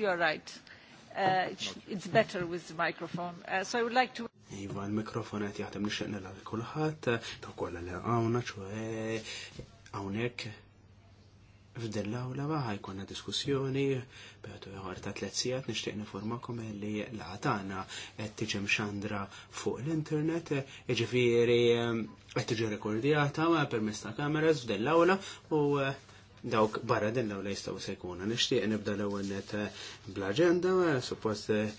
you're right. Uh, it's, better with the microphone. Uh, so I would like to... Iva, l mikrofon għet jaħdem nixen l kulħat, ta' kolla li għawna ċwe għawnek f'dell-awla baħa jkonna diskussjoni, bħetu jħor ta' tletzijat nishtiq informakom li laħtana għet tiġem xandra fuq l-internet, iġifiri e għet tiġi rekordijata permess ta' kameras f'dell-awla u dawk barra din l jistgħu se jkuna. Nixtieq nibda l-ewwel net eh, bl-aġenda, eh, suppost eh,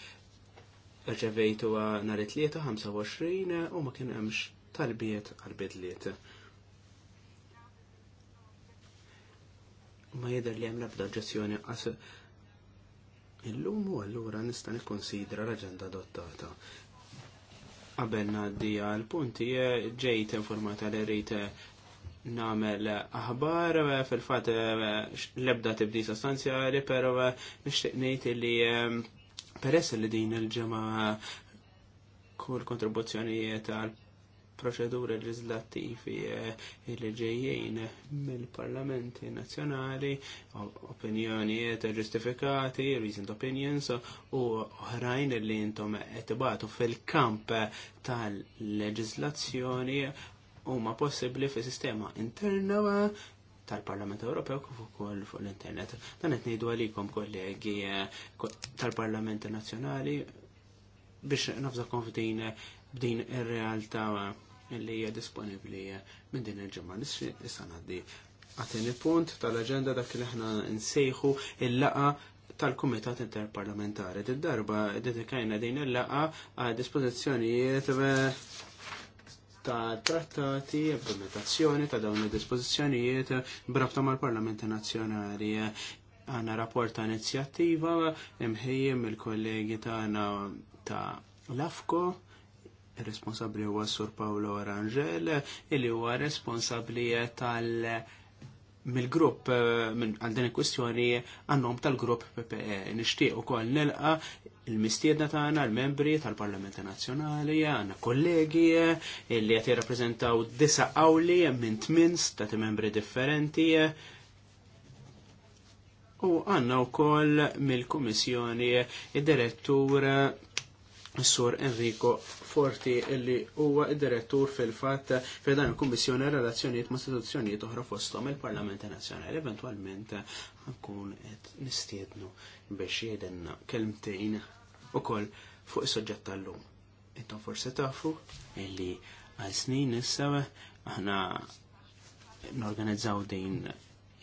rċevejtu nhar it-tlieta 25 u ma kien hemmx talbiet għal-bidliet. Ma jidher li hemm l-ebda oġġezzjoni qas illum u allura nista' nikkonsidra l-aġenda adottata. Qabel ngħaddi għal punti ġejt informata li rrid namel aħbar eh, fil-fat eh, lebda tibdi sostanzjali, pero eh, nishtiq ngħid li peress li din il-ġema kull kontribuzzjonijiet għal proċeduri leġislattivi li ġejjin mill-parlamenti nazzjonali, opinjonijiet ġustifikati, recent opinions u oħrajn li intom etibatu fil-kamp tal-leġislazzjoni huma possibbli fi sistema interna tal-Parlament Ewropew kif ukoll fuq l-internet. Dan qed ngħidu għalikom kollegi tal-Parlament Nazzjonali biex nafżakom f'din b'din ir-realtà li hija disponibbli minn din il-ġimgħa issa ngħaddi. Għatini punt tal-aġenda dak li aħna nsejħu il-laqa tal-Kumitat Interparlamentari. Did-darba dedikajna din il-laqa għal dispożizzjonijiet ta' trattati, implementazzjoni ta' dawn id-dispożizzjonijiet brabta mal-Parlamenti Nazzjonali. Għanna rapport ta' inizjattiva imħejjem il-kollegi tagħna ta' l-AFCO responsabli huwa Sur Paolo Rangel, li huwa responsabli tal- mill-grupp eh, għal din il-kwistjoni għannom tal-grupp PPE. Nixtieq ukoll nilqa il-mistiedna tagħna l-membri tal-Parlament Nazzjonali, għandna kollegi eh, li qed jirrappreżentaw disa' qawli eh, minn tmien stati membri differenti. Eh. U għanna wkoll mill-Kummissjoni id-Direttur Sur Enrico Forti illi huwa direttur fil-fatt fi dan il-Kummissjoni Relazzjonijiet ma' istituzzjonijiet oħra fosthom il-Parlament Nazzjonali. Eventwalment nkun qed nistiednu biex jgħidenna kelmtejn ukoll fuq is-soġġett tal-lum. Intom forsi tafu illi għal snin issa aħna norganizzaw din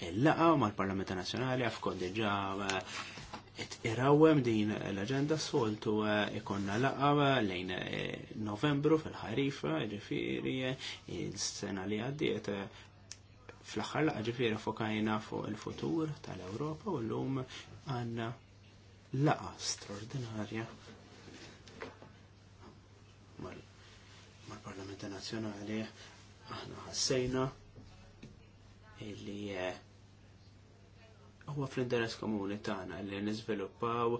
il-laqa mal-Parlament Nazzjonali għafkod diġa et irawem din l-agenda soltu eh, ikonna laqaw lejn eh, novembru fil-ħarifa ġifiri il-sena li għaddiet eh, fl-axar laqaw ġifiri fokajna fuq il-futur tal-Europa u l-lum għanna laqqa straordinarja mal-Parlamenta Nazjonali aħna ħassejna illi huwa fl-interess komuni tagħna li niżviluppaw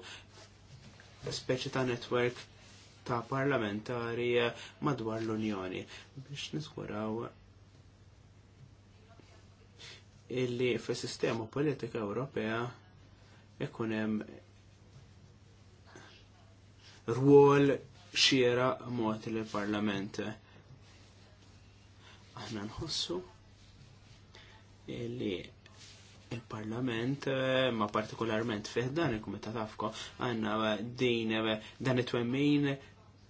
speċi ta' netwerk ta' parlamentari madwar l-Unjoni biex niskuraw illi fis-sistema politika Ewropea ikun hemm rwol xiera mod li parlament aħna nħossu li il-parlament, eh, ma partikolarment fih dan il-kumitat afko, għanna eh, din eh, dan it-twemmin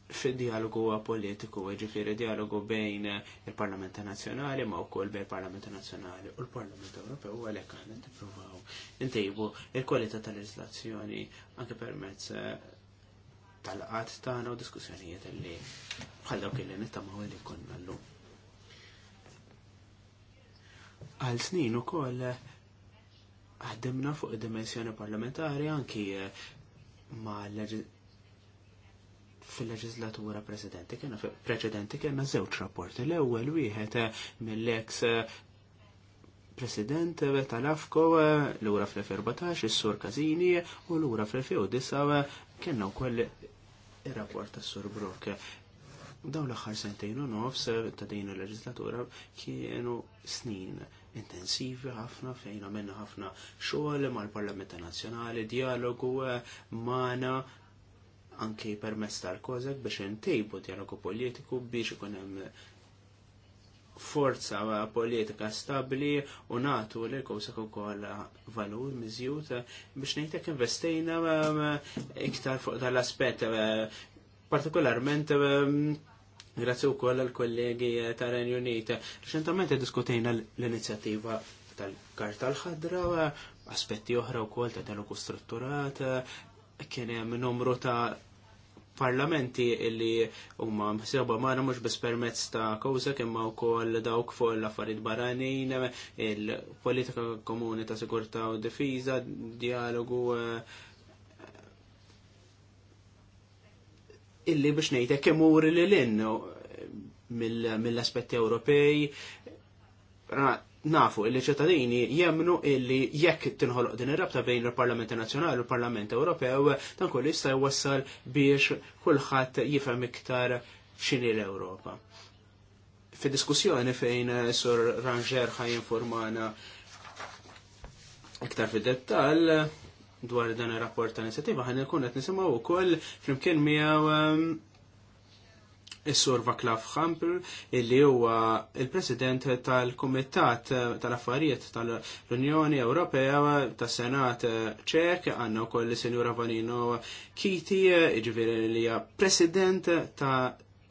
fi dialogu politiku, ġifiri dialogu bejn il-Parlament Nazjonali, ma' koll bejn il-Parlament Nazjonali u l-Parlament Ewropew, u għalek għanna t-provaw. Intejbu, il-kualita tal-legislazzjoni anke permezz tal-qat tagħna u diskussjonijiet li bħal dawk li nittamaw li konna l-lum. Għal snin u koll ħaddimna fuq id-dimensjoni parlamentari anki eh, ma fil-leġislatura preċedenti kena preċedenti kena żewġ rapporti. L-ewwel wieħed eh, mill-ex eh, president tal-Afko l-ura fl-2014 is-Sur Kazini u l-ura fl 2019 kena wkoll ir-rapport tas-Sur Brok. Dawn l-aħħar sentejn u nofs ta' din il-leġislatura kienu snin intensivi ħafna fejn għamilna ħafna xogħol mal parlamenta Nazzjonali, dialogu eh, mana anke permezz tal-kozek biex intejbu dialogu politiku biex ikun hemm forza politika stabbli u natu li kowsek ukoll valur miżjud biex ngħidlek investejna eh, iktar fuq tal aspett eh, partikolarment Grazzi wkoll għall kollegi eh, ta' Renju Unit. Reċentament diskutejna l-inizjattiva tal-karta l-ħadra, eh, aspetti oħra koll ta' dialogu strutturata, eh, kien hemm numru ta' parlamenti illi huma msebba ma' mhux biss permezz ta' kawża imma wkoll dawk fuq l-affarijiet barranin, il-politika komuni ta' sigurta' u difiza, dialogu illi biex ngħidek imur li l-in mill-aspetti Ewropej nafu illi ċittadini jemnu illi jekk tinħoloq din ir-rabta bejn il-Parlament Nazzjonali u l-Parlament Ewropew dan kollu jista' jwassal biex kulħadd jifhem iktar x'inhi l-Ewropa. Fi diskussjoni fejn eh, Sur Ranger ħaj informana iktar fid-dettall, dwar dan ir-rapport ta' inizjattiva ħan nisimaw qed nisimgħu wkoll flimkien miegħu ehm, is-sur Vaklav Hampel illi huwa il-President tal-Kumitat tal-Affarijiet tal-Unjoni Ewropea tas-Senat Ċek għandna wkoll is-Sinjura Vanino Kiti, jiġifieri li hija President ta'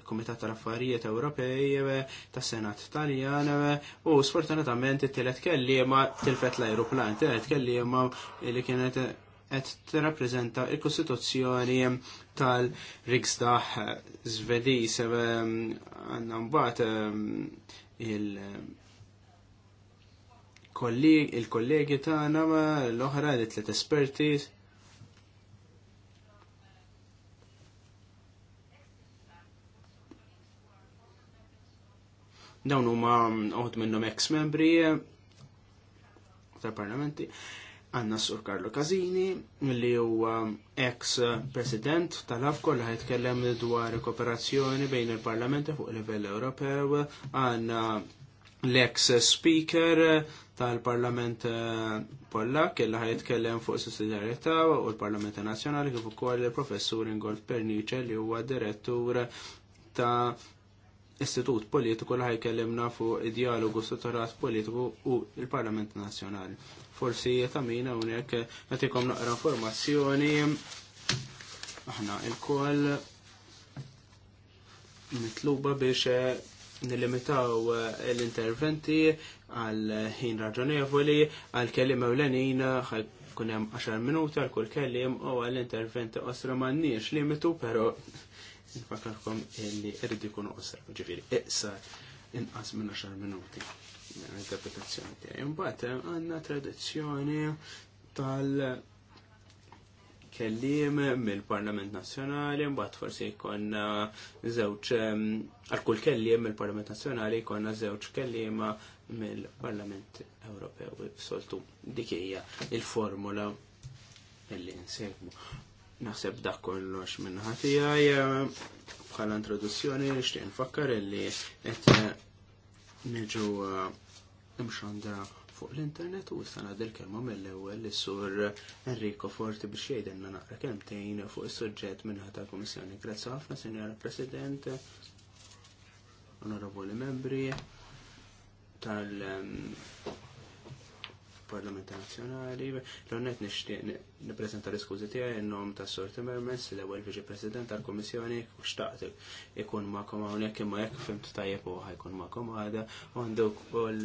Komitat kumitat tal-Affarijiet Ewropej eh, tas-Senat Taljan eh, u sfortunatament it-tielet kelliema tilfet l-ajruplan, telet kelliema li kienet eh, qed tirrappreżenta l-Kostituzzjoni tal-Riksdag Svediż għandna mbagħad il-kollegi tagħna l-oħra li tliet esperti dawn huma mm, uħud minnhom ex-membri eh, tal-parlamenti. Għanna Sur Karlo Kazini, li huwa mm, ex-president tal-Afko li ħajtkellem dwar kooperazzjoni bejn il-parlamenti fuq livell Ewropew. Għanna l-ex-speaker tal-Parlament eh, Pollak illi ħajtkellem fuq sussidjarjetà u l-Parlament Nazzjonali kif ukoll il-professur Ingolf Pernice li huwa direttur ta' istitut politiku li ħajkellimna fuq id-dialogu strutturat politiku u l parlament Nazzjonali. Forsi jetamina unek natikom naqra informazzjoni aħna il-koll mitluba biex eh, nilimitaw eh, l-interventi għal ħin raġonevoli għal kellim ewlenin kun hemm 10 minuti għal kull kellim u għal interventi qosra m'għandniex limitu però Nifakarkom illi irrid ikunu qosra, ġifiri, iqsar inqas minn 10 minuti l interpretazzjoni tiegħi. Imbagħad eh, għandna tradizzjoni tal kellim mill-Parlament Nazzjonali, mbagħad forsi jkollna żewġ għal kull kelliem mill-Parlament Nazzjonali jkollna żewġ kelliema mill-Parlament Ewropew soltu dik hija il-formula illi nsejmu. Naħseb dak kollox minnaħa tiegħi bħala introduzzjoni nixtieq nfakkar illi qed eh, niġu eh, imxanda fuq l-internet u issa ngħaddi l-kelma mill-ewwel is-sur Enrico Forti biex jgħidilna naqra kelmtejn fuq is-suġġett minnaħa tal-Kummissjoni. Grazzi ħafna, Sinjora President, onorevoli membri tal Parlamenta Nazzjonali. L-onnet nixtieq nippreżenta l-iskużi tiegħi in-nom ta' Sur Timmermans, l-ewwel Viċi President tal-Kummissjoni u xtaqt ikun magħkom hawnhekk imma jekk fimt tajjeb u ma' koma' għada u għandu n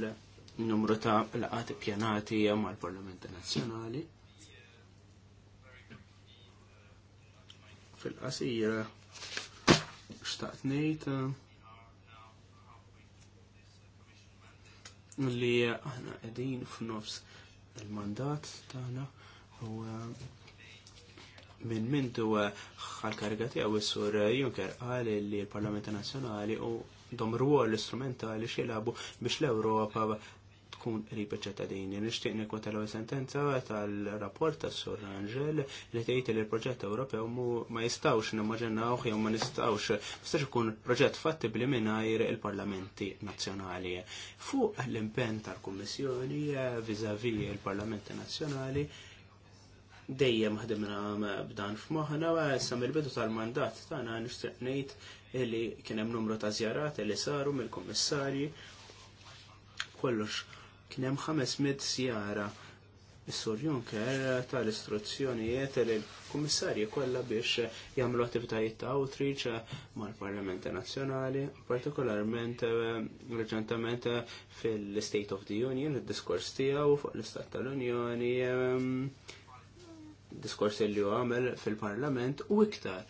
numru ta' laqat pjanati mal-Parlamenta Nazzjonali. Fil-qasira xtaqt ngħid li aħna qegħdin f'nofs il-mandat tagħna u eh, minn mintu għal eh, karigati għaw s sur eh, Juncker qal li l-Parlament Nazzjonali u dom ruol l-istrumentali xilabu biex l-Ewropa tkun qrib ċettadini. ċittadini Nixtieq nikkwota l sentenza tal-rapport tas Sur Angel li tgħid li l-proġett Ewropew ma jistgħux nimmaġinawh jew ma nistawx mistax ikun proġett fattibbli mingħajr il-parlamenti nazzjonali. Fuq l-impenn tal-Kummissjoni viżavi il-Parlamenti Nazzjonali dejjem ħdimna b'dan f'moħħna sa mill-bidu tal-mandat tagħna nixtieq ngħid li kien hemm numru ta' żjarat li saru mill-kummissarji kollox Kien 500 sjara. Is-Sur Juncker tal-istruzzjonijiet li l-Kummissarji kollha biex jagħmlu attivitajiet ta' outreach mal parlamenti Nazzjonali, partikolarment eh, reġentament fil-State of the Union, id-diskors tiegħu fuq l-Istat tal-Unjoni, eh, diskors li għamel fil-Parlament u iktar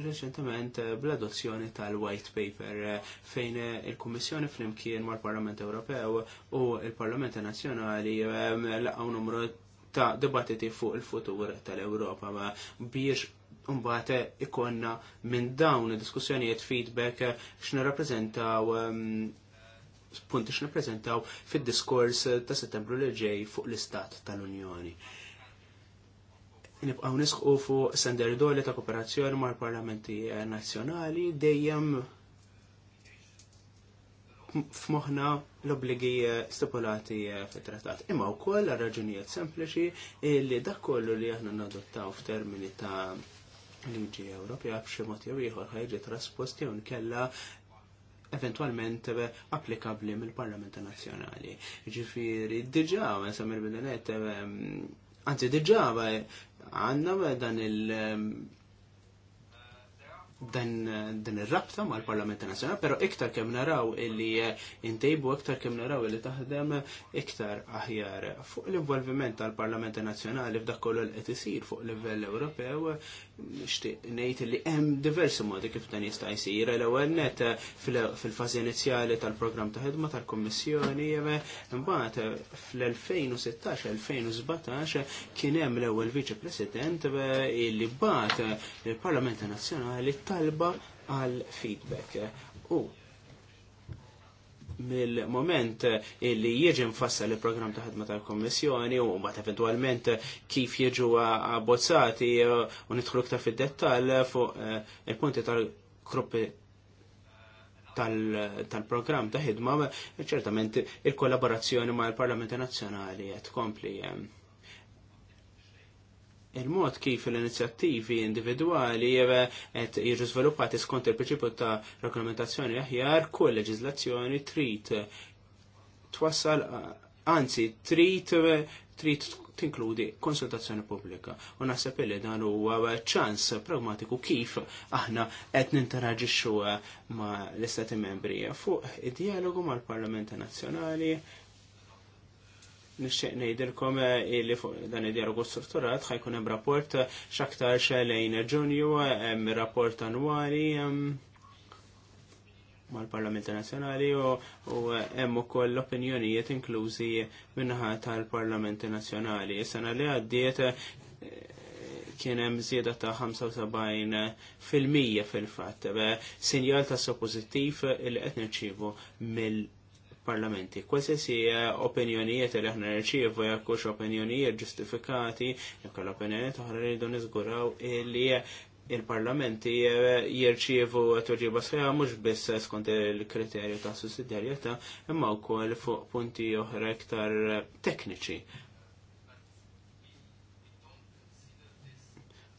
reċentament eh, bl-adozzjoni tal-White Paper eh, fejn eh, il-Kummissjoni flimkien mal-Parlament Ewropew u il-Parlament Nazzjonali ehm, laqgħu numru ta' dibattiti fuq il-futur tal-Ewropa ma biex Umbagħad ikonna minn dawn id-diskussjonijiet feedback x'nirrappreżentaw ehm, punti x'nippreżentaw fid-diskors ta' Settembru li ġej fuq l-Istat tal-Unjoni nibqaw nisħu fuq standardoli ta' kooperazzjoni mal parlamenti nazzjonali dejjem f'moħna l-obligi stipulati fit-trattat. Imma u koll raġunijiet sempliċi li dak kollu li aħna nadottaw f'termini ta' liġi Ewropea b'xi mod jew ieħor ħajġi traspost jew nkella eventualment applikabli mill parlamenti Nazzjonali. Ġifiri, diġa, ma samir bidanet, Anzi, diġa, għanna dan il- ehm, dan, dan ir-rabta mal-Parlament Nazzjonal, però iktar kemm naraw illi eh, intejbu, iktar kemm naraw illi taħdem iktar aħjar fuq l-involviment tal-Parlament Nazzjonali f'dak kollu l qed isir fuq livell Ewropew, nixtieq ngħid li hemm diversi modi kif dan jista' jsir. L-ewwel net eh, fil-fażi inizjali tal-programm ta' ħidma tal-Kummissjoni imbagħad eh, eh, fl-2016-2017 kien hemm l-ewwel Viċi President li bagħat il-Parlament Nazzjonali talba għal feedback. U mill-moment li jieġi mfassal il-programm ta' ħadma tal-Kommissjoni u mbagħad eventwalment kif jiġu abbozzati u nidħlu iktar fid-dettall fuq eh, il-punti tal-gruppi tal-programm ta' ħidma, ċertament il-kollaborazzjoni ma' il parlamenti Nazzjonali qed tkompli hemm eh, il-mod kif l-inizjattivi individuali qed jiġu żviluppati skont il-prinċipju ta' rekomendazzjoni aħjar kull leġizlazzjoni trid twassal anzi trid trid tinkludi konsultazzjoni pubblika. U naħseb illi dan huwa ċans pragmatiku kif aħna qed ninteraġixxu ma' l-Istati Membri fuq id-dialogu mal-Parlamenti Nazzjonali nixxieq ngħidilkom eh, li fuq dan id-dialogu strutturat ħajkun hemm rapport eh, x'aktar xelejn Ġunju, eh, hemm rapport annwali mal-Parlament Nazzjonali u hemm ukoll l opinjonijiet inklużi minnaħa tal-Parlament Nazzjonali. Is-sena li għaddiet kien hemm żieda ta' 75 fil-mija fil-fatt, sinjal ta' soppożittiv li qed niċċievu mill- parlamenti. Kwasessi eh, opinjonijiet li aħna jekk hux opinjonijiet ġustifikati, jekk l-opinjonijiet oħra rridu niżguraw li il-parlamenti eh, jirċievu tweġiba sħiħa mhux biss skont il-kriterju ta' sussidjarjetà, imma wkoll fuq punti oħra iktar tekniċi.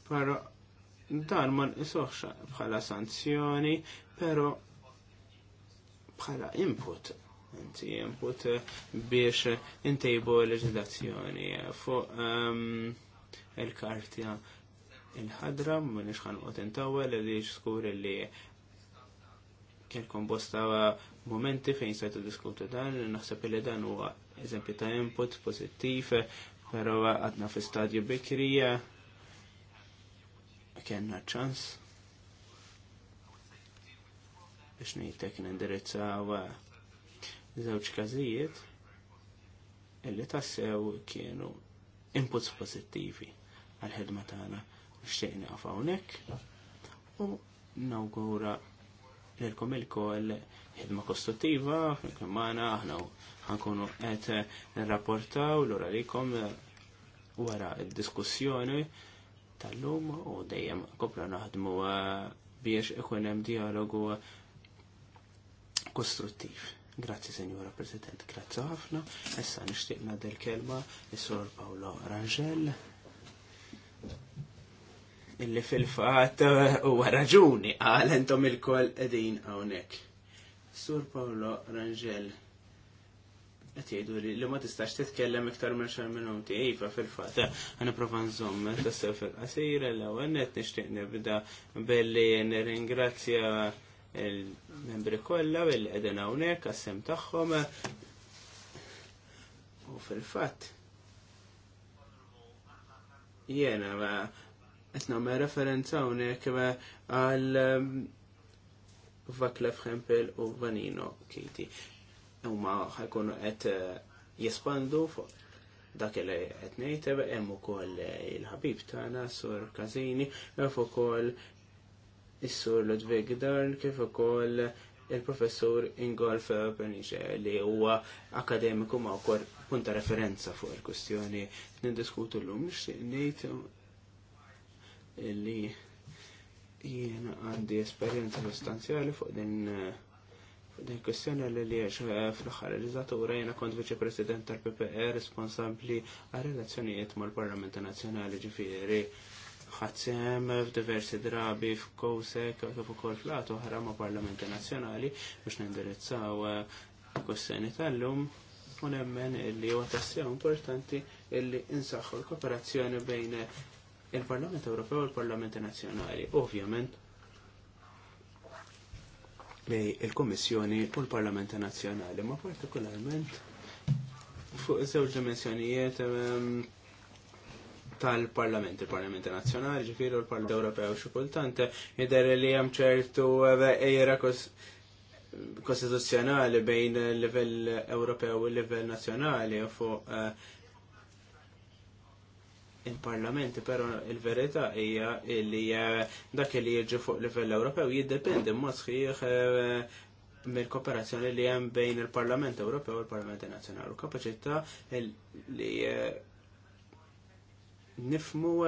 Pero dan ma isoħxa bħala sanzjoni, pero bħala input inti input biex intejbu leġislazzjoni fuq ehm, il-kartja il-ħadra ma nix u intawel li xskur li kelkom bosta momenti fejn sajtu diskutu dan naħseb li dan u eżempju ta' input pozittif, pero għadna fi stadju bikrija kena ċans biex nejtek nindirizzaw żewġ każijiet illi tassew kienu inputs pozittivi għal-ħidma tagħna nixtieq naqaf hawnhekk u nawgura lilkom ilkoll ħidma kostruttiva flimkien magħna aħna ħankunu qed nirrapportaw lura likom wara d-diskussjoni tal-lum u dejjem kopra naħdmu eh, biex ikun hemm dialogu kostruttiv. Grazzi, Signora President, grazzi ħafna. Issa nixtieq del kelma is-Sur Paolo Rangel. Illi fil-fatt eh, huwa raġuni għal entom il-koll qegħdin hawnhekk. Sur Paolo Rangel, qed jgħidu li li ma tistax titkellem iktar minn xar minuti, iva fil-fatt, eh, għana prova nżomm eh, tassew fil-qasira l-ewwel qed nixtieq nibda billi nirringrazzja il-membri kolla billi qegħdin hawnhekk għas-sem tagħhom u fil-fatt jiena etna nagħmel referenza hawnhekk għal um, Vaklef Hempel u Vanino Kiti. ma, ħajkunu għet uh, jespandu fuq dak li qed ngħid hemm ukoll il-ħabib tana, Sur Kazini, hemm kol is-sur Ludwig Darn kif ukoll il-professur Ingolf Penice li huwa akademiku ma' wkoll punta referenza fuq il kwistjoni nindiskutu l-lum ngħid li jiena għandi esperjenza sostanzjali fuq din fuq din kwestjoni li li eh, fl-aħħar il-żatura jiena kont viċi president tal-PPR e, responsabbli għal relazzjonijiet mal-Parlamenta Nazzjonali ġifieri ħadsem f'diversi drabi f'kowsek kif ukoll flat oħra ma' Parlamenti Nazzjonali biex nindirizzaw eh, kussjoni tal-lum u nemmen illi huwa tassew importanti illi insaħħu l-kooperazzjoni bejn il-Parlament Ewropew u l-Parlamenti Nazzjonali. Ovvjament bej il-Kommissjoni u l-Parlamenti Nazzjonali, ma partikolarment fuq iż-żewġ dimensjonijiet ehm, tal-Parlament, il-Parlament Nazzjonali, ġifiru l-Parlament Ewropew xi jider li hemm ċertu eh, ejra kostituzzjonali bejn il-livell Ewropew u l-livell u fuq eh, il-parlamenti, però il-verità hija li eh, dak li jiġi fuq livell Ewropew jiddependi mosħiħ mill-kooperazzjoni li hemm bejn il-Parlament Ewropew u l-Parlament Nazzjonali u kapaċità li nifmu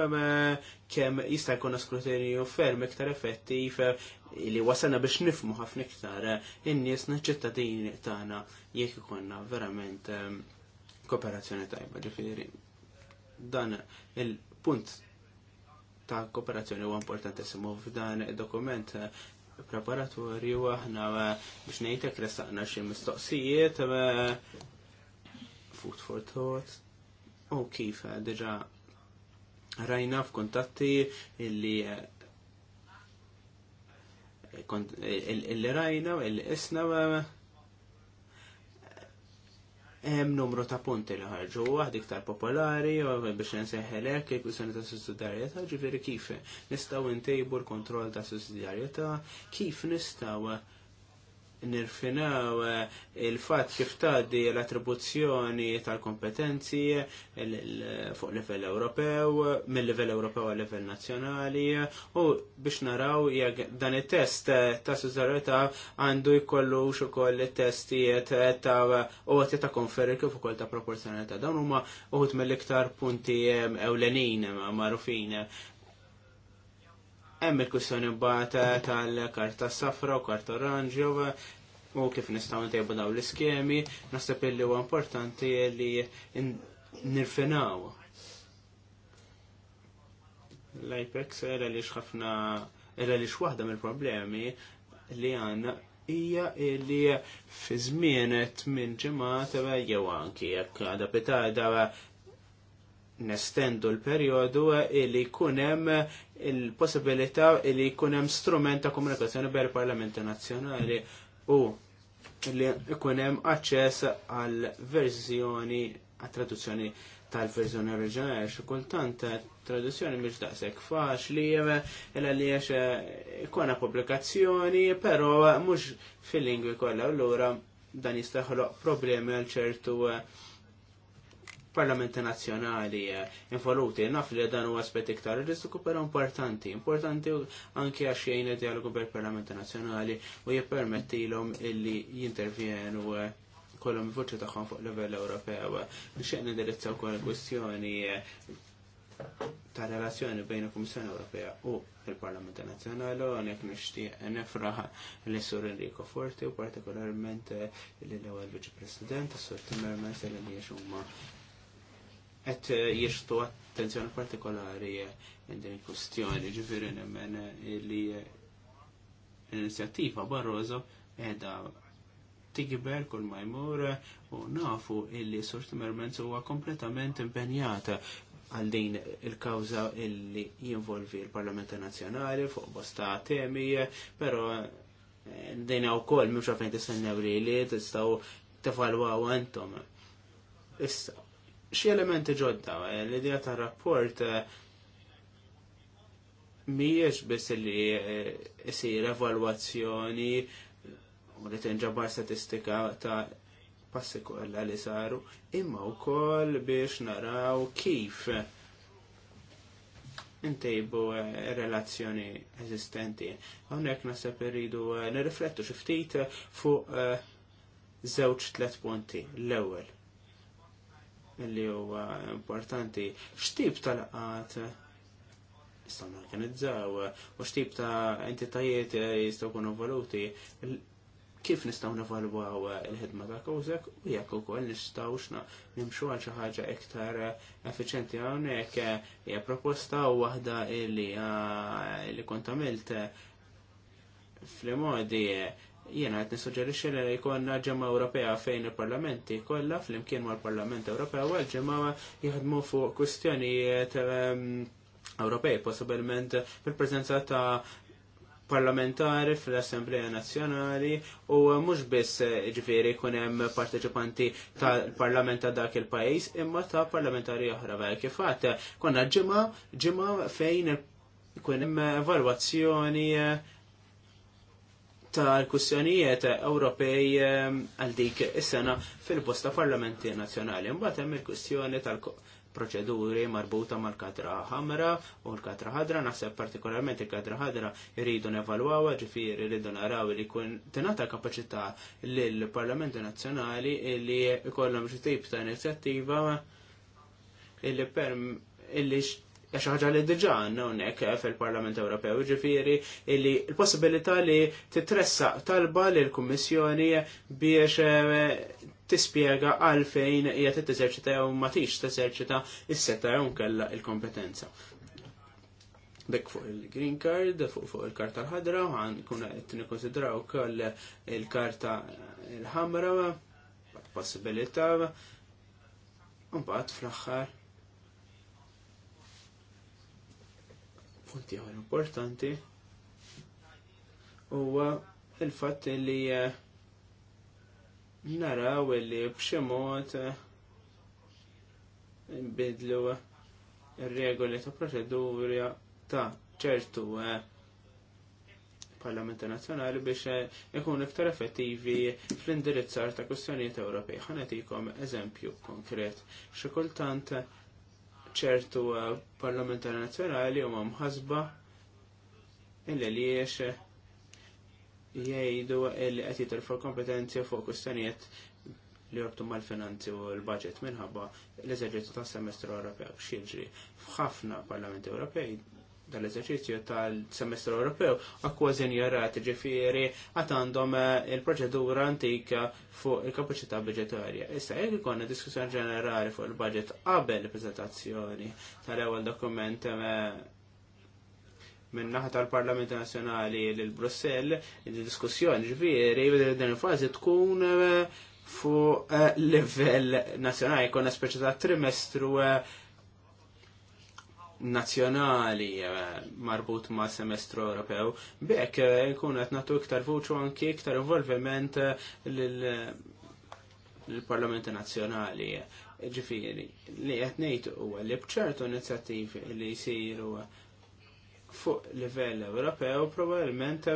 kemm jista' jkun skrutinju ferm iktar effettiv li wasana biex nifmu ħafna iktar eh, in-nies ċittadini tagħna jekk ikonna verament kooperazzjoni tajba. Ġifieri dan il-punt ta' kooperazzjoni huwa simu f'dan id-dokument eh, preparatorju aħna eh, biex ngħidlek ressaqna xi mistoqsijiet food for thought u kif diġa rajna f'kuntatti illi eh, eh, illi rajna u illi isna eh, hemm numru ta' punti li ħarġu waħd iktar popolari u biex nseħħelek il-kwistjoni ta' sussidjarjetà ġifieri kif nistgħu ntejbu l-kontroll ta' sussidjarjetà, kif nistgħu nirfinaw eh, il-fat kif tgħaddi l-attribuzzjoni tal-kompetenzi fuq livell Ewropew, mill-livell Ewropew għal livell nazzjonali, u biex naraw jekk dan it-test ta' sużarjetà għandu jkollu ukoll testijiet ta' qoti ta' konferi kif ukoll ta' proporzjonalità. Dawn huma uħud mill-iktar punti eh, ewlenin magħrufin Hemm il-kwistjoni mbagħad tal-karta safra u karta oranġi u kif nistgħu ntejbu daw l-iskemi, naħseb illi huwa importanti li nirfinaw. L-IPEX era li xħafna era li xwaħda mill-problemi li għanna hija li fi żmien minn ġimgħat jew anki jekk għadha pitada nestendu l-periodu li kunem il-possibilità li kunem strument ta' komunikazzjoni ber parlamenti nazzjonali u li kunem aċċess għal verżjoni għal traduzzjoni tal-verżjoni oriġinali xi kultant traduzzjoni mhix daqshekk faċli illa li għax ikona pubblikazzjoni, però mhux fil-lingwi kollha allura dan jista' problemi għal ċertu parlamenti nazzjonali eh, involuti. Naf li dan huwa aspett iktar riżiku però importanti. Importanti anke għax jgħin dialogu bil parlamenti nazzjonali u jippermettilhom illi jintervjenu eh, kollhom il-voċi tagħhom fuq livell Ewropew. Nixtieq nindirizzaw kol kwestjoni eh, ta' relazzjoni bejn il-Kummissjoni Ewropea u il-Parlament Nazzjonali u għanek nixtieq nifraħ l sur Enrico Forti u partikolarment l ewwel Vice President Sur Timmermans l mhijiex qed eh, jixtu attenzjoni partikolari eh, din il-kustjoni, ġifiri nemmen eh, li l-inizjattiva Barroso edha tigiber kol majmur jmur u nafu illi Sur Timmermans huwa kompletament impenjata għal din il-kawza illi jinvolvi l-Parlament Nazzjonali fuq bosta temi, pero dejna għaw kol mux għafin tistennew li li tistaw tefalwa għantom. Issa, xie elementi ġodda, eh, l-idea ta' rapport eh, miex biss li jisir eh, evalwazzjoni u li tinġabar statistika ta' passi kolla li saru, imma u koll biex naraw kif intejbu relazzjoni eżistenti. Għonek nasab irridu nirriflettu xiftit fuq zewċ tlet punti l-ewel li huwa importanti. X'tip tal-qat jistgħu norganizzaw u x'tip ta' entitajiet jistgħu jkunu valuti kif nistgħu nevalwaw il-ħidma ta' kawżek u jekk ukoll nistgħu xna nimxu għal xi ħaġa iktar effiċenti hawnhekk hija proposta waħda li ah, li kontamilt fl-modi Jiena qed nissuġġerixxi li jkollna ġemma Ewropea fejn il-parlamenti kollha flimkien mal-Parlament Ewropew l ġemma jaħdmu fuq kwistjonijiet ehm, Ewropej, possibilment fil-preżenza ta' parlamentari fl-Assembleja Nazzjonali u mhux biss ġifieri jkun hemm parteċipanti tal-Parlament ta' dak il-pajjiż imma ta' parlamentari oħra vera kif konna ġimgħa ġimgħa fejn ikun hemm evalwazzjoni tal-kussjonijiet Ewropej ehm, għal dik is-sena fil-posta parlamenti nazzjonali. Mbagħad hemm il-kwistjoni tal-proċeduri marbuta mal-kadra ħamra u l-kadra ħadra, naħseb partikolarment il-kadra ħadra jridu nevalwawa ġifieri rridu naraw li kun tingħata kapaċità lill-Parlamenti Nazzjonali li jkollhom xi tip ta' inizjattiva illi perm illi xi ħaġa li diġà għanna hawnhekk eh, fil-Parlament Ewropew, ġifiri, li l-possibilità li titressaq talba l kummissjoni biex eh, tispjega għalfejn t titeżerċita jew ma tix teżerċita s setta jew kella il-kompetenza. Dek fuq il-green card, fuq il-karta l-ħadra, għan kuna qed nikkonsidraw ukoll il-karta l-ħamra, possibilità, mbagħad fl-aħħar punti għor importanti huwa il-fatt li eh, naraw li b'xi eh, bidlu il regoli ta' proceduri ta' ċertu eh, Parlamenta Nazzjonali biex ikun iktar effettivi fl-indirizzar ta' Kustjonijiet Ewropej. Ħanetikom eżempju konkret. Xi kultant ċertu eh, parlamentari nazzjonali huma mħasba illi li jiex eh, jgħidu illi qed jitilfu kompetenzja fuq kwistjonijiet li jobtu mal-finanzi u l-budget minħabba l-eżerġitu ta' semestru Ewropew xieġri f'ħafna parlamenti Ewropej dal-eżerċizzju tal-semestru Ewropew għakkważi njarat ġifiri għatandom għandhom eh, il-proċedura antika fuq il-kapacità budgetarja. Issa jek ikonna diskussjoni ġenerali fuq il-budget qabel il-prezentazzjoni tal-ewwel dokument eh, minn naħa tal-Parlament Nazzjonali lil Brussell, il-diskussjoni ġifieri din il-fażi tkun eh, fuq level nazzjonali, konna speċi ta' trimestru nazzjonali eh, marbut ma' semestru Ewropew. Bek, eh, kun qed nagħtu iktar vuċu anki iktar involviment eh, l-Parlamenti Nazzjonali. Ġifieri, li qed ngħid huwa li bċertu inizjattivi li jsiru fuq livell Ewropew probabbilment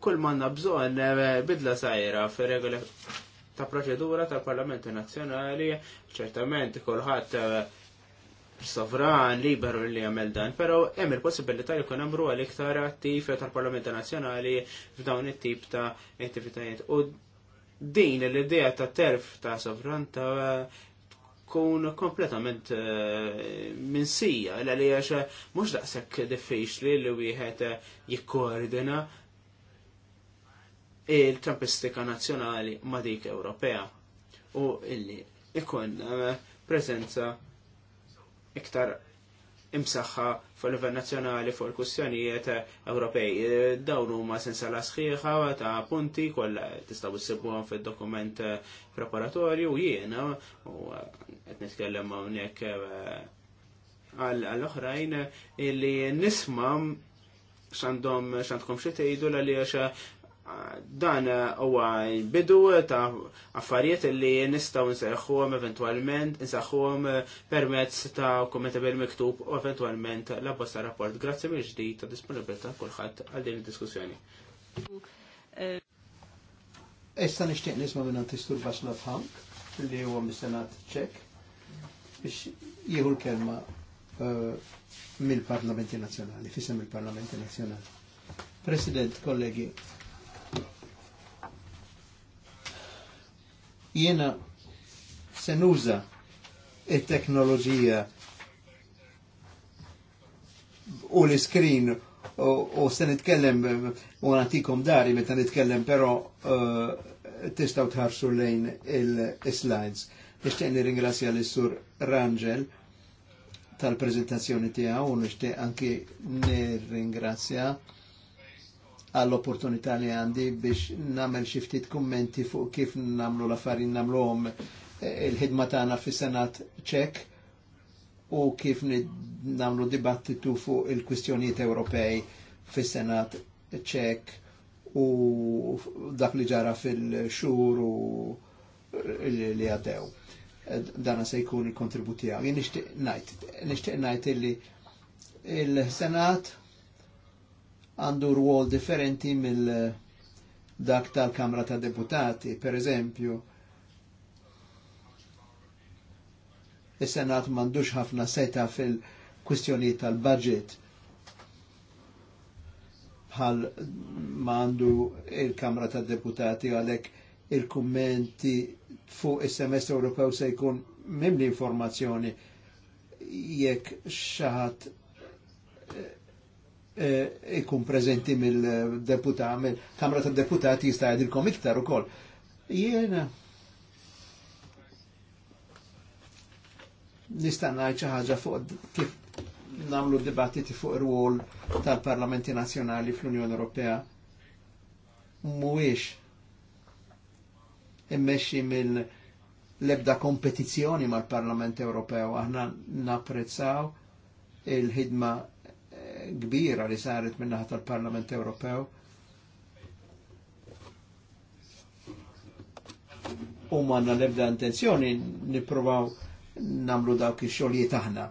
kull manna bżonn bidla sajra fir-regola ta' proċedura tal-Parlamenti Nazzjonali, ċertament kulħadd sovran liberu li jagħmel dan, pero hemm il-possibilità li jkun hemm għal iktar attiv tal-Parlamenta Nazzjonali f'dawn it-tip ta' attivitajiet. U din l-idea ta' terf ta' sovran ta' tkun kompletament eh, minsija l li għax mhux daqshekk diffiċli li wieħed jikkoordina il-trampistika nazzjonali ma' dik Ewropea u illi ikun eh, prezenza iktar imsaħħa fil-livell nazzjonali fuq il kustjonijiet Ewropej. Dawn huma sensala sħiħa ta' punti kollha tista' ssibuhom fid-dokument preparatorju jiena u qed nitkellem hawnhekk eh, għall-oħrajn illi nisma' x'għandhom x'għandkom xi tgħidu għaliex dan huwa bidu ta' affarijiet li nistgħu nseħħuhom eventwalment, nseħħuhom permezz ta' kumment bil miktub u eventwalment l-abbozz ta' rapport. Grazzi mill ġdid ta' disponibilità kulħadd għal din id-diskussjoni. Issa nixtieq nisma' minn Antistur Vaslav Hank li huwa mis-Senat Ċek biex jieħu l-kelma eh, mill-Parlamenti Nazzjonali, fisem il-Parlamenti Nazzjonali. President, kollegi, Jiena se nuża it-teknoloġija u l-iskrin u se nitkellem u natikom dari meta nitkellem pero uh, eh, tistaw tħarsu lejn il-slides. Nishtiq nirringrazzja l-sur Rangel tal-prezentazzjoni tiegħu u nixtieq anke nirringrazzja għall-opportunità li għandi biex namel xiftit kummenti fuq kif namlu l-affarin għom eh, il-ħidma tagħna fis-Senat ċek u kif namlu dibattitu fuq il-kwistjonijiet Ewropej fis-Senat ċek u dak li ġara fil xur u li għaddew. Eh, dana se jkun il kontributi għaw. nixtieq najt, nishtiq najt il-senat il senat għandu rwol differenti mill eh, dak tal-Kamra ta' Deputati, per eżempju. Is-Senat mandux ħafna seta fil-kwistjoni tal-budget bħal mandu il-Kamra ta' Deputati għalek il-kummenti fuq is-semestru Ewropew se jkun mimli informazzjoni jekk xaħat Eh, ikun prezenti mill deputat mill-Kamra ta' Deputati jista' jgħidilkom iktar u kol. Jena. ngħid xi ħaġa fuq kif namlu dibattiti fuq ir-wol tal-Parlamenti Nazzjonali fl-Unjoni Ewropea mhuwiex immexxi mill lebda kompetizzjoni mal-Parlament Ewropew aħna napprezzaw il-ħidma kbira li saret minnaħat tal-Parlament Ewropew. U manna l-ebda intenzjoni niprovaw namlu dawk ix-xogħlijiet aħna.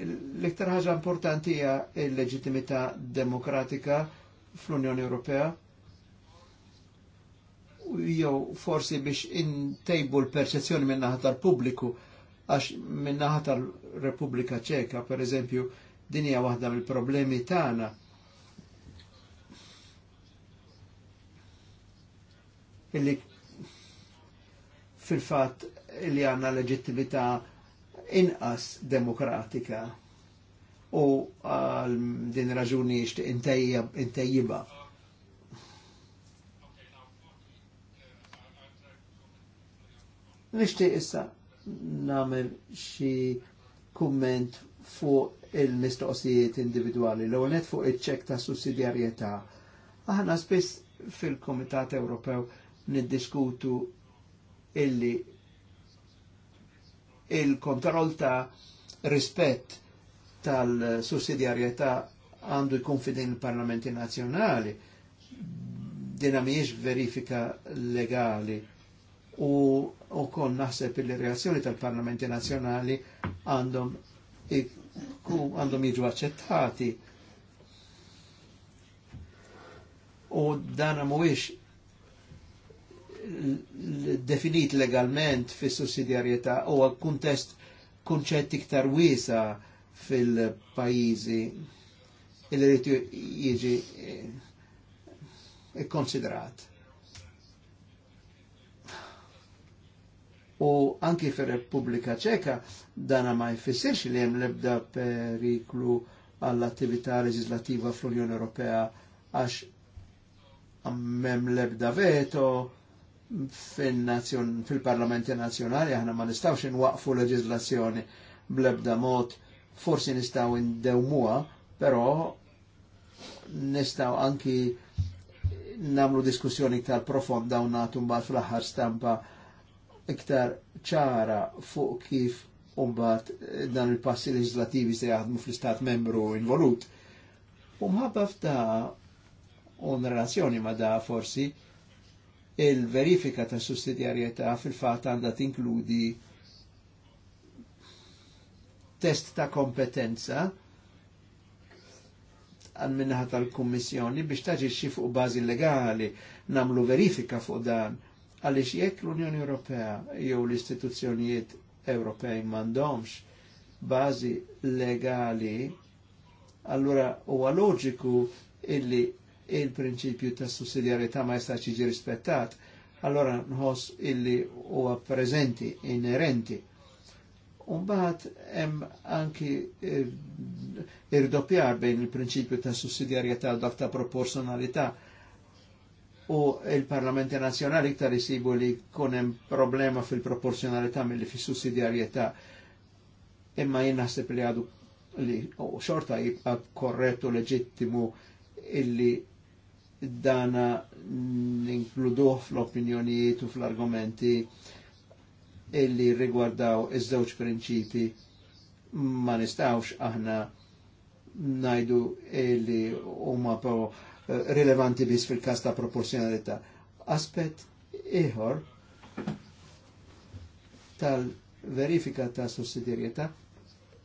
L-iktar ħaġa importanti hija l-leġittimità demokratika fl-Unjoni Ewropea jew forsi biex intejbu l-perċezzjoni minnaħa tal-pubbliku għax minnaħa tal-Repubblika Ċeka, per eżempju, Din hija waħda mill-problemi tagħna. Illi fil-fatt li għandna leġittimità inqas demokratika u għal din raġuni intajjiba. Nishti issa namel xi kumment fuq il-mistoqsijiet individuali, l għonet fuq il ċek ta' sussidjarjetà. Aħna spiss fil-Komitat Ewropew niddiskutu illi il-kontroll ta' rispett tal-sussidjarjetà għandu jkun fidin il-Parlamenti Nazzjonali dina miex verifika legali u u kon naħseb il-reazzjoni tal-Parlamenti nazjonali għandhom għandhom jiġu accettati. U dan mhuwiex definit legalment fis sussidjarieta u kuntest kunċetti iktar wiesa fil pajizi il-ritu e, eh, e, u anki fir-Repubblika Ċeka dana ma jfissirx li hemm l-ebda periklu għall-attività legislativa fl-Unjoni Ewropea għax għammem lebda veto fil-parlamenti nazjonali aħna ma nistawx inwaqfu leġizlazzjoni blebda mod forsi nistaw indewmuha però nistaw anki namlu diskussjoni tal profonda u natu mbagħad fl-aħħar stampa iktar ċara fuq kif umbat eh, dan il-passi legislativi se jaħdmu fl-istat membru involut. Umħabba f'da un relazzjoni ma da forsi il-verifika ta' sussidjarjetà fil-fat għandha tinkludi test ta' kompetenza għal minnaħat tal-Kommissjoni biex taġi fuq bażi legali namlu verifika fuq dan għalix jekk l-Unjoni Ewropea jew l-istituzzjonijiet Ewropej mandomx bażi legali, allura huwa loġiku illi il-prinċipju ta' sussidjarjetà ma jistax jiġi rispettat, allora nħoss illi huwa preżenti, inerenti. Umbaħt hemm anki eh, irdoppjar bejn il-prinċipju ta' sussidjarjetà u dak ta' proporzjonalità u il-Parlamenti Nazjonali iktar jisibu li kunem problema fil-proporzjonalità mill fis sussidjarjetà imma jien naħseb li għadu li u xorta jibqa korrettu leġittimu illi dana ninkluduħ fl-opinjonijiet u fl-argumenti illi rigwardaw iż-żewġ prinċipi ma nistawx aħna najdu illi ma po Eh, rilevanti biss fil-kas ta' proporzjonalità. Aspett ieħor tal-verifika ta' sussidjarjetà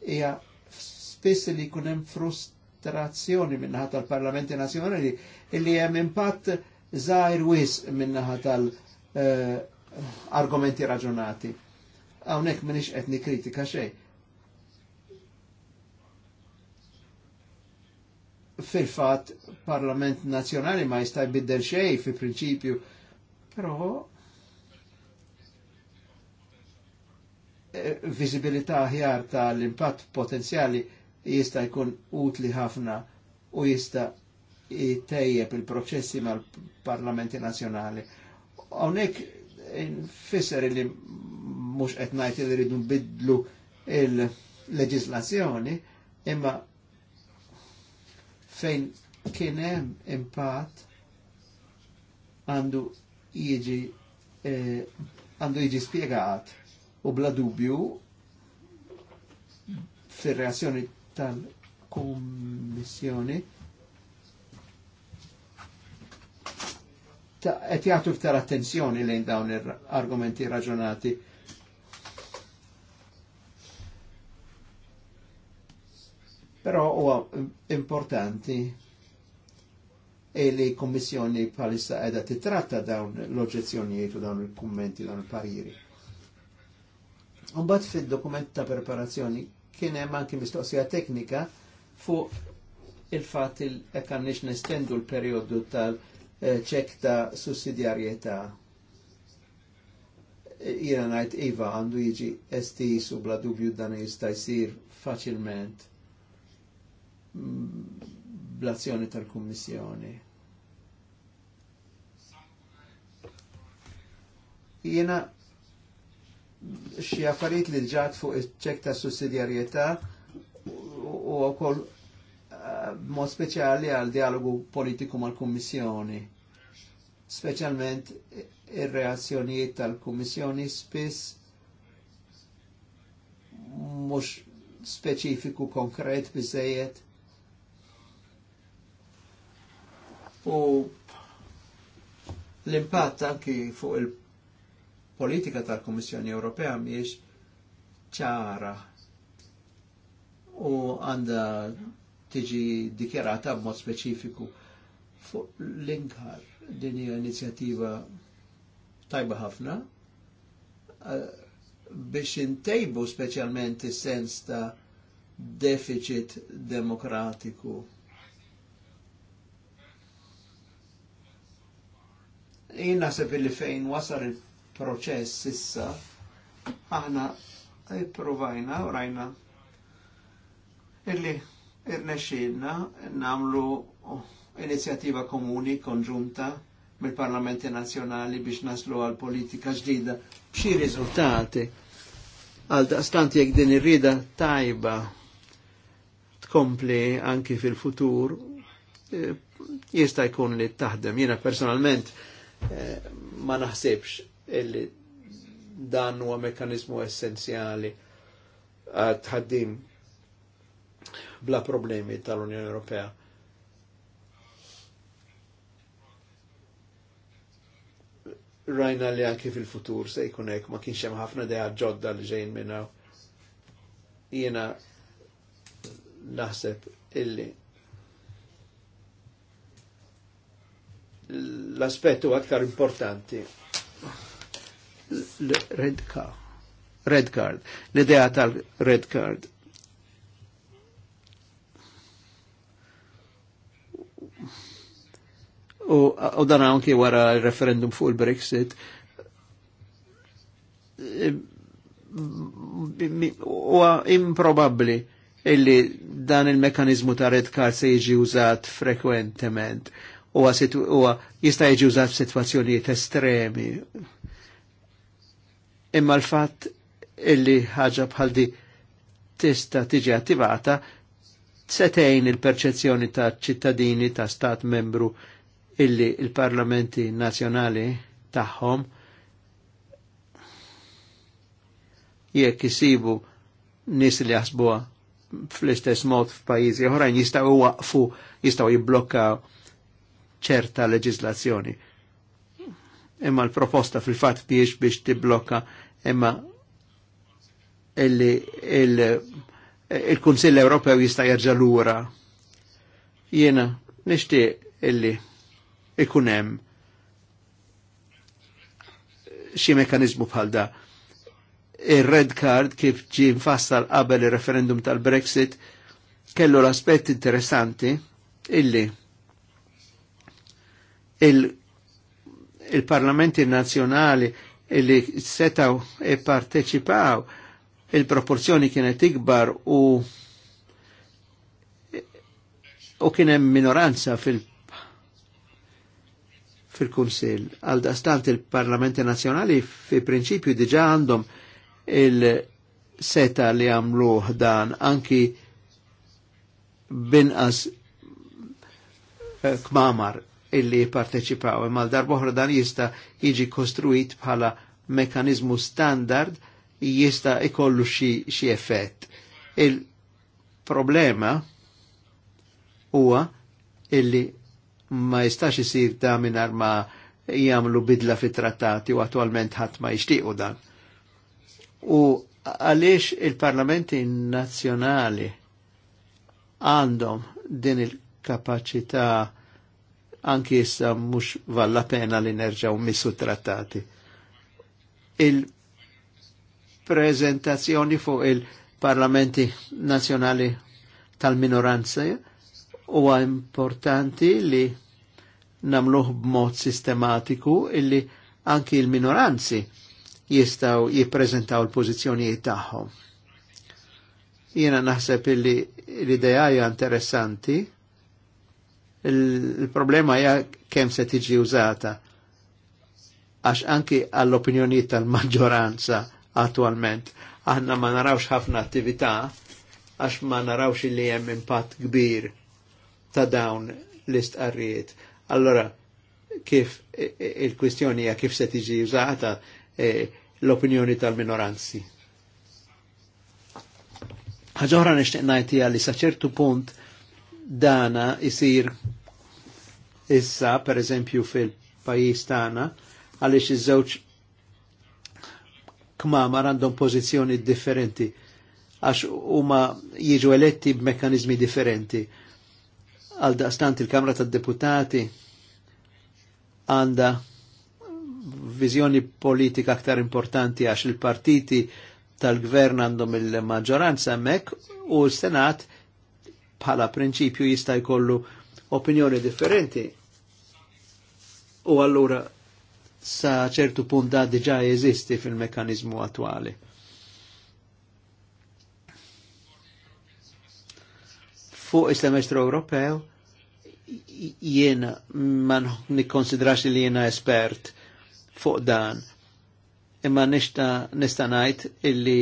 hija spiss li jkun hemm frustrazzjoni minnaħat tal-Parlamenti Nazjonali illi hemm impatt żgħir wis minnaħat tal-argumenti eh, raġunati. Hawnhekk m'iniex qed nikritika xejn fil-fat Parlament Nazjonali ma jista' jbiddel xej fi prinċipju. Però eh, viżibilità aħjar tal-impatt potenzjali jista' jkun utli ħafna u jista' jtejjeb il-proċessi mal-Parlamenti Nazzjonali. Hawnhekk infisser li mhux qed ngħid li rridu nbidlu il-leġislazzjoni, imma fejn kien hemm impatt għandu jiġi e, għandu jiġi spiegat u bla dubju fir-reazzjoni tal-Kummissjoni qed jagħtu ftar attenzjoni lejn dawn l-argumenti raġunati Però huwa importanti e li kommissjoni bħalissa edha titratta dawn l l'oggezione u dawn il-kummenti, dawn il-pariri. Umbat fil preparazioni che ne kien mi sto sia tecnica fu il fatto il kannix estendo il periodo tal-ċek ta' sussidjarjetà. E, jiena Eva andu għandu esti estis u bla dubju dan jista' jsir faċilment blazzjoni tal-Kummissjoni. Jena xie affarijiet li ġat fuq iċ-ċek ta' sussidjarjetà u wkoll eh, mod speċjali għal dialogu politiku mal-Kummissjoni. Speċjalment ir-reazzjonijiet tal-Kummissjoni spiss mhux speċifiku konkret biżejjed u l-impatt anki fuq il-politika tal komissjoni Ewropea miex ċara u għanda tiġi dikjarata b'mod speċifiku fuq l-inkar din hija inizjattiva tajba ħafna eh, biex intejbu speċjalment is-sens ta' deficit demokratiku jina se billi fejn wasar il-proċess issa aħna provajna u rajna illi irnexxilna namlu inizjativa komuni konġunta mill-Parlamenti Nazzjonali biex naslu għal politika ġdida b'xi riżultati għal daqstant jekk din irrida tajba tkompli anki fil-futur eh, jista' jkun li taħdem. Jiena personalment Eh, ma naħsibx illi dan huwa mekanizmu essenzjali tħaddim bla problemi tal-Unjoni Ewropea. Rajna li anki fil-futur se jkun hekk ma kienx hemm ħafna dejja ġodda li ġejn minna. Jiena naħseb illi l-aspettu aktar importanti. Red card. Red card. L-idea tal-red card. U, u dan anki wara il-referendum fuq il-Brexit. Eh, u improbabli illi dan il-mekanizmu ta' red card se jiġi użat frekwentement huwa jista' jiġi użat f'sitwazzjonijiet estremi. Imma l-fatt illi ħaġa bħal di tista' tiġi attivata setejn il-perċezzjoni ta' ċittadini ta' stat membru illi il-parlamenti nazjonali tagħhom jekk isibu nis li jaħsbuha fl-istess mod f'pajjiżi oħrajn jistgħu waqfu, jistgħu jibblokkaw ċerta leġislazzjoni. Imma l-proposta fil-fat biex biex tiblokka imma il-Kunsill Ewropew jista' jerġa' lura. Jiena nixtieq illi ikun hemm xi mekanizmu bħal da. Ir-red card kif ġi mfassal qabel ir-referendum tal-Brexit kellu l-aspett interessanti illi il-parlamenti il nazjonali li setaw e parteċipaw il-proporzjoni kienet ikbar u u kienem minoranza fil fil-Kunsil. Għal dastant il-Parlamenti Nazjonali fi prinċipju diġa għandhom il-seta li għamlu dan anki binqas eh, kmamar illi parteċipaw. Mal darboħra dan jista jiġi kostruit bħala mekanizmu standard jista ikollu xi effett. Il-problema huwa illi ma jistax isir da minar ma jagħmlu bidla fit-trattati u attualment ħadd ma jixtiequ dan. U għaliex il-parlamenti nazzjonali għandhom din il-kapaċità anki jissa mux valla pena li nerġgħu missu trattati. Il-prezentazzjoni fuq il-parlamenti nazjonali tal-minoranza huwa importanti li namluħ b'mod sistematiku illi anki il-minoranzi jistaw jiprezentaw l-pożizzjonijiet tagħhom. Jiena naħseb illi l-idea interessanti Il-problema hija kemm se tiġi użata għax anki għall-opinjoni tal-maġġoranza attualment aħna ma narawx ħafna attività għax ma narawx li hemm impatt kbir ta' dawn l-istqarrijiet. Allora, kif il-kwistjoni hija kif se tiġi użata e, l-opinjoni tal-minoranzi. Ħaġa oħra nixtieq ngħid li sa ċertu punt dana isir issa, per eżempju, fil-pajis tana, għalix iż-żewġ kmamar għandhom pozizjoni differenti għax huma jiġu eletti b'mekkanizmi differenti. Għal daqstant il-Kamra tad-Deputati għanda viżjoni politika aktar importanti għax il-partiti tal-gvern għandhom il-maġġoranza hemmhekk u l senat bħala prinċipju jista' jkollu opinjoni differenti. U allura sa ċertu punt da diġa jeżisti fil-mekanizmu attwali. Fuq is-semestru Ewropew jiena ma nikkonsidrax li jiena espert fuq dan. Imma nista nista ngħid illi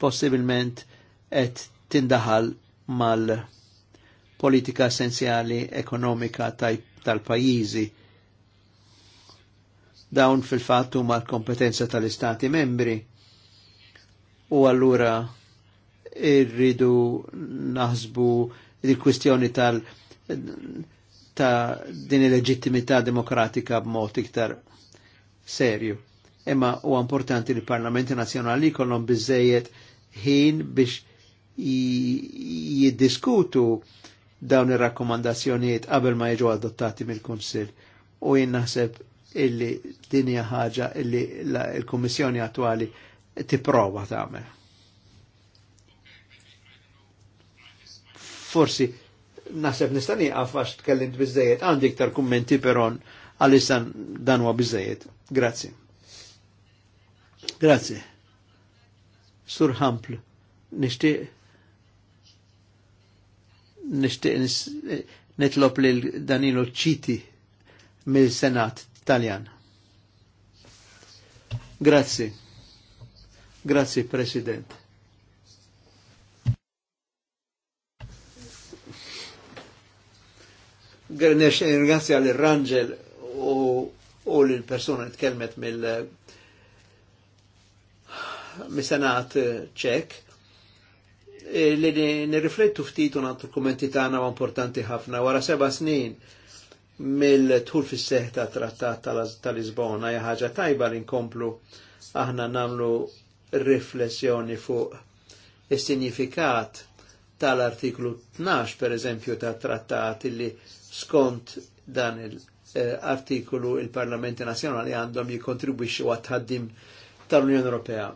possibilment qed tindaħal mal-politika essenzjali ekonomika tal-pajizi. Dawn fil-fattu mal-kompetenza tal-istati membri u allura irridu naħsbu il-kwistjoni tal- ta' din il-leġittimità demokratika b'mod iktar serju. Imma u importanti li parlamenti nazjonali kollhom biżejjed ħin biex jiddiskutu dawn ir-rakkomandazzjonijiet qabel ma jiġu adottati mill-Kunsill. U jien naħseb illi din hija ħaġa illi l-Kummissjoni attwali tipprova tagħmel. Forsi naħseb nista' nieqaf għax tkellimt biżejjed, għandi iktar kummenti peron għalissa dan huwa biżejjed. Grazzi. Grazzi. Sur Hampl, nixtieq nishtiq nitlob lil Danilo Ċiti mill-Senat Taljan. Grazzi. Grazzi, President. Grazie għal rangel u, u l-persona li tkellmet mill-Senat ċek Eh, li nirriflettu ftit u nagħtu kummenti tagħna ma' importanti ħafna wara seba' snin mill-tħul fis seħħ ta' trattat tal-Lisbona hija ħaġa tajba li nkomplu aħna nagħmlu riflessjoni fuq is-sinifikat tal-artiklu 12 per eżempju tat trattat li skont dan il-artiklu eh, il-Parlamenti Nazzjonali għandhom jikontribwixxu għat tħaddim tal-Unjoni Ewropea.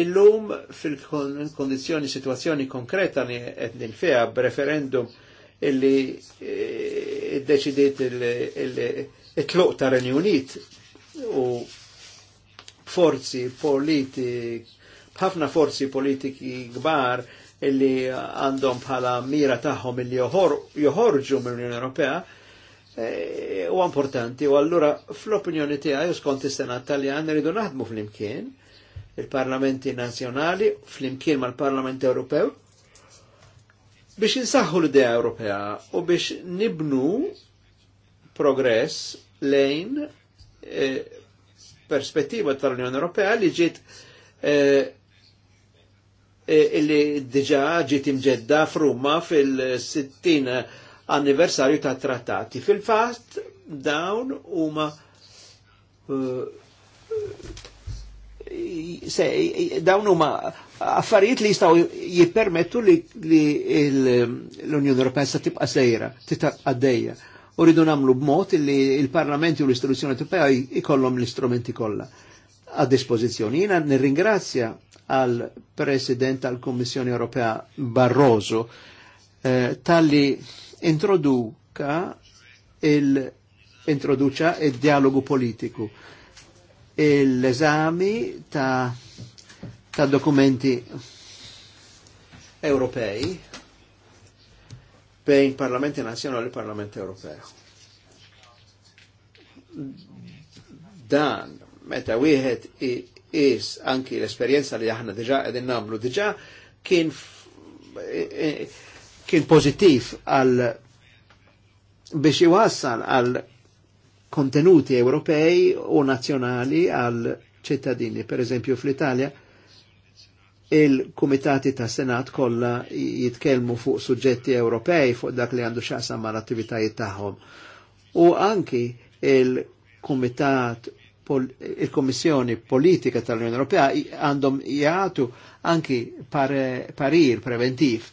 Illum fil-kondizjoni situazzjoni konkreta li qed nilfiha b'referendum illi eh, iddeċidiet il-tluq ta' Unit u forzi politik, ħafna forzi politiki kbar illi għandhom bħala mira tagħhom illi joħorġu mill-Unjoni Ewropea, eh, u importanti, u allura fl-opinjoni tiegħi skont is-Senat Taljan rridu naħdmu fl-imkien il-parlamenti nazjonali fl-imkien mal-Parlament Ewropew biex insaħħu l-idea Ewropea u biex nibnu progress lejn e, perspettiva tal-Unjoni Ewropea li ġiet illi eh, eh, diġa ġiet imġedda frumma fil-60 anniversarju ta' trattati. Fil-fast dawn huma uh, dawn huma affarijiet li jistgħu jippermettu li, l-Unjoni Ewropea sa tibqa' sejra, titaq għaddejja. U rridu nagħmlu b'mod li l parlamenti u l-Istituzzjoni Ewropea jkollhom l-istrumenti kollha a dispożizzjoni. Jiena nirringrazzja għal President tal kummissjoni Ewropea Barroso eh, tal-li introduka il-introduċa il-dialogu politiku l-eżami ta', ta dokumenti Ewropej bejn Parlamenti Nazjonali u e Parlament Ewropew. Dan, meta wieħed is anki l-esperjenza li aħna diġa qegħdin namlu diġa kien kien pożittiv għal biex iwassal għal kontenuti Ewropej u nazjonali għal ċittadini. Per eżempju fl-Italja il-komitati ta' Senat kollha jitkellmu fuq suġġetti Ewropej fuq dak li għandu x'aqsam mal-attivitajiet tagħhom. U anki il komitat il-Kommissjoni Politika tal-Unjoni Ewropea għandhom jgħatu anki parir preventiv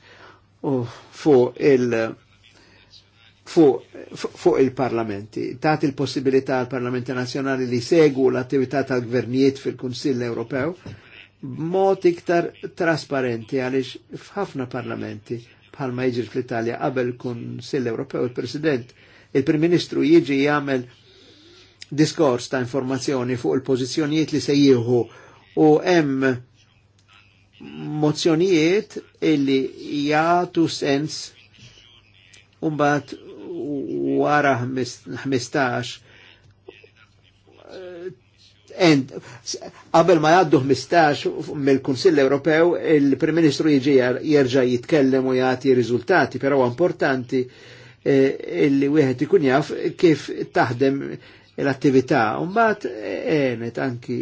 fuq il- fuq fu il-parlamenti, tat il-possibilità għal parlamenti nazjonali li segu l-attività tal-gvernijiet fil-Kunsill Ewropew b'mod iktar trasparenti għaliex f'ħafna parlamenti bħalma jiġri fl-Italja qabel Kunsill Ewropew il-President il-Prim Ministru jiġi jagħmel diskors ta' informazzjoni fuq il-pożizzjonijiet li se jieħu u hemm mozzjonijiet illi jagħtu sens Umbat wara 15 qabel ma jaddu 15 mill-Kunsill Ewropew, il-Prim Ministru jiġi jerġa' jitkellem u jagħti riżultati, però importanti eh, illi wieħed ikun jaf kif taħdem l-attività. Mbagħad eh, għenet anki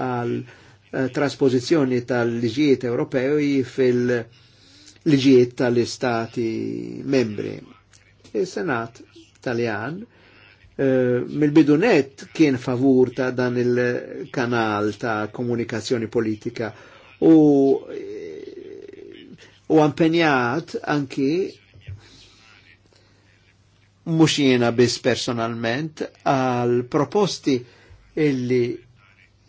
għal eh, trasposizzjoni tal-liġijiet Ewropew fil-liġijiet tal-istati membri il-Senat Taljan eh, mill-bidunet kien favur ta' dan il-kanal ta' komunikazzjoni politika u eh, u għampenjat anki mux jena bis personalment għal proposti illi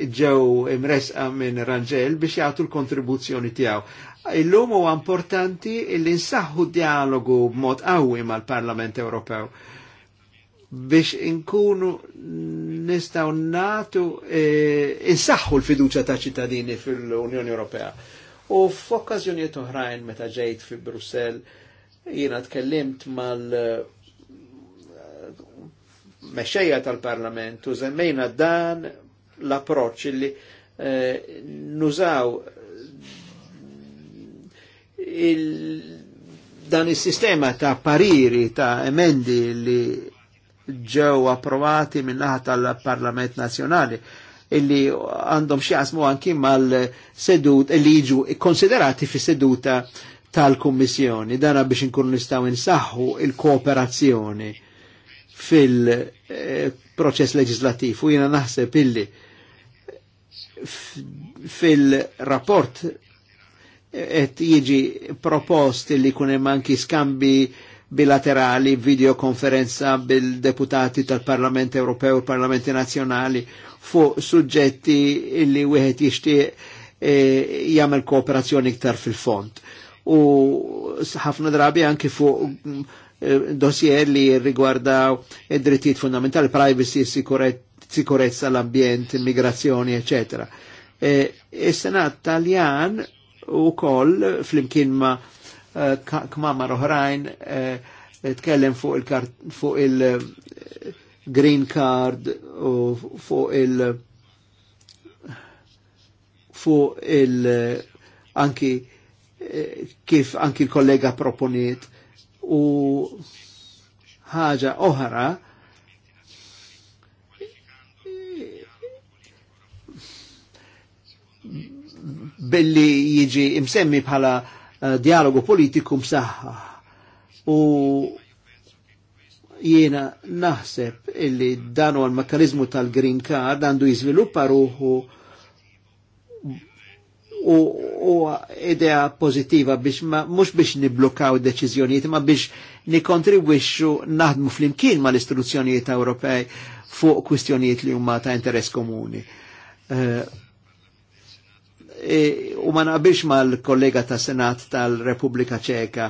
ġew imresqa minn Rangel biex jagħtu l-kontribuzzjoni tiegħu. Illum huwa importanti li nsaħħu dialogu b'mod qawwi mal-Parlament Ewropew biex inkunu nistaw natu e, insaħħu l-fiduċa ta' ċittadini fil-Unjoni Ewropea. U f'okkażjonijiet oħrajn meta ġejt fi Brussell jiena tkellimt mal eh, mexxejja tal-Parlament u żemmejna dan l-approċċ li e, eh, nużaw il dan is-sistema ta' pariri ta' emendi li ġew approvati minnaħa tal-Parlament Nazzjonali illi għandhom xi jasmu anki mal-sedut illi jiġu konsiderati fi seduta tal-Kummissjoni. Dana biex inkunu nistgħu insaħħu il-kooperazzjoni fil-proċess leġislativ u jiena naħseb illi fil-rapport et jiġi propost li kunem manki skambi bilaterali, videokonferenza bil-deputati tal-Parlament Ewropew Parlamenti Nazjonali fu suġġetti li wieħed jixtieq e, jagħmel kooperazzjoni iktar fil-font. U ħafna drabi anki fu e, dossier li rigwardaw id-drittijiet fundamentali, privacy, sikurezza, l-ambjent, immigrazzjoni, eccetera. E, Is-Senat Taljan u koll flimkien ma eh, kmama roħrajn eh, tkellem fuq il-green eh, card u fuq il- fuq il- anki kif anki l-kollega proponiet u ħaġa oħra billi jiġi imsemmi bħala eh, dialogu politiku msaħħa. U jiena naħseb illi dan huwa l-mekkanizmu tal-green card għandu jiżviluppa ruħu u idea pożittiva biex ma mhux biex niblokaw deċiżjonijiet ma biex nikontribwixxu naħdmu flimkien mal istituzzjonijiet Ewropej fuq kwistjonijiet li huma ta' interess komuni. Uh, E, u ma naqbilx mal-kollega ta' Senat tal-Repubblika Ċeka,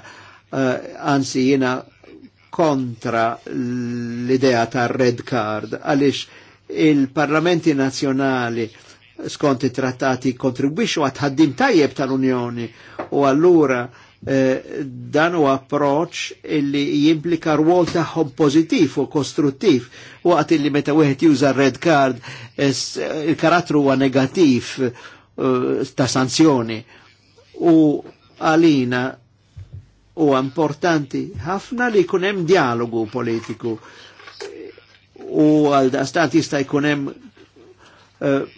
e, anzi jina kontra l-idea ta' red card, għalix il-parlamenti nazjonali skont trattati kontribwixu għadħaddim tajjeb tal-Unjoni u allura e, dan u approċ illi jimplika rwol taħħom pozitif u kostruttiv għat illi meta wieħed juża red card il-karattru huwa negattiv Eh, ta' sanzjoni u għalina u importanti ħafna li kunem dialogu politiku u għal stat jista jkunem uh, eh,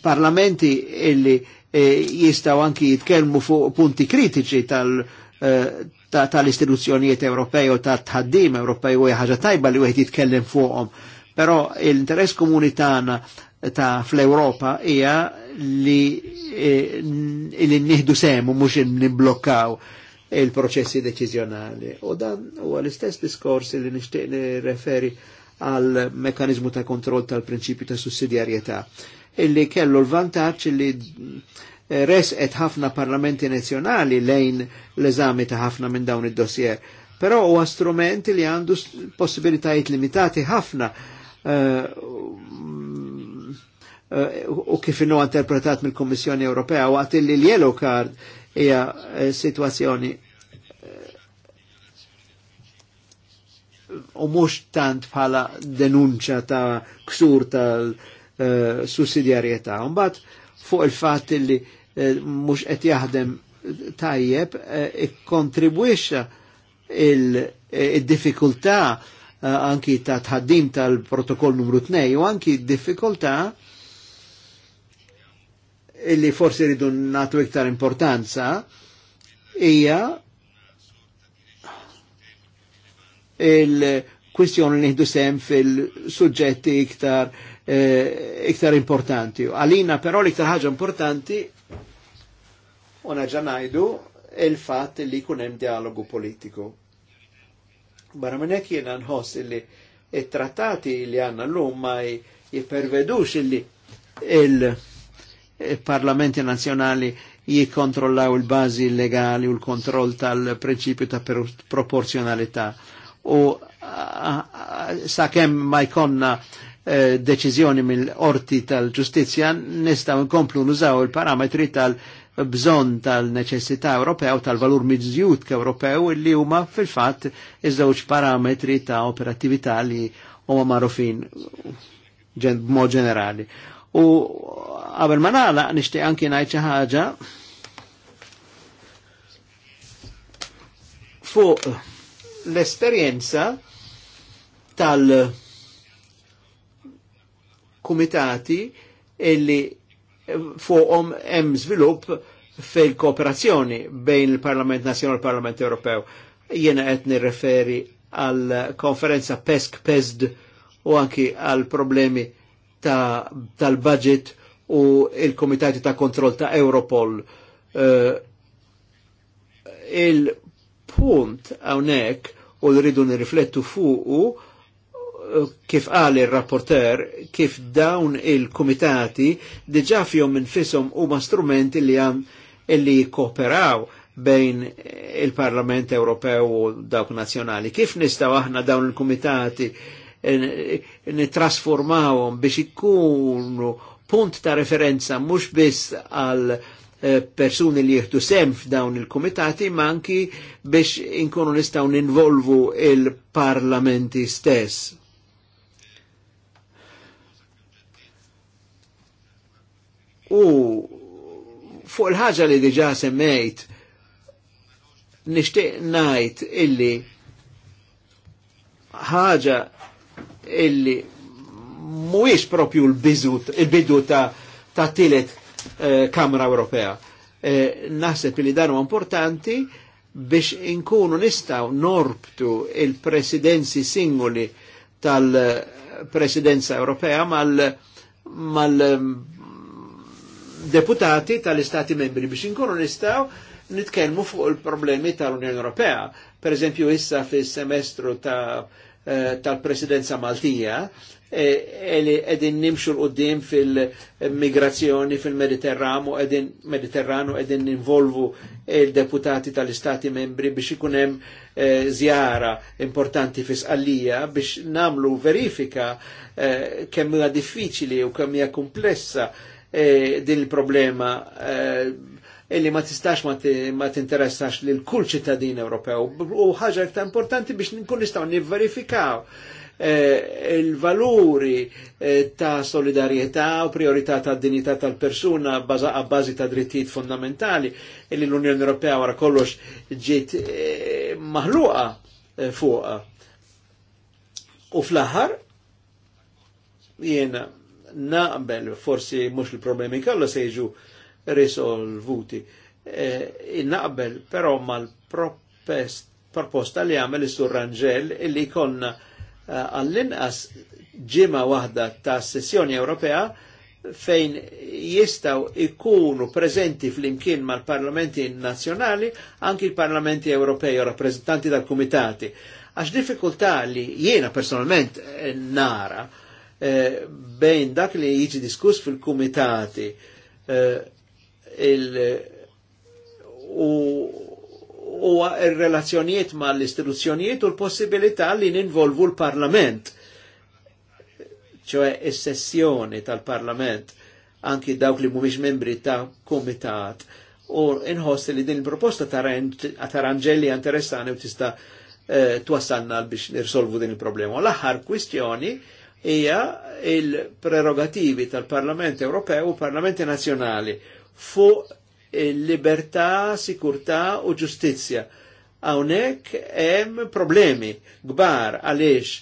parlamenti illi uh, jistaw anki jitkelmu fuq punti kritiċi tal- uh, tal-istituzzjonijiet Ewropej u ta' tħaddim Ewropej u ħaġa tajba li wieħed jitkellem fuqom. Però l-interess komunitana ta' fl-Ewropa hija li e, li nieħdu semu mux mhux nimblokkaw il-proċessi deċiżjonali. U dan u għal istess diskors li nixtieq referi għal mekanizmu ta' kontroll tal-prinċipju ta' sussidjarjetà illi kellu l-vantaġġ li e, res et ħafna parlamenti nazzjonali lejn l-eżami ta' ħafna minn dawn id-dossier. Però huwa strumenti li għandu possibilitajiet limitati ħafna e, Eh, u kif innu interpretat mill kommissjoni Ewropea waqt li l-yellow card hija eh, situazzjoni eh, u mux tant bħala denunċa ta' ksur tal-sussidjarjetà. Mbagħad fuq il fat li mux qed jaħdem tajjeb ikkontribwixxa il-diffikultà anki ta' tħaddim tal-protokoll numru 2 u anki diffikultà illi forsi ridu natu iktar importanza hija il-kwistjoni li nieħdu sem fil-suġġetti iktar eh, iktar importanti. Għalina però l-iktar ħaġa importanti ona ġanajdu il-fatt li jkun dialogu politiku. Barra minn hekk nħoss illi it-trattati li għandna ma illi il-, il parlamenti nazjonali jikontrollaw il-bazi legali u l-kontroll tal-prinċipju ta' proporzjonalità. U sa' kemm ma jkonna eh, deċizjoni mill-orti tal-ġustizja, nistaw nkomplu nużaw il-parametri tal-bżon tal-neċessità Ewropew, tal-valur mizzjut Ewropew, li huma fil fat iż-żewġ parametri ta' operattività li huma marufin mod ġenerali. U Qabel ma nagħlaq nixtieq anki ngħid xi fuq l-esperjenza tal-kumitati illi fuqhom hemm żvilupp fil-kooperazzjoni bejn il-Parlament Nazzjonali u l-Parlament Ewropew. Jiena qed nirreferi għal konferenza PESC-PESD u anki għal problemi ta, tal-budget u il-Komitati ta' Kontroll ta' Europol. Uh, il-punt hawnhekk u rridu nirriflettu fuqu kif għal il-rapporter, kif dawn il-komitati diġa fjom minn fisom u ma strumenti li għam illi kooperaw bejn il-Parlament Ewropew u dawk nazjonali. Kif nistaw aħna dawn il-komitati nitrasformawhom biex ikunu punt ta' referenza mhux biss għal eh, persuni li jieħdu sem f'dawn il-komitati, ma anki biex inkunu nistgħu ninvolvu il-parlamenti stess. U fuq il-ħaġa li diġa semmejt, nishtiq najt illi ħaġa illi mhuwiex propju l-bidu ta' ta' tielet eh, Kamra Ewropea. Eh, Naħseb li importanti biex inkunu nistaw norbtu il-presidenzi singoli tal-presidenza Ewropea mal, mal deputati tal-istati membri biex inkunu nistaw nitkelmu fuq il-problemi tal-Unjoni Ewropea. Per eżempju, issa fis semestru ta' eh, tal-presidenza Maltija, Eli e edin nimxu l-qoddim fil-migrazzjoni fil-Mediterranu edin Mediterranu edin involvu il-deputati tal-istati membri biex ikunem e, zjara importanti fis fisqallija biex namlu verifika e, kemm hija diffiċili u kemm hija komplessa din il-problema illi ma tistax ma tinteressax l kull ċittadin Ewropew u ħaġa ta' importanti biex nkun nistgħu nivverifikaw eh, il-valuri eh, ta' solidarietà u priorità ta' dinjità tal-persuna a bazi ta' drittijiet fondamentali illi e l-Unjoni Ewropea wara kollox ġiet eh, maħluqa eh, fuqa. U fl-aħħar jiena naqbel forsi mhux il-problemi kollha se jiġu risolvuti. Eh, naqbel però mal-proposta li għamel is surranġel illi konna eh, Eh, għall-inqas ġima waħda ta' sessjoni Ewropea fejn jistaw ikunu prezenti fl-imkien mal-parlamenti nazjonali anki l parlamenti Ewropej u rappresentanti tal-komitati. Għax diffikultà li jiena personalment nara eh, bejn dak li jiġi diskuss fil-komitati eh, il, u huwa r-relazzjonijiet mal-istituzzjonijiet u l-possibilità li ninvolvu l-Parlament, ċoe is-sessjoni tal-Parlament, anki dawk li mhumiex membri ta' komitat. U inħoss li din il-proposta taranġelli interessani u tista' eh, twassalna biex nirsolvu din il-problema. L-aħħar kwistjoni hija il-prerogativi tal-Parlament Ewropew u Parlamenti Nazzjonali fuq libertà, sikurtà u ġustizja. Hawnhekk hemm problemi kbar għaliex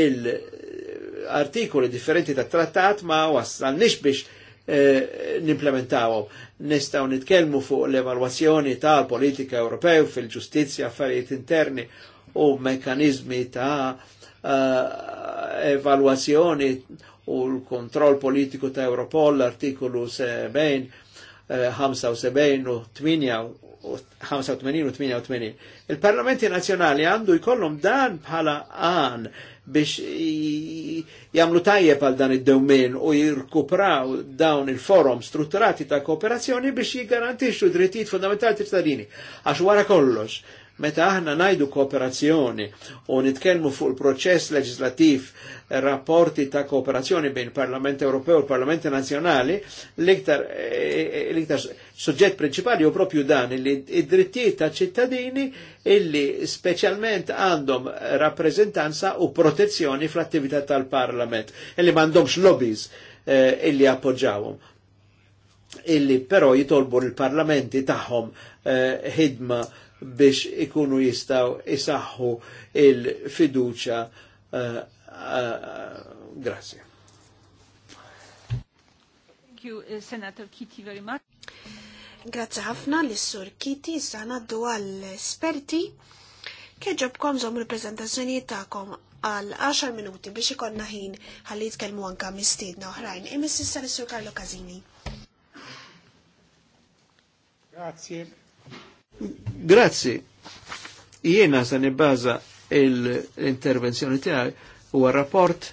il-artikoli differenti ta' trattat ma wassalniex biex eh, nimplementawhom. Nistgħu nitkellmu fuq l-evalwazzjoni tal-politika Ewropew fil-ġustizzja, affarijiet interni u mekanizmi ta' eh, evalwazzjoni u l-kontroll politiku ta' Europol, l-artikolu 70 75 eh, u 88. Il-parlamenti nazjonali għandu jkollhom dan bħala għan biex jamlu tajjeb għal dan id-dewmin u jirkupraw dawn il-forum strutturati ta' kooperazzjoni biex jigarantixxu drittijiet fundamentali tal-ċittadini. Għax wara kollox, Meta aħna najdu kooperazzjoni u nitkellmu fuq il-proċess leġislativ rapporti ta' kooperazzjoni bejn Parlament Ewropew u Parlamenti Nazzjonali, l-iktar, eh, eh, suġġett principali u propju dan li id-drittijiet ta' ċittadini illi specialment għandhom rappresentanza u protezzjoni fl-attività tal-Parlament, illi m'għandhomx lobbies eh, illi appoġġawhom illi però jitolbu l-parlamenti tagħhom ħidma eh, biex ikunu jistaw isaħħu il-fiduċa. Uh, uh, grazie. Eh, grazie ħafna l-Sur Kitty, sana għal esperti. Keġobkom zom il-prezentazzjoni ta'kom għal 10 minuti biex ikonna ħin ħalli jitkellmu anka mistiedna oħrajn. Imis issa l-Sur Karlo Kazini. Grazie. Grazzi. Jiena se nibbaza l-intervenzjoni tiegħi huwa rapport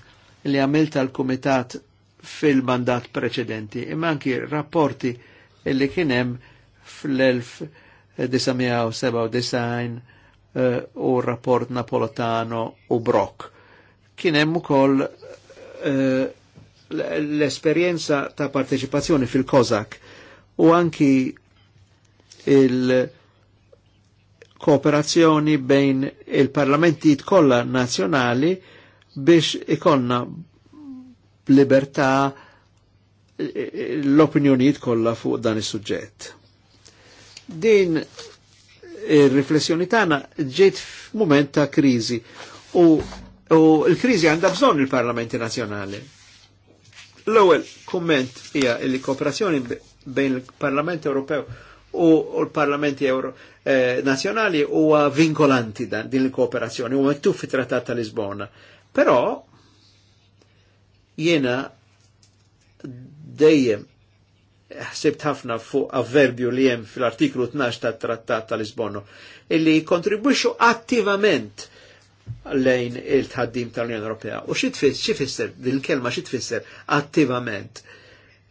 li għamilt tal-Kumitat fil-mandat preċedenti, imma anki rapporti li kien hemm fl-1997 eh, u rapport Napolitano u Brock. Kien hemm ukoll eh, l-esperjenza ta' parteċipazzjoni fil-Kozak u anki il- kooperazzjoni bejn il-parlamenti kollha nazzjonali biex ikonna libertà e, e, l-opinjonijiet kollha fuq dan is-suġġett. Din ir-riflessjoni tagħna ġiet f'mument ta' kriżi u, u l-kriżi għandha bżonn il-Parlamenti Nazzjonali. L-ewwel kumment hija li kooperazzjoni bejn il-Parlament Ewropew u l-parlamenti euro eh, nazjonali huwa vinkolanti dan din il-kooperazzjoni u mettuf fit-Trattat ta' Lisbona. Però jiena dejjem ħsibt ħafna fuq avverbju li hemm fil-artiklu 12 tat-Trattat ta' Lisbona illi kontribwixxu attivament lejn il-tħaddim tal-Unjoni Ewropea. U xi tfisser, din il-kelma xi tfisser attivament.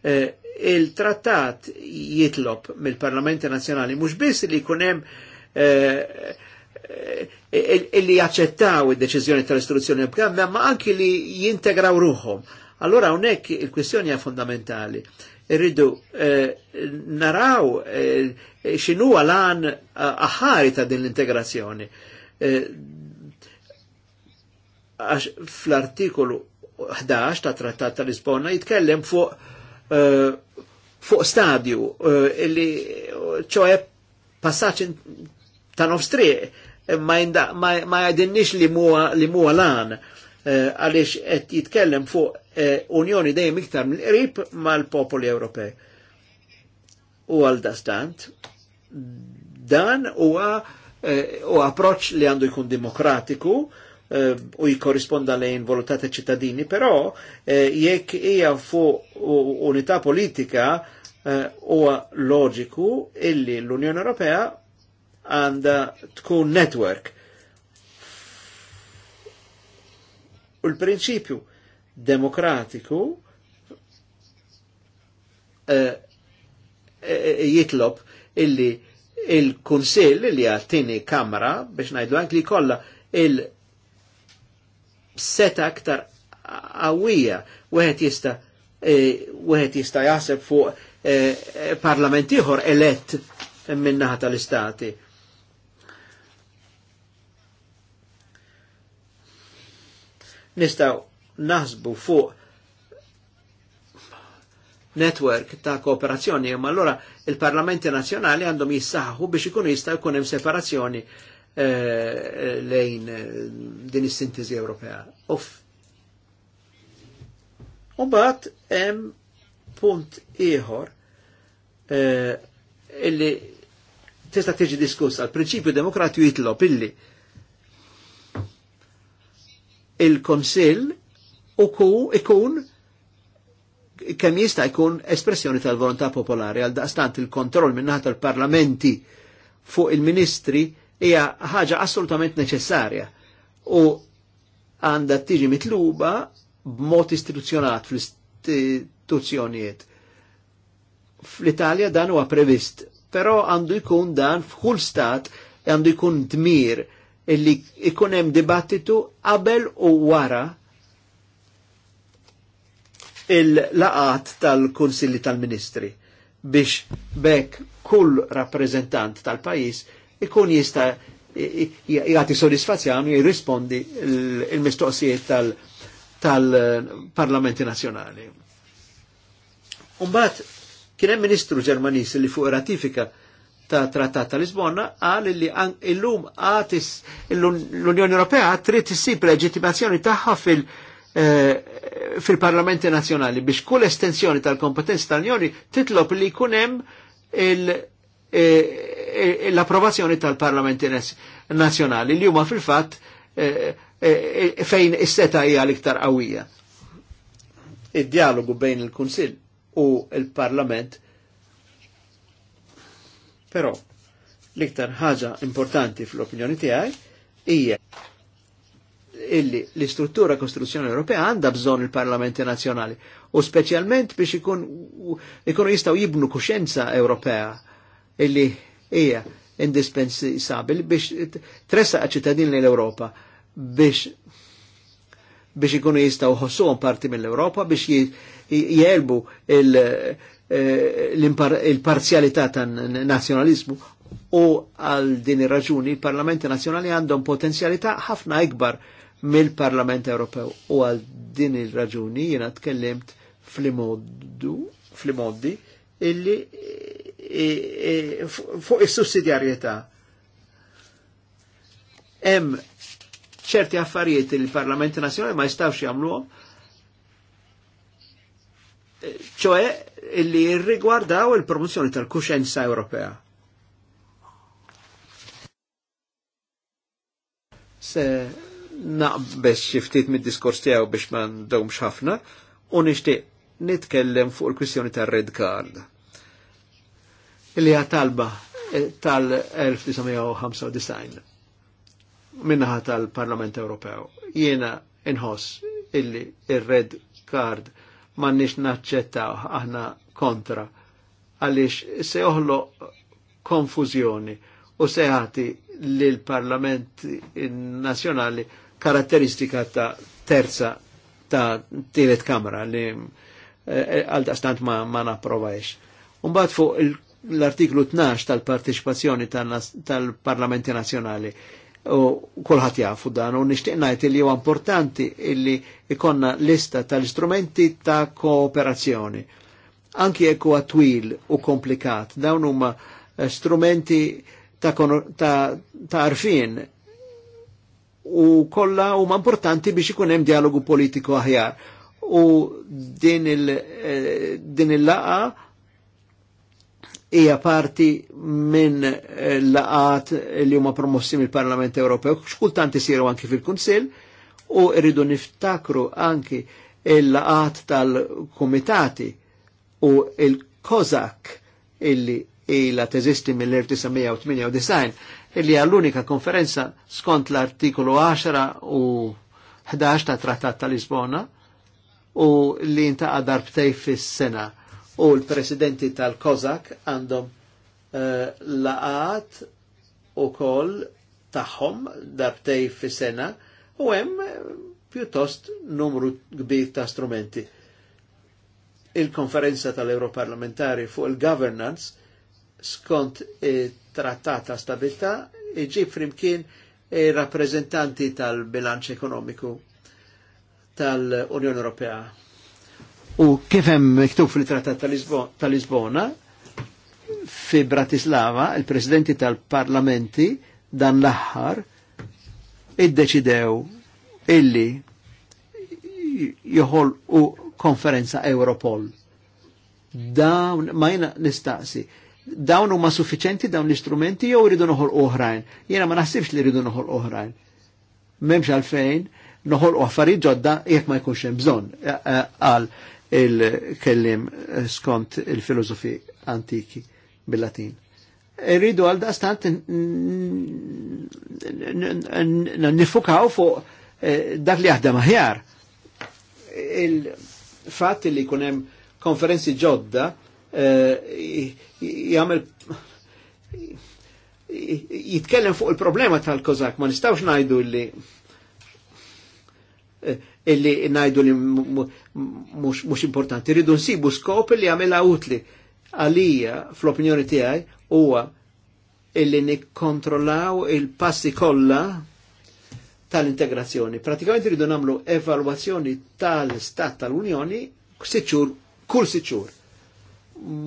Eh, il-trattat jitlob mill-Parlamenti Nazzjonali mhux biss li jkun hemm eh, eh, eh, li jaċċettaw id-deċiżjoni tal-istruzzjoni b'kemm ma anki li jintegraw ruhom. Allora hawnhekk il-kwistjoni hija fondamentali. Irridu naraw eh, x'inhu lan aħari ta' din l-integrazzjoni. Għax fl-artikolu 11 ta' Trattat ta' Lisbona jitkellem fuq fuq stadju eh, illi ċoħe passaċ ta' nofstri eh, ma jadinnix li muwa li lan eh, għalix qed jitkellem fuq unjoni dejjem iktar mill-qrib mal-popoli Ewropej. U għal dastant, dan huwa approċċ approċ li għandu jkun demokratiku, u jikorrisponda lejn volontà ta' ċittadini, però eh, jekk hija fuq unità politika eh, huwa loġiku illi l-Unjoni Ewropea għandha tkun network. U l-prinċipju demokratiku eh, jitlob illi il-Kunsill li għattini kamra biex najdu għank li kolla il- seta aktar għawija wieħed jista' e, jista' jaseb fuq e, e, parlament ieħor elett minnaħa tal-istati. Nistaw naħsbu fuq network ta' kooperazzjoni, ma allora il-parlamenti nazjonali għandhom jissaħħu biex ikun jista' jkun hemm separazzjoni Eh, eh, lejn eh, din is-sintesi Ewropea. U mbagħad hemm punt ieħor illi tista' tiġi diskuss għal prinċipju demokratiku jitlob illi il-Konsill ikun kemm jista' jkun espressjoni tal-volontà popolari għal daqstant il-kontroll naħa tal-parlamenti fuq il-ministri hija ħaġa assolutament neċessarja u għandha tiġi mitluba b'mod istituzzjonat fl-istituzzjonijiet. Fl-Italja dan huwa previst, però għandu jkun dan f'kull stat għandu jkun dmir illi ikun hemm dibattitu qabel u wara il-laqat tal-Kunsilli tal-Ministri biex bekk kull rappresentant tal-pajis ikun jista jgħati sodisfazzjon u jirrispondi il-mistoqsijiet tal-parlamenti nazjonali. Umbat, kien hemm ministru Ġermanis li fuq ratifika ta' trattat ta' Lisbonna għal li illum għatis l-Unjoni Ewropea trid issib leġittimazzjoni tagħha fil- eh, fil-parlamenti nazjonali biex kull estensjoni tal-kompetenzi tal-Unjoni titlob li jkun hemm il- eh, E, e, l-approvazzjoni tal-Parlamenti Nazzjonali li huma fil-fatt e, fejn is-seta hija l-iktar qawwija. Id-dialogu bejn il-Kunsill u il-Parlament però l-iktar ħaġa importanti fl-opinjoni tiegħi hija illi l-istruttura Kostruzzjoni Ewropea għandha bżonn il-Parlamenti Nazzjonali u speċjalment biex ikun jistgħu jibnu kuxenza Ewropea illi hija indispensabil biex tressa ċittadin l-Europa biex biex ikunu jistaw ħossuhom parti mill-Europa biex jielbu eh, l-imparzjalità tan nazjonalizmu u għal din ir-raġuni il-Parlamenti Nazzjonali għandhom potenzjalità ħafna ikbar mill-Parlament Ewropew u għal din ir-raġuni jiena tkellimt fl-moddu fl-moddi illi fuq is-sussidjarjetà. Hemm ċerti affarijiet li l-Parlament Nazzjonali ma jistawx jagħmluhom, ċoe li riguardaw il-promozzjoni tal-kuxenza Ewropea. Se naqbess xiftit mid-diskors tijaw biex ma ndawmx ħafna u nixtieq nitkellem fuq il kwissjoni tar-red card li talba eh, tal-1995 minnaħa tal-Parlament Ewropew. Jiena inħoss illi ir-red card mannix naċċettaw aħna kontra għaliex se joħlo konfużjoni u se li l-Parlament nazjonali karatteristika ta' terza ta' tielet kamra li eh, għal e, daqstant ma, ma naprovajx. bat fuq il l-artiklu 12 tal-partiċipazzjoni tal-Parlamenti Nazjonali. u kolħat jafu dan u nishtiqnajt najt li huwa importanti illi ikonna lista tal-istrumenti ta' kooperazzjoni. Anki jekk huwa twil u komplikat, dawn huma eh, strumenti ta', ta, ta arfin u kollha huma importanti biex ikun hemm dialogu politiku aħjar. U din eh, il-laqa hija parti minn eh, laqat li huma promossi mill-Parlament Ewropew, xkultant isiru anki fil-Kunsill, u rridu niftakru anki il-laqat tal-Komitati u il-Kozak illi ila teżisti mill-1998 illi għall-unika konferenza skont l-artikolu 10 u 11 ta' Trattat tal Lisbona u li intaqa darbtej fis-sena u l-presidenti tal-Kozak għandhom uh, laqat u kol taħħom darbtej fi sena u hemm eh, pjuttost numru kbir ta' strumenti. Il-konferenza tal-Europarlamentari fuq il-governance skont it-trattat ta' stabilità iġib frimkien rappresentanti tal-bilanċ ekonomiku tal-Unjoni Ewropea u kif hemm miktub fil-Trattat tal-Lisbona fi Bratislava il-Presidenti tal-Parlamenti dan l-aħħar iddeċidew illi joħol u konferenza Europol. Dawn, ma jina nistaqsi, dawn huma suffiċenti dawn l-istrumenti jew rridu noħol oħrajn. Jiena ma naħsibx li rridu noħol oħrajn. Memx għalfejn, noħol u affarijiet ġodda jekk ma jkunx hemm bżonn għal il-kellim skont il-filosofi antiki bil-Latin. Irridu għal dastant nifukaw fuq eh, dak li għadda maħjar. Il-fat li kunem konferenzi ġodda eh, jgħamil jitkellem fuq il-problema tal-kozak, ma nistawx najdu li Eh, illi najdu li mux importanti. Ridu nsibu skop li għamela utli għalija fl-opinjoni tijaj huwa illi nikkontrollaw il-passi kollha tal-integrazzjoni. Pratikament ridu namlu evaluazzjoni tal-stat tal-Unjoni siċur, kull siċur.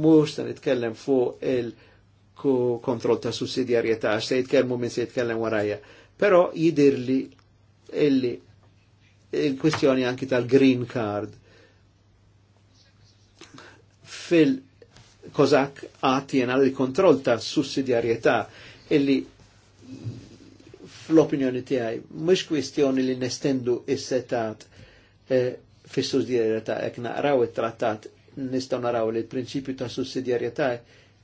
Mux ta' nitkellem fuq il-kontroll ta' sussidjarieta, se jitkellmu minn se jitkellem warajja. Però jidirli illi il-kwistjoni anki tal-green card. Fil-kozak għat jena li kontroll ta' sussidjarjetà illi fl-opinjoni tijaj, mux kwistjoni li nestendu is-setat eh, fis-sussidjarjetà jekk naqraw il trattat nistaw naraw li l-prinċipju ta' sussidjarjetà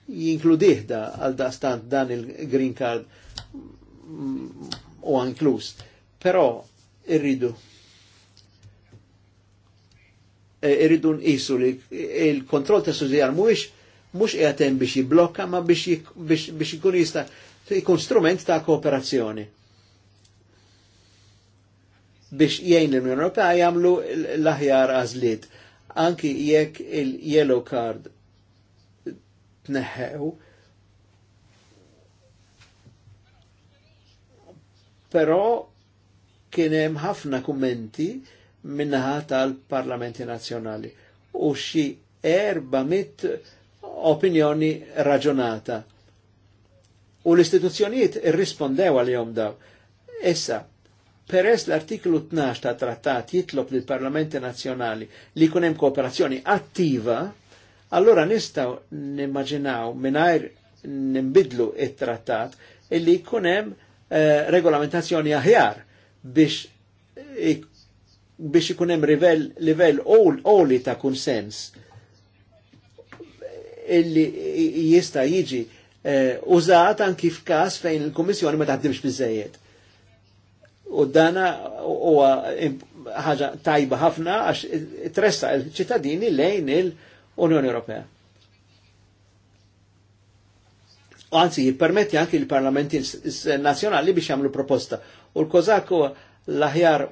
jinkludih da għal da stant dan il-green card mm, u għanklus. Però irridu Eh, irridu nqisu li il-kontroll ta' sussidjar mhuwiex mhux qiegħed biex jiblokka ma biex ikun jista' ikun strument ta' kooperazzjoni. Biex jgħin l-Unjoni Ewropea jagħmlu l-aħjar għażliet. Anki jekk il-yellow card tneħħew, però kien hemm ħafna kummenti minnaħa tal-Parlamenti Nazzjonali u xi 400 opinjoni raġunata. U l-istituzzjonijiet irrispondew għal-jom daw. Issa, peress l-artiklu 12 ta' trattat jitlob lill parlamenti Nazzjonali li jkun hemm kooperazzjoni attiva, allora nistgħu nimmaġinaw mingħajr nimbidlu it-trattat illi jkun hemm eh, regolamentazzjoni aħjar biex biex ikun hemm livell all ta' kunsens illi jista' jiġi eh, użat anki f'każ fejn il-Kummissjoni ma taħdimx biżejjed. U dana huwa ħaġa tajba ħafna għax tressa il-ċittadini lejn il-Unjoni Ewropea. Anzi, jippermetti anki il-parlamenti nazjonali biex jagħmlu proposta. U l-Kozak l-aħjar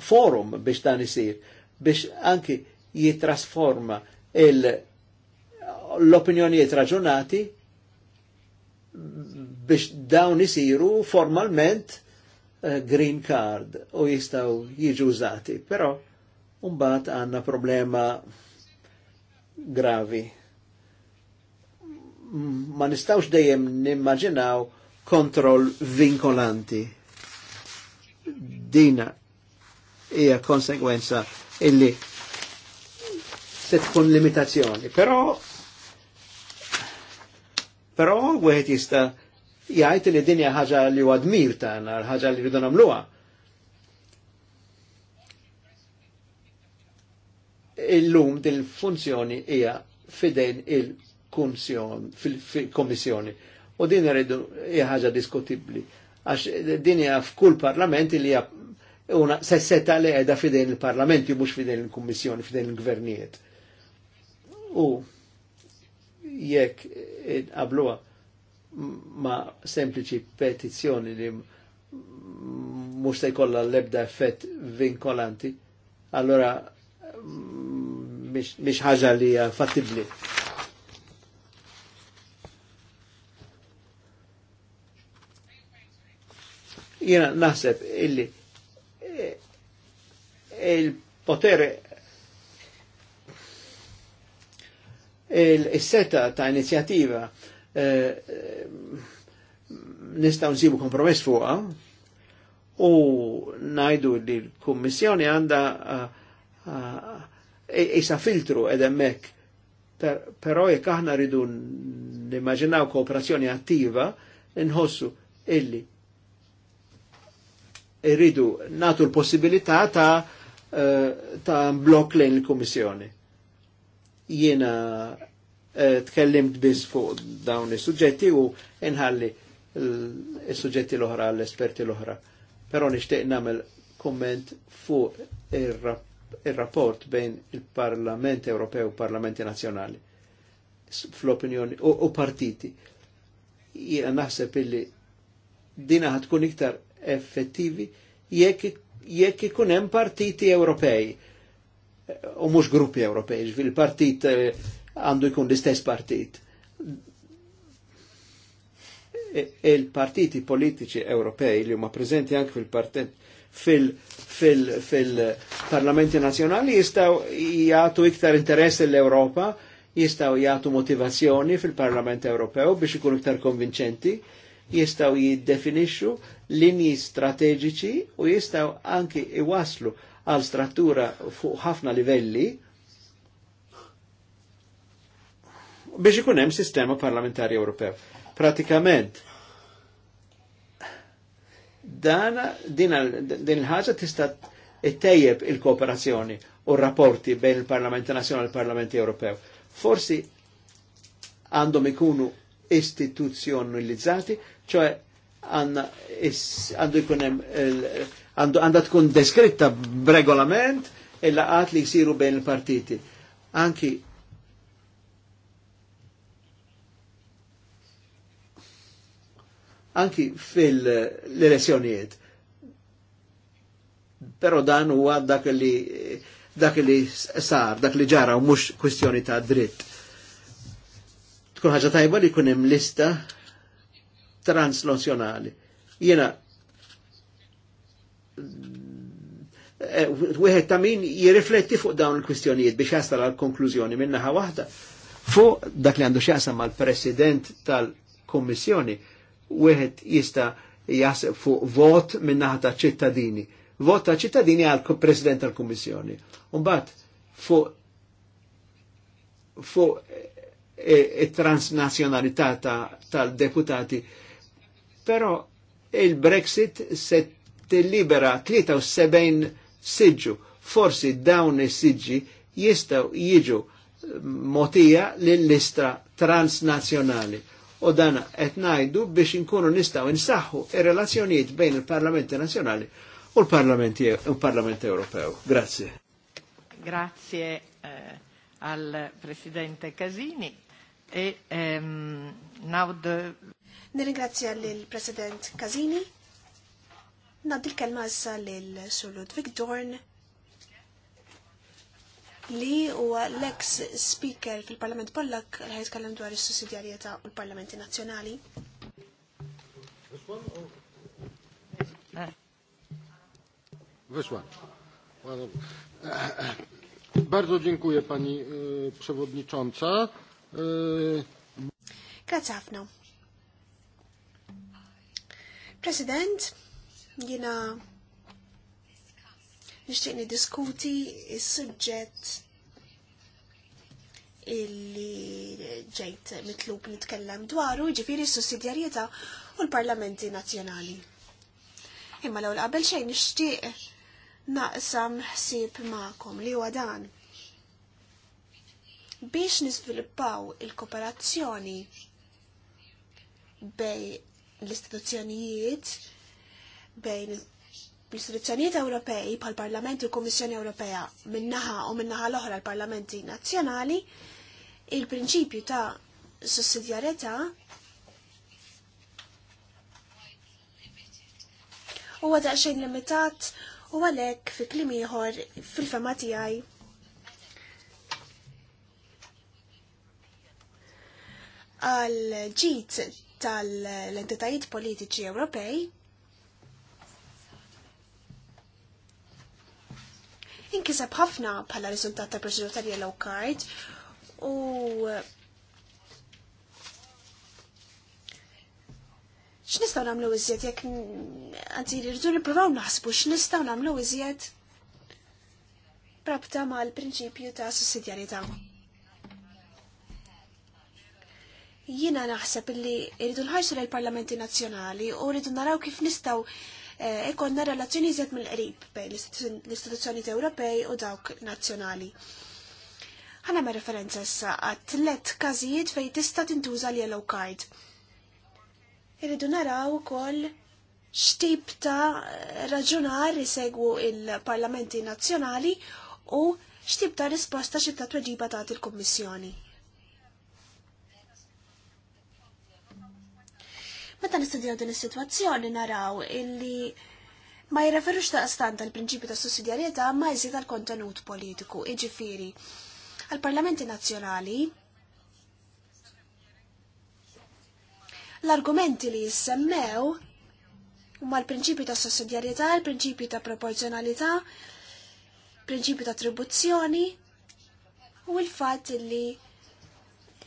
forum biex dan isir, biex anki jitrasforma l-opinjonijiet raġunati biex dawn isiru formalment eh, green card u jistaw jiġu użati, però umbat għanna problema gravi. Ma nistawx dejjem nimmaġinaw kontrol vinkolanti. Dina hija konsekwenza illi se tkun limitazzjoni. Però però wieħed jista' jgħid li dinja ħaġa li huwa dmir tagħna, ħaġa li rridu nagħmluha. Illum din funzjoni hija fidejn il-kunzjon fil-komissjoni. U din rridu hija ħaġa diskutibbli għax din hija f'kull parlament li hija una sessetta li għedha fidejn il-parlamenti, mux fidejn il-kommissjoni, fidejn il-gvernijiet. U jekk qabluha e, ma sempliċi petizzjoni li mux se jkollha l-ebda effett vinkolanti, allora mhix mm, ħaġa li hija fattibbli. Jiena naħseb illi il potere il-seta ta' inizjativa eh, nistaw nsibu kompromess fuqa u najdu li l-Kommissjoni għanda eh, eh, eh, isa filtru edemmek pero jek aħna ridu nimmaġinaw kooperazzjoni attiva nħossu illi irridu natu l-possibilità ta' Eh, ta' blok lejn il-Komissjoni. Jiena eh, tkellimt biss fuq dawn is-suġġetti u inħalli is-suġġetti l-oħra l-esperti l-oħra. Però nixtieq nagħmel komment fuq ir-rapport bejn il-Parlament Ewropew u Parlamenti Nazzjonali fl-opinjoni u partiti. Jiena naħseb illi dina ħatkun iktar effettivi jekk jekk ikun hemm partiti Ewropej u mhux gruppi Ewropej, fil-partit eh, għandu jkun l-istess partit. E, il-partiti politiċi Ewropej li huma preżenti anke fil-partit fil-parlamenti fil, fil nazjonali jistaw jgħatu iktar interess l-Europa, jistaw jgħatu motivazzjoni fil-parlament Ewropew biex ikun iktar konvinċenti, jistaw jiddefinixxu linji strateġiċi u jistaw anki iwaslu għal strattura fuq ħafna livelli biex ikun hemm sistema parlamentari Ewropew. Pratikament, dan din, il-ħaġa tista' ittejjeb il-kooperazzjoni u rapporti bejn il-Parlament Nazzjonali u il parlamenti Ewropew. Forsi għandhom ikunu istituzzjonalizzati, ċoħe għandu jkunem għandu għandha tkun deskritta b'regolament il-laqat li jisiru bejn il-partiti. Anki anki fil-elezzjonijiet. Pero dan huwa dak li dak li sar, dak li ġara u mux kwistjoni ta' dritt. Tkun ħaġa tajba li kunem lista translozjonali. Jena eh, wieħed ta' min jirrifletti fuq dawn il-kwistjonijiet biex jasal l konklużjoni minnaħa waħda fuq dak li għandu xjasam mal president tal-Kommissjoni wieħed jista' jasab fuq vot minnaħa ta' ċittadini. Vot ta' ċittadini għal president tal-Kommissjoni. Umbat fuq fuq it eh, e, eh, transnazjonalità tal-deputati ta Però il-Brexit se tillibera 73 siġu, forsi dawn is-siġi jistaw jiġu motija lill-listra transnazzjonali u dan qed ngħidu biex inkunu nistgħu insaħħu ir-relazzjonijiet bejn il-Parlamenti Nazzjonali u e- l-Parlament Ewropew. Grazie. Grazie eh, al Presidente Casini e ehm, now the Nirringrazzja l-President Kazini. Naddi l-kelma issa l-Sur Ludwig Dorn li huwa l-ex speaker fil-Parlament Pollak li ħajtkellem dwar is-sussidjarjetà u l-Parlamenti Nazzjonali. Bardzo dziękuję Pani Przewodnicząca. Grazie ħafna. President, jina nishtiq diskuti il-sujġet illi ġejt mitlub nitkellem dwaru, ġifiri s-sussidjarieta u l-parlamenti nazjonali. Imma l qabel xejn nishtiq naqsam ħsib ma'kom li huwa dan. Biex nisviluppaw il-kooperazzjoni bej l-istituzzjonijiet bejn l-istituzzjonijiet Ewropej pal parlament u l-Kommissjoni Ewropea minnaħa u minnaħa l-oħra l-Parlamenti Nazzjonali, il-prinċipju ta' sussidjarjetà huwa xejn limitat u għalhekk fi kliem ieħor fil-fema tiegħi għal ġit tal-entitajiet politiċi Ewropej Inkisab ħafna bħala riżultat ta' proċedur tal yellow card u x'nistgħu nagħmlu iżjed jekk anzi rridu nippruvaw naħsbu x'nistgħu nagħmlu iżjed rabta mal-prinċipju ta' sussidjarjetà. Jina naħseb illi rridu nħarsu lil parlamenti nazzjonali u rridu naraw kif nistgħu eh, ikonna relazzjoni zed mill-qrib bejn l-istituzzjoni Ewropej u dawk nazzjonali. Ħana ma referenza issa għat-tlet każijiet fejn tista' tintuża l-yellow card. Irridu naraw ukoll x'tip ta' raġunar isegwu il-parlamenti nazzjonali u x'tib ta' risposta xi ta' tweġiba tagħti il-Kummissjoni. Meta nistudjaw din is-sitwazzjoni naraw illi ma jirreferux ta' stant tal-prinċipju ta' sussidjarjetà ma jżid għal kontenut politiku, jiġifieri għal-parlamenti nazzjonali l-argumenti li jissemmew huma l-prinċipju ta' sussidjarjetà, l-prinċipju ta' proporzjonalità, prinċipju ta' attribuzzjoni u l-fatt li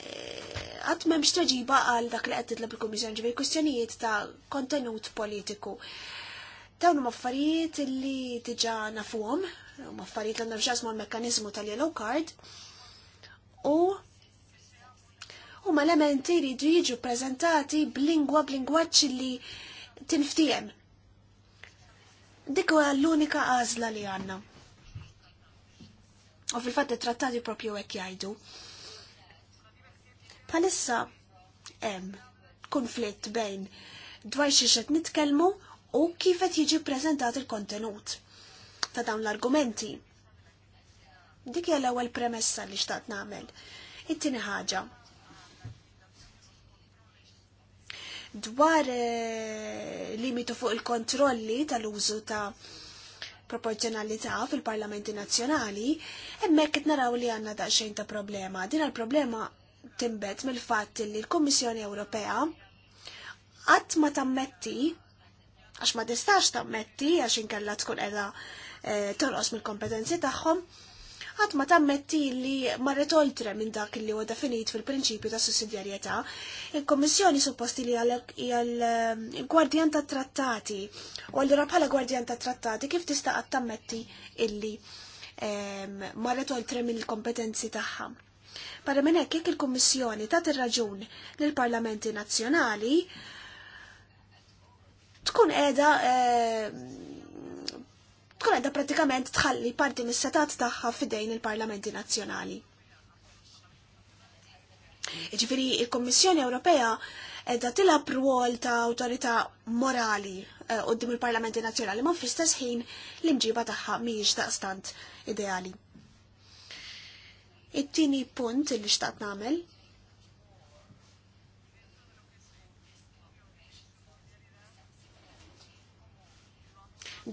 għat memx għal dak li għed l il-Komissjoni ġivej kustjonijiet ta' kontenut politiku. Dawn huma affarijiet li diġa nafuhom, huma affarijiet li nafġażmu l mekanizmu tal-yellow card u huma elementi li jridu jiġu bl-lingwa b'lingwa b'lingwaġġ li tinftijem. Dik huwa l-unika għażla li għandna. U fil-fatt it-trattati propju hekk jgħidu. Palissa hemm konflitt bejn dwar xi nitkelmu nitkellmu u kif qed jiġi ppreżentat il-kontenut ta' dawn l-argumenti. Dik hija l-ewwel premessa li xtaqt nagħmel. It-tieni ħaġa. Dwar eh, limitu fuq il-kontrolli tal-użu ta' proporzjonalità fil-parlamenti nazzjonali, hemmhekk qed naraw li għandna daqsxejn ta' problema. Din il problema timbet mill-fatt li l-Kummissjoni Ewropea qatt ma tammetti għax ma tistax tammetti għax inkella tkun qiegħda eh, torqos mill-kompetenzi tagħhom, għat ma tammetti li marret oltre minn dak li huwa definit fil-prinċipju ta' sussidjarjetà, il-Kommissjoni supposti li għal-gwardjan eh, ta' trattati, u għal bħala gwardjan ta' trattati kif tista' għat tammetti illi eh, marret oltre minn il-kompetenzi tagħha. Barra minn hekk jekk il-Kummissjoni ta' ir-raġun lill-Parlamenti Nazzjonali tkun qiegħda eh, tkun qiegħda pratikament tħalli parti mis-setat tagħha f'idejn il-Parlamenti Nazzjonali. Ġifieri il-Kummissjoni Ewropea edha tilab rwol ta' awtorità morali eh, qudiem il-Parlamenti Nazzjonali ma fl-istess ħin l-imġiba tagħha mhijiex daqstant ideali. It-tieni punt li xtaqt nagħmel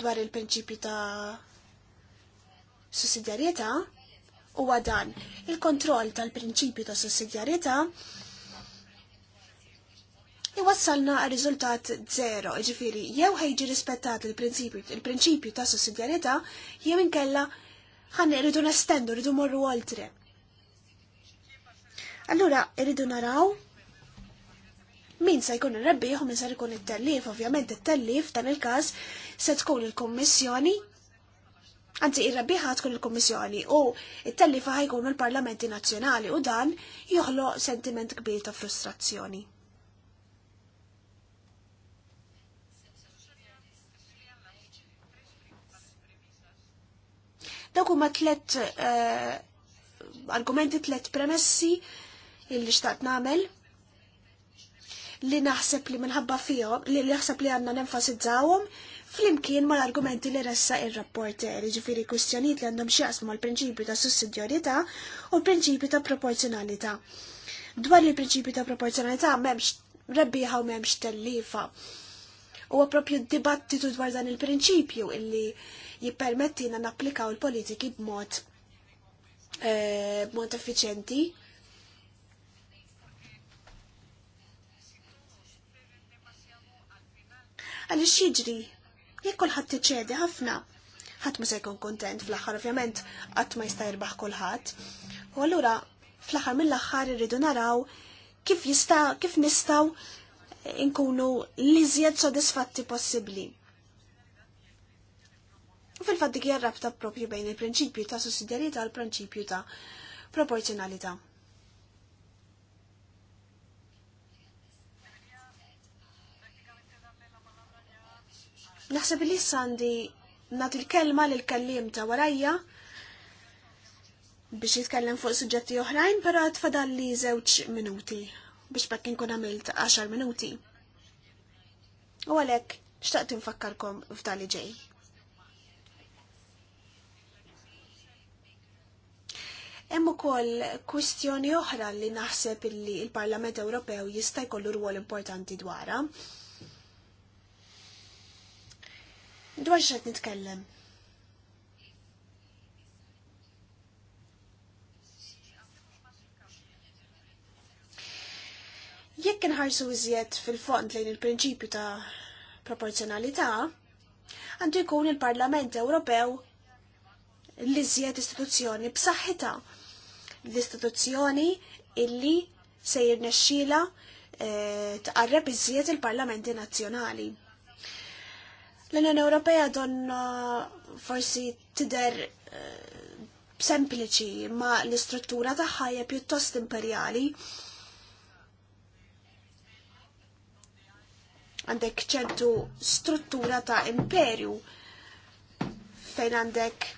dwar il-prinċipi ta' sussidjarjetà huwa dan. Il-kontroll tal-prinċipi ta' sussidjarjetà iwassalna għal riżultat zero, ġifiri, jew ħejġi rispettat il-prinċipju ta' sussidjarjetà jew inkella ħan rridu nestendu, rridu morru oltre. Allura, irridu naraw min se jkun ir-rebbieħ u min se jkun it-tellif, ovvjament it-tellif dan il-każ se tkun il-Kummissjoni Anzi, ir-rebbieħa tkun il-Kummissjoni u it-tellifa ħajkunu l-Parlamenti Nazzjonali u dan joħloq sentiment kbir ta' frustrazzjoni. Dawk huma tliet eh, argumenti tliet premessi illi xtaqt namel li naħseb li minħabba fihom li naħseb li għanna nenfasizzawhom flimkien ma l-argumenti li ressa il-rapporter, ġifiri kustjoniet li għandhom xieqsmu mal prinċipju ta' sussidjorita u prinċipju ta' proporzjonalità. Dwar li prinċipju ta' proporzjonalità memx rebbiħa u memx tellifa. U propju dibattitu dwar dan il-prinċipju illi jippermettina napplikaw il-politiki b'mod eh, b'mod effiċenti Għaliex jiġri, jekk kulħadd ċedi ħafna, ħadd ma se jkun kontent fl-aħħar ovvjament qatt ma jista' jirbaħ kulħadd. U allura fl-aħħar mill-aħħar irridu naraw kif jista' kif nistgħu eh, nkunu l-iżjed sodisfatti possibbli. U fil-fatt dik rabta propju bejn il-prinċipju ta' sussidjarieta u l-prinċipju ta' proporzjonalità. Naħseb li sandi nat il-kelma li l-kellim ta' warajja biex jitkellem fuq suġġetti oħrajn, pero tfadal li zewċ minuti biex bekk nkun għamilt 10 minuti. U għalek, xtaqt nfakkarkom f'dali ġej. Hemm ukoll kwistjoni oħra li naħseb li l-Parlament Ewropew jista' jkollu rwol importanti dwarha dwar xed nitkellem. Jekk inħarsu iżjed fil-fond lejn il-prinċipju ta' proporzjonalità, għandu jkun il-Parlament Ewropew li iżjed istituzzjoni b'saħħitha. L-istituzzjoni illi se jirnexxila eh, tqarreb iżjed il-Parlamenti Nazzjonali. L-Unjoni Ewropea donna forsi tider eh, sempliċi ma l-istruttura tagħha hija pjuttost imperjali. Għandek ċentu struttura ta' imperju fejn għandek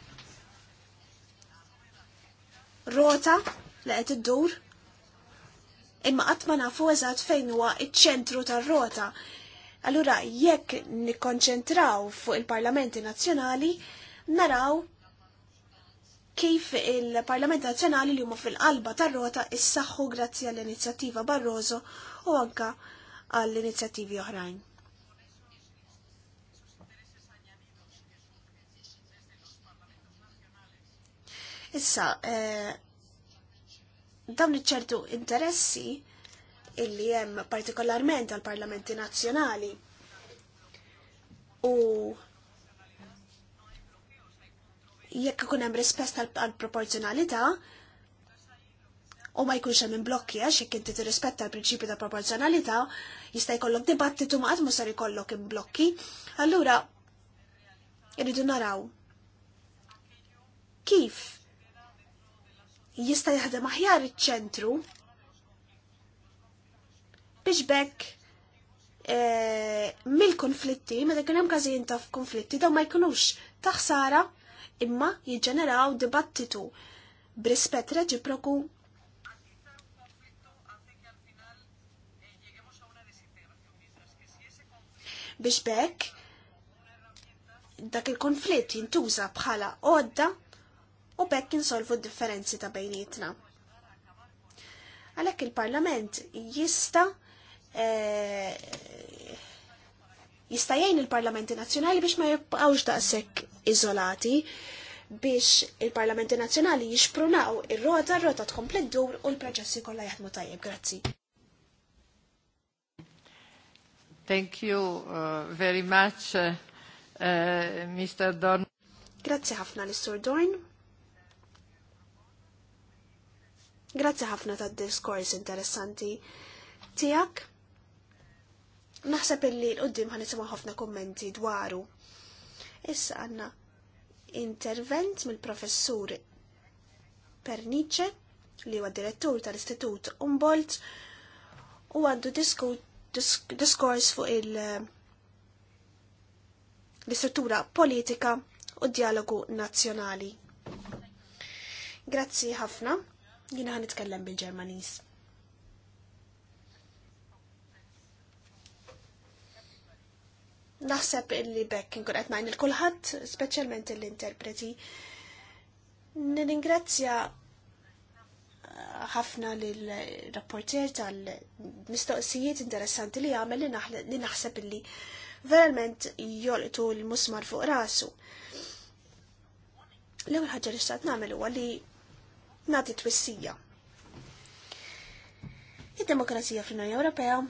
rota li qed iddur imma qatt ma nafu eżatt fejn huwa iċ-ċentru tar-rota Allura jekk nikkonċentraw fuq il-Parlamenti Nazzjonali, naraw kif il-Parlament Nazzjonali li huma fil-qalba tar-rota issaħħu grazzi għall-inizjattiva Barroso u anka għall-inizjattivi oħrajn. Issa, eh, dawn iċ-ċertu interessi illi hemm partikolarment għal parlamenti nazzjonali. U jekk ikun hemm rispett għal proporzjonalità u ma jkunx hemm blokki għax jekk inti tirrispetta l-prinċipju ta' proporzjonalità, jista' jkollok dibattitu ma qatt mhux sar ikollok imblokki. Allura irridu naraw kif jista' jaħdem aħjar iċ-ċentru biex bekk e, mill-konflitti, meta kien hemm każijiet ta' konflitti daw ma jkunux taħsara imma jiġġeneraw dibattitu b'rispett reċiproku biex bekk dak il-konflitt jintuża bħala għodda u bekk insolvu d-differenzi ta' bejnietna. Għalhekk il-Parlament jista' Eh, jistajajn il-parlamenti nazjonali biex ma jibqawx daqshekk iżolati biex il-parlamenti nazjonali jixprunaw ir-rota, r-rota tkomplet dur u l-proċessi kollha jaħdmu tajjeb. Grazzi. Thank you uh, very much, uh, uh, Mr. Dorn. Grazzi ħafna l-Sur Dorn. Grazzi ħafna tad-diskors interessanti tiegħek naħseb illi l-qoddim ħan ħafna kommenti dwaru. Issa għanna intervent mill-professur Pernice li huwa direttur tal-Istitut Umbolt u għandu diskors fuq il- l-istruttura politika u dialogu nazzjonali. Grazzi ħafna, jina ħan bil-Ġermanis. Naħseb illi bekk inkun qed ngħin il-kulħadd, speċjalment l-interpreti. Ningrazzja eh, ħafna lill-rapporter tal-mistoqsijiet interessanti li għamel li naħseb illi verament jolqtu l-musmar fuq rasu. L-ewwel ħaġa li xtaqt nagħmel huwa li nagħti twissija. Id-demokrazija fl-Unjoni Ewropea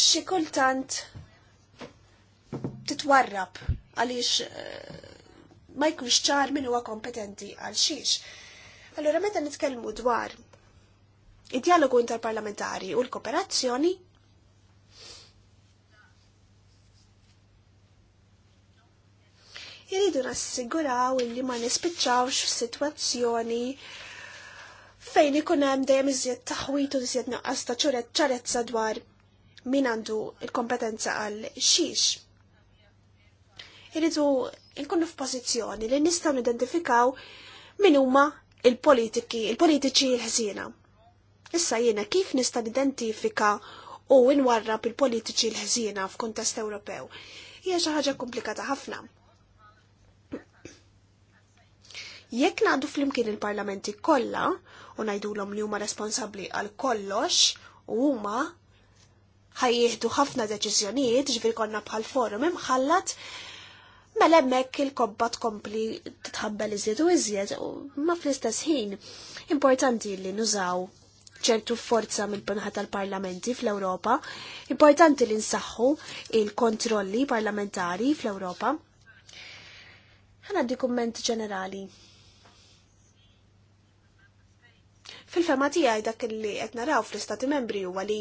xi kultant titwarrab għaliex eh, ma jkunx ċar min huwa kompetenti għal xiex. Allora meta nitkellmu dwar id-dialogu interparlamentari u l-kooperazzjoni, jiridu nassiguraw illi ma nispiċċawx f'sitwazzjoni fejn ikun hemm dejjem iżjed taħwit u iżjed naqqas ta' ċarezza dwar min għandu il-kompetenza għal xiex. Irridu nkunu f'pożizzjoni li nistgħu nidentifikaw min huma il-politiki, il-politiċi l-ħsiena. Issa jiena kif nista' nidentifika u nwarrab il-politiċi l-ħsiena f'kuntest Ewropew. Hija xi ħaġa komplikata ħafna. Jekk ngħadu flimkien il-parlamenti kollha u ngħidulhom li huma responsabbli għal kollox u huma ħajjieħdu ħafna deċiżjonijiet ġifir konna bħal forum imħallat mela hemmhekk il-kobba tkompli titħabbel iżjed u iżjed ma fl-istess ħin importanti li nużaw ċertu forza mill-punħa tal-parlamenti fl-Ewropa, importanti li nsaħħu il-kontrolli parlamentari fl-Ewropa. għaddi kumment ġenerali. Fil-fema tiegħi dak li qed naraw fl-Istati Membri huwa li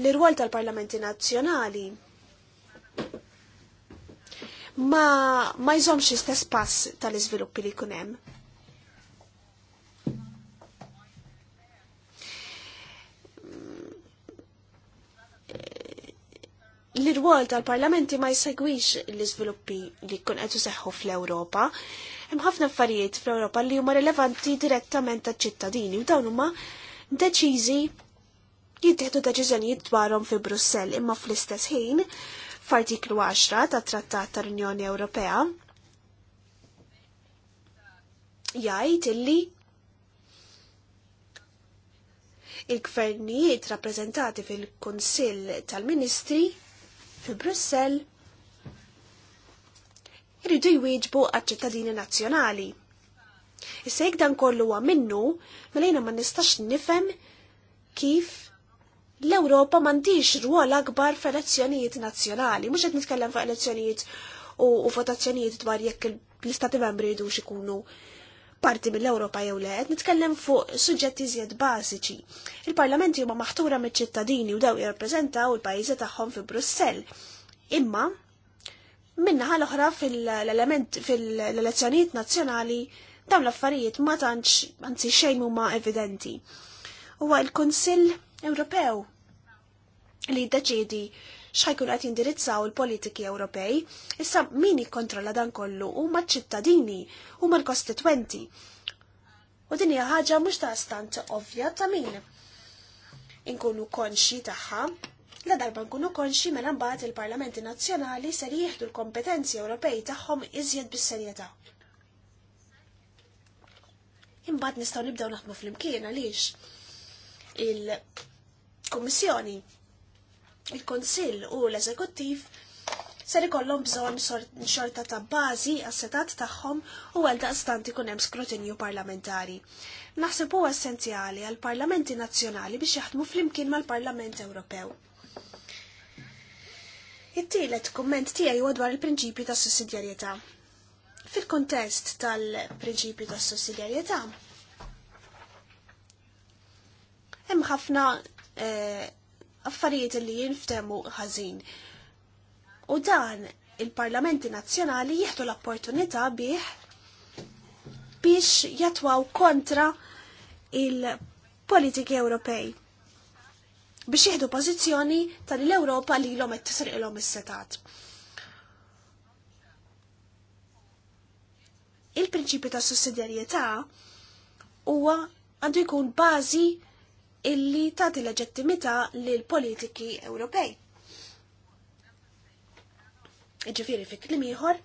l-irwol tal-parlamenti nazzjonali ma, ma jżomx istess pass tal-iżviluppi li kunem. L-irwol tal-parlamenti ma jsegwix l-iżviluppi li kun qed seħħu fl-Ewropa. Hemm ħafna affarijiet fl-Ewropa li huma rilevanti direttament tal ċittadini u dawn huma deċiżi jittieħdu deċiżjonijiet dwarhom fi Brussell imma fl-istess ħin f'artiklu 10 tat Trattat tal-Unjoni Ewropea jgħid illi il-gvernijiet rappreżentati fil-Kunsill tal-Ministri fi Brussell irridu jwieġbu għaċ ċittadini nazzjonali. Issa jekk dan kollu huwa minnu, mela ma nistax nifhem kif l-Ewropa m'għandix ruol akbar f'elezzjonijiet nazzjonali, mhux qed nitkellem fuq elezzjonijiet u votazzjonijiet dwar jekk l-Istati membri jdux ikunu parti mill-Ewropa jew le, qed nitkellem fuq suġġetti iżjed bażiċi. Il-parlamenti huma maħtura mill-ċittadini u daw jirrappreżentaw il-pajjiżi tagħhom fi Brussell. Imma minnaħa l-oħra fil-element fil-elezzjonijiet nazzjonali dawn l-affarijiet ma tantx anzi xejn huma evidenti. Huwa l-Kunsill Ewropew li jiddeċiedi xħajkun għat jindirizzaw il-politiki Ewropej, issa min jikkontrolla dan kollu u ma ċittadini u ma l-kostituenti. U din hija ħaġa mhux ta' stant ovvja ta' min. Inkunu konxi tagħha, la darba nkunu konxi mela mbagħad il-Parlamenti Nazzjonali ser jieħdu l-kompetenzi Ewropej tagħhom iżjed bis-serjetà. Imbagħad nistgħu nibdew naħdmu flimkien għaliex il-Kummissjoni, il-Konsill u l-Eżekuttiv ser ikollhom bżonn xorta ta' bażi għas-setat tagħhom u għal daqstant ikun hemm skrutinju parlamentari. Naħseb huwa essenzjali għal parlamenti nazzjonali biex jaħdmu flimkien mal-Parlament Ewropew. It-tielet kumment tiegħi huwa dwar il-prinċipju tas sussidjarjetà. Fil-kontest tal-prinċipju tas sussidjarjetà, hemm ħafna eh, affarijiet li jinftemu ħażin. U dan il-parlamenti nazzjonali jieħdu l-opportunità bih biex jatwaw kontra il-politiki Ewropej biex jieħdu pożizzjoni tal-Ewropa li l-om tisriqlhom is-setat. il-prinċipju ta' sussidjarjetà huwa għandu jkun bażi illi tagħti leġittimità lil politiki Ewropej. Ġifieri fi klim ieħor,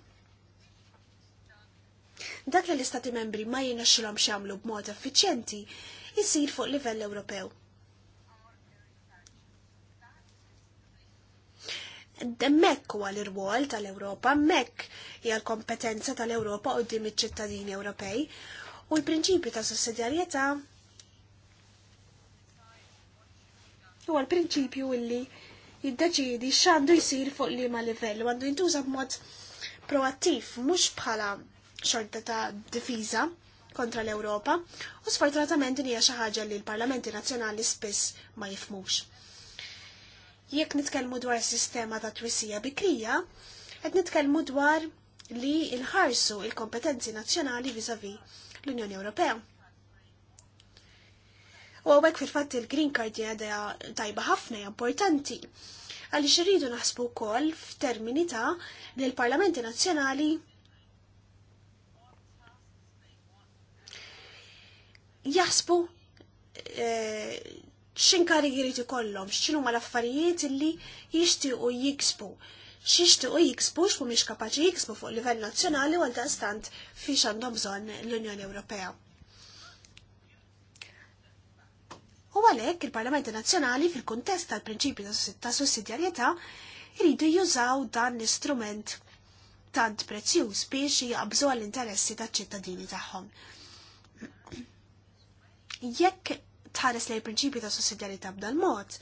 dak li l-istati membri ma jinaxxilhom x'jagħmlu b'mod effiċjenti jisir fuq livell Ewropew. Mekk huwa l-irwol tal-Ewropa, mekk hija l-kompetenza tal-Ewropa qudiem iċ-ċittadini Ewropej u l-prinċipju ta' sussidjarjetà huwa l-prinċipju illi jiddeċidi x'għandu jsir fuq liema livell u għandu jintuża b'mod proattiv mhux bħala xorta ta' difiża kontra l-Ewropa u sfortunatament hija xi ħaġa li l-Parlamenti Nazzjonali spiss ma jifmux. Jekk nitkellmu dwar sistema ta' twissija bikrija, qed nitkellmu dwar li nħarsu il-kompetenzi nazzjonali viżavi l-Unjoni Ewropea. U għawek fil-fat il-green card jgħada tajba ħafna importanti. Għalli xirridu naħsbu kol f'termini ta' li l-Parlamenti Nazzjonali jaħsbu eh, xinkari jiridu kollom, xinu ma l-affarijiet illi u jiksbu u jiksbu mish kapaċi jiksbu fuq livell nazzjonali għal stant fiex għandhom bżonn l-Unjoni Ewropea. U għalhekk il-Parlamenti Nazzjonali fil-kuntest tal-prinċipju ta' sussidjarjetà jridu jużaw dan l-istrument tant prezzjuż biex jaqbżu għall-interessi taċ-ċittadini tagħhom. Jekk tħares lej prinċipju ta' sussidjarjetà b'dan mod,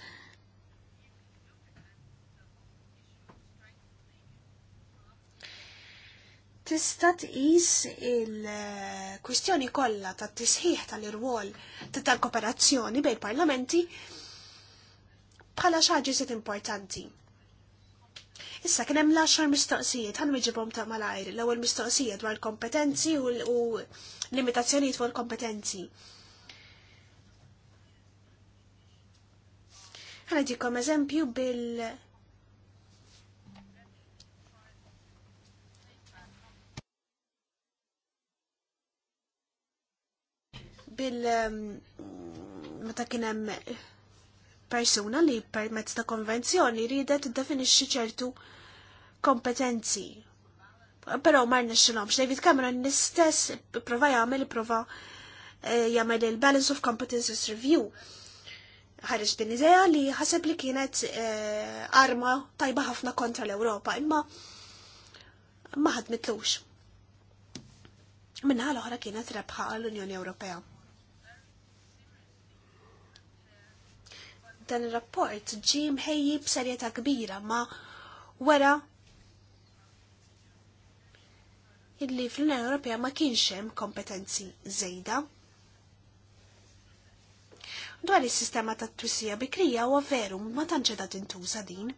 tista tqis il-kwistjoni kollha tat-tisħiħ tal-irwol tal-kooperazzjoni bejn parlamenti bħala xaġi set importanti. Issa kien hemm l-għaxar mistoqsijiet ħan miġibhom ta' malajr l-ewwel mistoqsijiet dwar kompetenzi u limitazzjonijiet fuq kompetenzi. Ħanedikom eżempju bil- bil ehm, meta kien hemm persuna li permezz ta' konvenzjoni ridet iddefinixxi ċertu kompetenzi. Però ma rnexxilhomx David Cameron l-istess prova jagħmel prova eh, jagħmel il-Balance of Competences Review. Ħareġ din idea li ħaseb li kienet eh, arma tajba ħafna kontra l-Ewropa, imma ma ħadmitlux. Minna l-oħra kienet rebħa għall-Unjoni Ewropea. dan il-rapport ġi mħejji b'serjetà kbira ma wara illi fl-Unjoni Ewropea ma kienx hemm kompetenzi żejda. Dwar is-sistema ta' twissija bikrija huwa veru ma tantx qed tintuża din.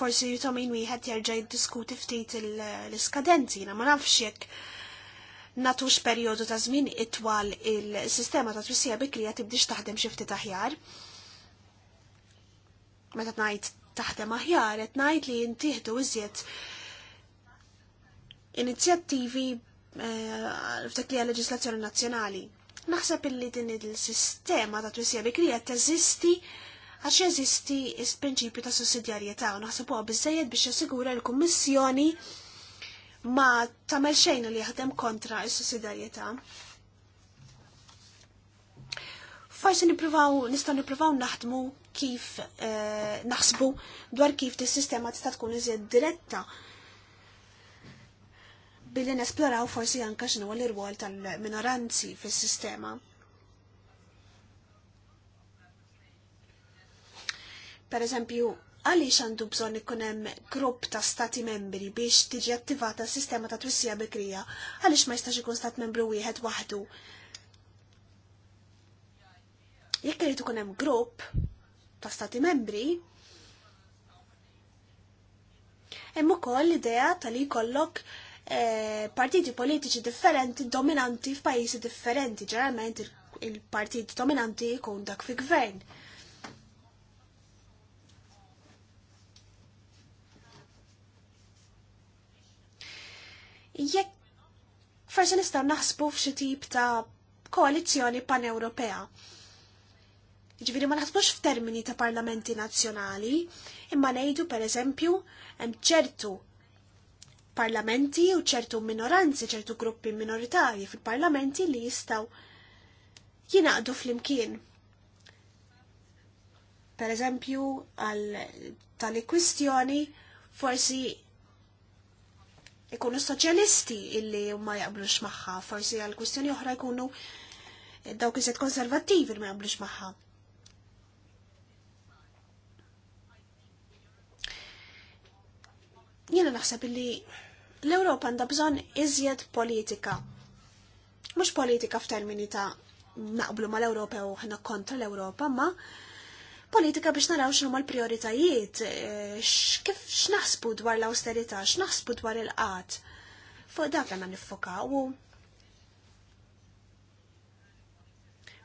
Forsi jitomin wieħed jerġa' jiddiskuti ftit l-iskadenzi, ma nafx jekk natux periodu ta' żmien itwal il-sistema ta' twissija bikrija tibdix taħdem xifti taħjar. Meta ngħid taħdem aħjar, qed ngħid li jintieħdu iżjed inizjattivi eh, f'dak li leġislazzjoni nazzjonali. Naħseb illi din il-sistema ta' twissija bikrija teżisti għax jeżisti il-prinċipju ta' sussidjarjetà u naħseb huwa biżejjed biex jassigura l-Kummissjoni ma tamel xejn li jaħdem kontra s-sussidarjetà. Forsi nippruvaw, nistgħu nippruvaw naħdmu kif eh, naħsbu dwar kif tis-sistema tista' tkun iżjed diretta billi nesploraw forsi anka x'nu l rwol tal-minoranzi fis-sistema. Per eżempju, għaliex għandu bżonn ikun hemm grupp ta' stati membri biex tiġi attivata s sistema ta' twissija bikrija, għaliex ma jistax ikun stat membru wieħed waħdu. Jekk irid ikun hemm grupp ta' stati membri, hemm ukoll l-idea tal-li jkollok eh, partiti politiċi differenti dominanti f'pajjiżi differenti, ġeneralment il-partit dominanti jkun dak fi gvern jekk forsi nistgħu naħsbu f'xi tip ta' koalizzjoni pan-Ewropea. Ġifieri ma naħsbux f'termini ta' parlamenti nazzjonali, imma ngħidu pereżempju hemm ċertu parlamenti u ċertu minoranzi, ċertu gruppi minoritarji fil-parlamenti li jistaw jinaqdu fl-imkien. Per eżempju, għal tali kwistjoni, forsi ikunu soċjalisti illi ma jaqblux magħha, forsi għal kwistjoni oħra jkunu dawk iżjed konservattivi ma jaqblux magħha. Jiena naħseb illi l-Ewropa għandha bżonn iżjed politika. Mhux politika f'termini ta' naqblu mal-Ewropa u ħna kontra l-Ewropa, ma' politika biex naraw x'huma l-prioritajiet, eh, kif x'naħsbu dwar l-austerità, x'naħsbu dwar il-qat. Fuq dak għandna niffokaw u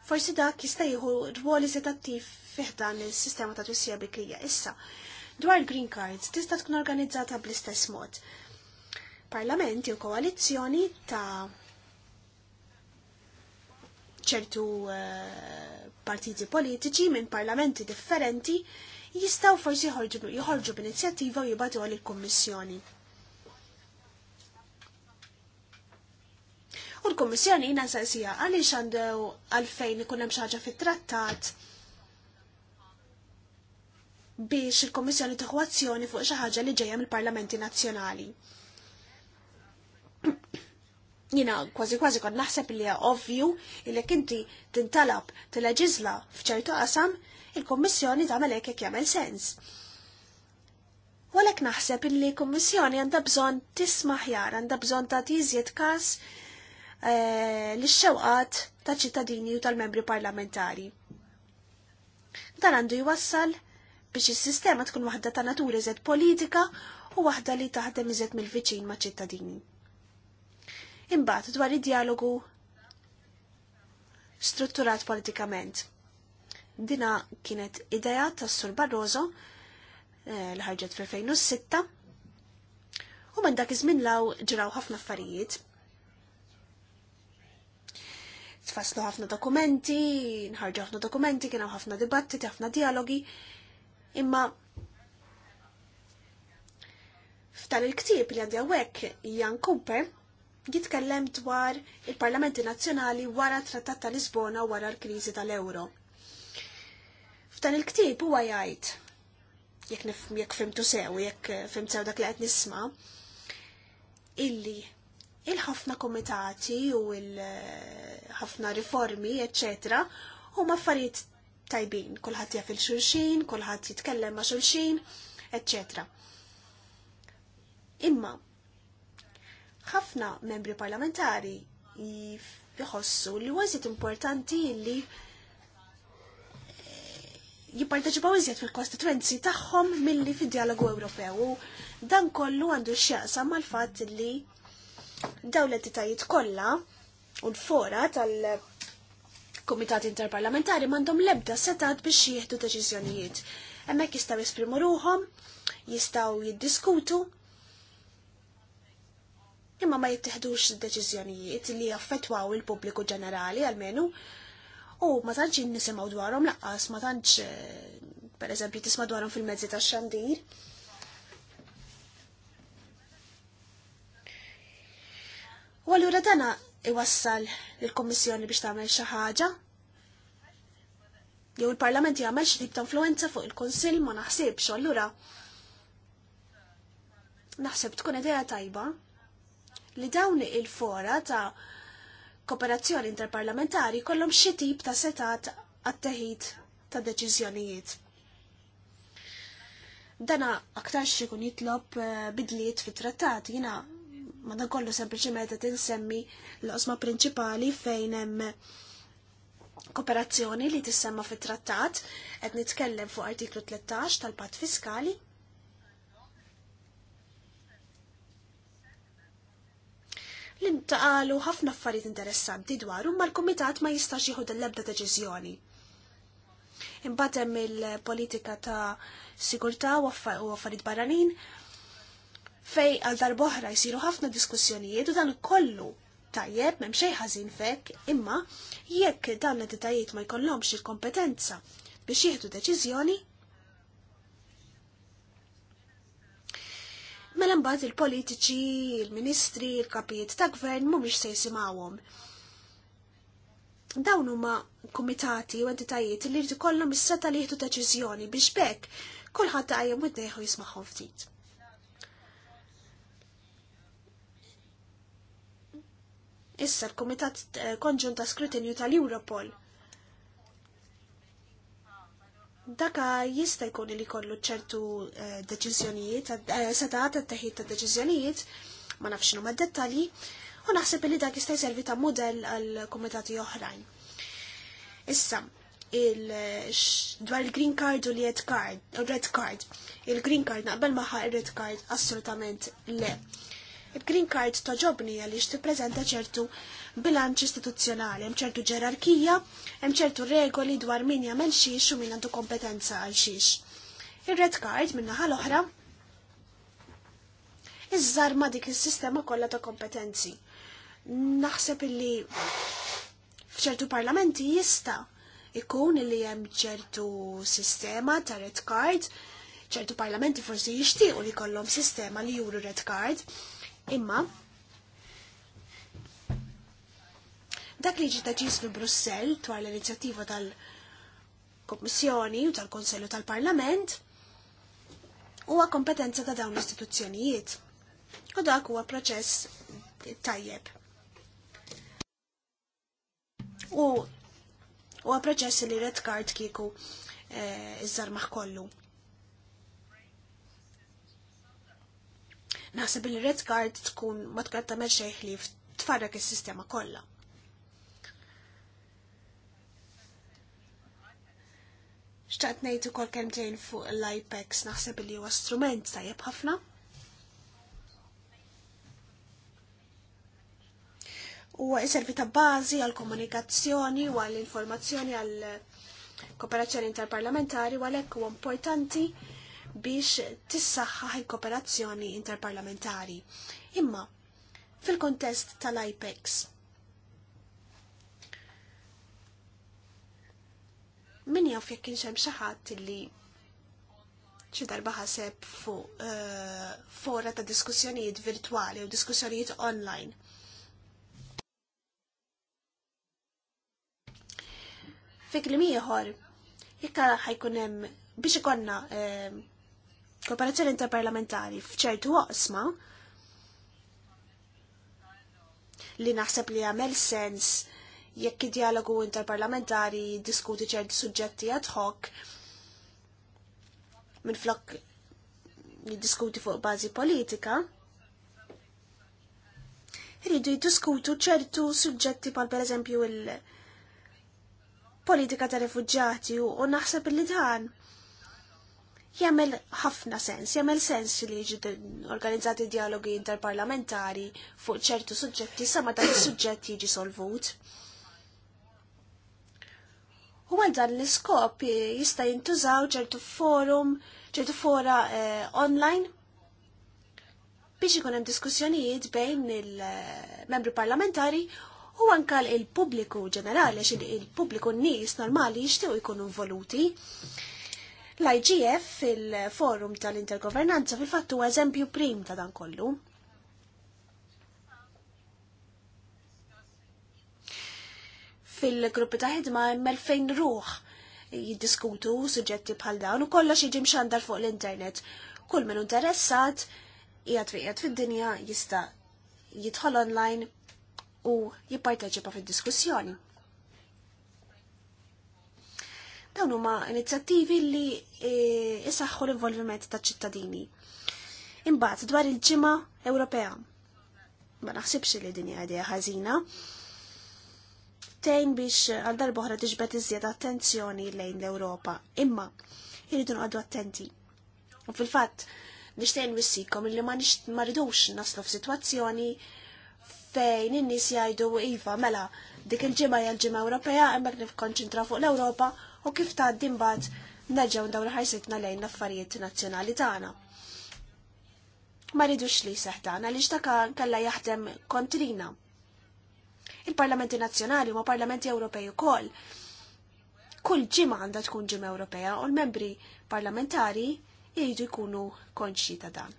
forsi dak jista' jieħu rwol eżitattiv fih dan is-sistema ta' twissija bikrija. Issa, dwar green cards tista' tkun organizzata bl-istess mod. Parlamenti u koalizzjoni ta' ċertu eh, partiti politiċi minn parlamenti differenti jistaw forsi jħorġu b'inizjattiva u jibatu għal il-Kommissjoni. U l-Kommissjoni jina saqsija għaliex għandew għalfejn ikun hemm xaġa fit-trattat biex il-Kommissjoni taħu azzjoni fuq xi ħaġa li ġejja mill-Parlamenti Nazzjonali. Jina kważi kważi kon naħseb li ovvju illi kinti tintalab t-leġizla fċertu qasam il-Kommissjoni tagħmel hekk jekk jagħmel sens. Walek naħseb illi kommissjoni għandha bżonn tisma' jar għandha bżonn ta' tiżjed każ eh, li xewqat ta' ċittadini u tal-membri parlamentari. Dan għandu jwassal biex is-sistema tkun waħda ta' natura iżed politika u waħda li taħdem iżed mill-viċin ma' ċittadini. Imbagħad dwar id-dialogu strutturat politikament. Dina kienet idea tas Sur Barroso eh, li ħarġet fil-2006 u minn dak iż law ġraw ħafna affarijiet. Tfasslu ħafna dokumenti, nħarġu ħafna dokumenti, kienu ħafna dibattiti, ħafna dialogi, imma f'tal il-ktib li għandja wek Jan Cooper jitkellem dwar il-Parlamenti Nazzjonali wara Trattat ta' Lisbona wara l-kriżi tal-Euro. F'dan il-ktib huwa jgħid jekk jekk fimtu sew, jekk eh, fimtu sew dak li qed nisma' illi il-ħafna komitati u il-ħafna riformi, eccetera, huma affarijiet tajbin, kulħadd jaf il-xulxin, kulħadd jitkellem ma' xulxin, eccetera. Imma ħafna membri parlamentari jħossu li wazit importanti li eh, jipparteċipaw iżjed fil-kostituenzi tagħhom milli fid-dialogu Ewropew. Dan kollu għandu x'jaqsam mal-fatt li dawn l-entitajiet kollha u l-fora tal-Kumitat Interparlamentari m'għandhom l-ebda setat biex jieħdu deċiżjonijiet. Hemmhekk jistgħu jesprimu ruhom, jistgħu jiddiskutu imma ma jittihdux deċiżjonijiet li jaffetwaw il-pubbliku ġenerali għalmenu u ma tantx nisimgħu dwarhom laqqas ma tantx eh, pereżempju tisma' dwarhom fil-mezzi tax-xandir. U allura dana iwassal lill-Kommissjoni biex tagħmel xi ħaġa jew il-Parlament jagħmel xi tip ta' influenza fuq il-Kunsill ma naħsibx allura naħseb tkun idea tajba li dawn il-fora ta' kooperazzjoni interparlamentari kollom xi tip ta' setat għat-teħid ta' deċiżjonijiet. Dana aktar x'ikun jitlob eh, bidliet fit-trattat, jina kollu sempliċement qed insemmi l osma prinċipali fejn hemm kooperazzjoni li tissemma fit-trattat qed nitkellem fuq artiklu 13 tal-Patt Fiskali l-intaqalu ħafna affarijiet interessanti dwar, ma l-Kumitat ma jistax jieħu l-ebda deċiżjoni. Imbagħad hemm il-politika ta' sigurtà u affarijiet barranin fej għal darboħra jsiru ħafna diskussjonijiet u dan kollu tajjeb m'hemm xejn ħażin fek, imma jekk dan l ma jkollhomx il-kompetenza biex jieħdu deċiżjoni, mela mbagħad il-politiċi, il-ministri, il-kapijiet ta' gvern mhumiex se jisimgħuhom. Dawn huma kumitati u entitajiet li rridu ikollhom is-seta jieħdu deċiżjoni biex bekk kulħadd daqjem u ddejħu jismagħhom ftit. Issa l-Kumitat eh, Konġun ta' Skrutinju tal-Europol Daka jista' jkun li kollu ċertu eh, deċiżjonijiet, eh, setat teħid ta' deċiżjonijiet, ma nafx huma dettalji, u naħseb li dak jista' jservi ta' model għal kumitati oħrajn. Issa, il dwar il-green card u l-red card, il-red card, il-green card naqbel maħħa il-red card assolutament le. Il-green card toġobni x tippreżenta ċertu bilanċ istituzzjonali, hemm ċertu ġerarkija, hemm ċertu regoli dwar min jagħmel xiex u min għandu kompetenza għal xiex. Ir-red card minna l-oħra iżżar ma dik is-sistema kollha ta' kompetenzi. Naħseb illi f'ċertu parlamenti jista' ikun illi hemm ċertu sistema ta' red card, ċertu parlamenti forsi jixtiequ li kollhom sistema li juru red card, Imma dak li ġi ġis fi Brussell dwar l-inizjattiva tal-Kommissjoni u tal-Konsellu tal-Parlament huwa kompetenza ta' dawn l-istituzzjonijiet. U dak huwa proċess tajjeb. U huwa proċess li red card kieku eh, iż-żarmaħ kollu. Naħseb il-red card tkun ma tkun tagħmel ħlif tfarrak is-sistema kollha. Xtaqt ngħid ukoll kemmtejn fuq l-IPEX naħseb li huwa strument tajjeb ħafna. Huwa jservi ta' bażi għall komunikazzjoni u għall informazzjoni għall kooperazzjoni interparlamentari u għalhekk huwa importanti biex tissaħħaħ il-kooperazzjoni interparlamentari. Imma, fil-kontest tal-IPEX, min jaf jekk kienx hemm xi ħadd li xi darba ħaseb fuq uh, fora ta' diskussjonijiet virtwali u diskussjonijiet online. Fik li ieħor, jekk ħajkun hemm biex ikonna uh, Kooperazzjoni interparlamentari f'ċertu oqsma li naħseb li għamel sens jekk dialogu interparlamentari diskuti ċerti suġġetti ad hoc minn flok jiddiskuti fuq bażi politika, rridu jiddiskutu ċertu suġġetti pal per eżempju il-politika ta' refugġati u naħseb li dan jagħmel ħafna sens, jagħmel sens li jiġu organizzati dialogi interparlamentari fuq ċertu suġġetti sa ma dan is-suġġett jiġi solvut. U għal dan l-iskop eh, jista' jintużaw ċertu forum, ċertu fora eh, online biex ikun hemm diskussjonijiet bejn il-membri parlamentari u anke il-pubbliku ġenerali, il-pubbliku n-nies normali jixtiequ jkunu involuti. L-IGF fil-forum tal-intergovernanza fil-fattu eżempju prim ta' dan kollu. Fil-gruppi ta' ħidma immel fejn ruħ jiddiskutu suġġetti bħal dawn u kollox jiġi mxandar fuq l-internet. Kull minn interessat jgħat fiqjat fid-dinja jista' jidħol online u jipparteċipa fid-diskussjoni. Dawn huma inizjattivi li e, isaħħu l-involviment ta' ċittadini. Imbagħad dwar il-ġimgħa Ewropea. Ma naħsibx li din hija ħażina. Tejn biex għal darbohra tiġbed iżjed attenzjoni lejn l-Ewropa. Imma jridu nqgħdu attenti. U fil-fatt, nishtejn wissikom li ma maridux naslu f-situazzjoni fejn in-nies jgħidu iva mela dik il-ġimgħa hija l-ġimgħa Ewropea hemmhekk nikkonċentra fuq l-Ewropa u kif tgħaddi mbagħad neġgħu dawn ħajsitna lejn l-affarijiet nazzjonali tagħna. Ma rridux li seħtana għaliex dak kellha jaħdem kontrina. Il-Parlamenti Nazzjonali ma Parlamenti Ewropej kol. Kull ġimgħa għandha tkun ġimgħa Ewropea u l-membri parlamentari jgħidu jkunu konċi ta' dan.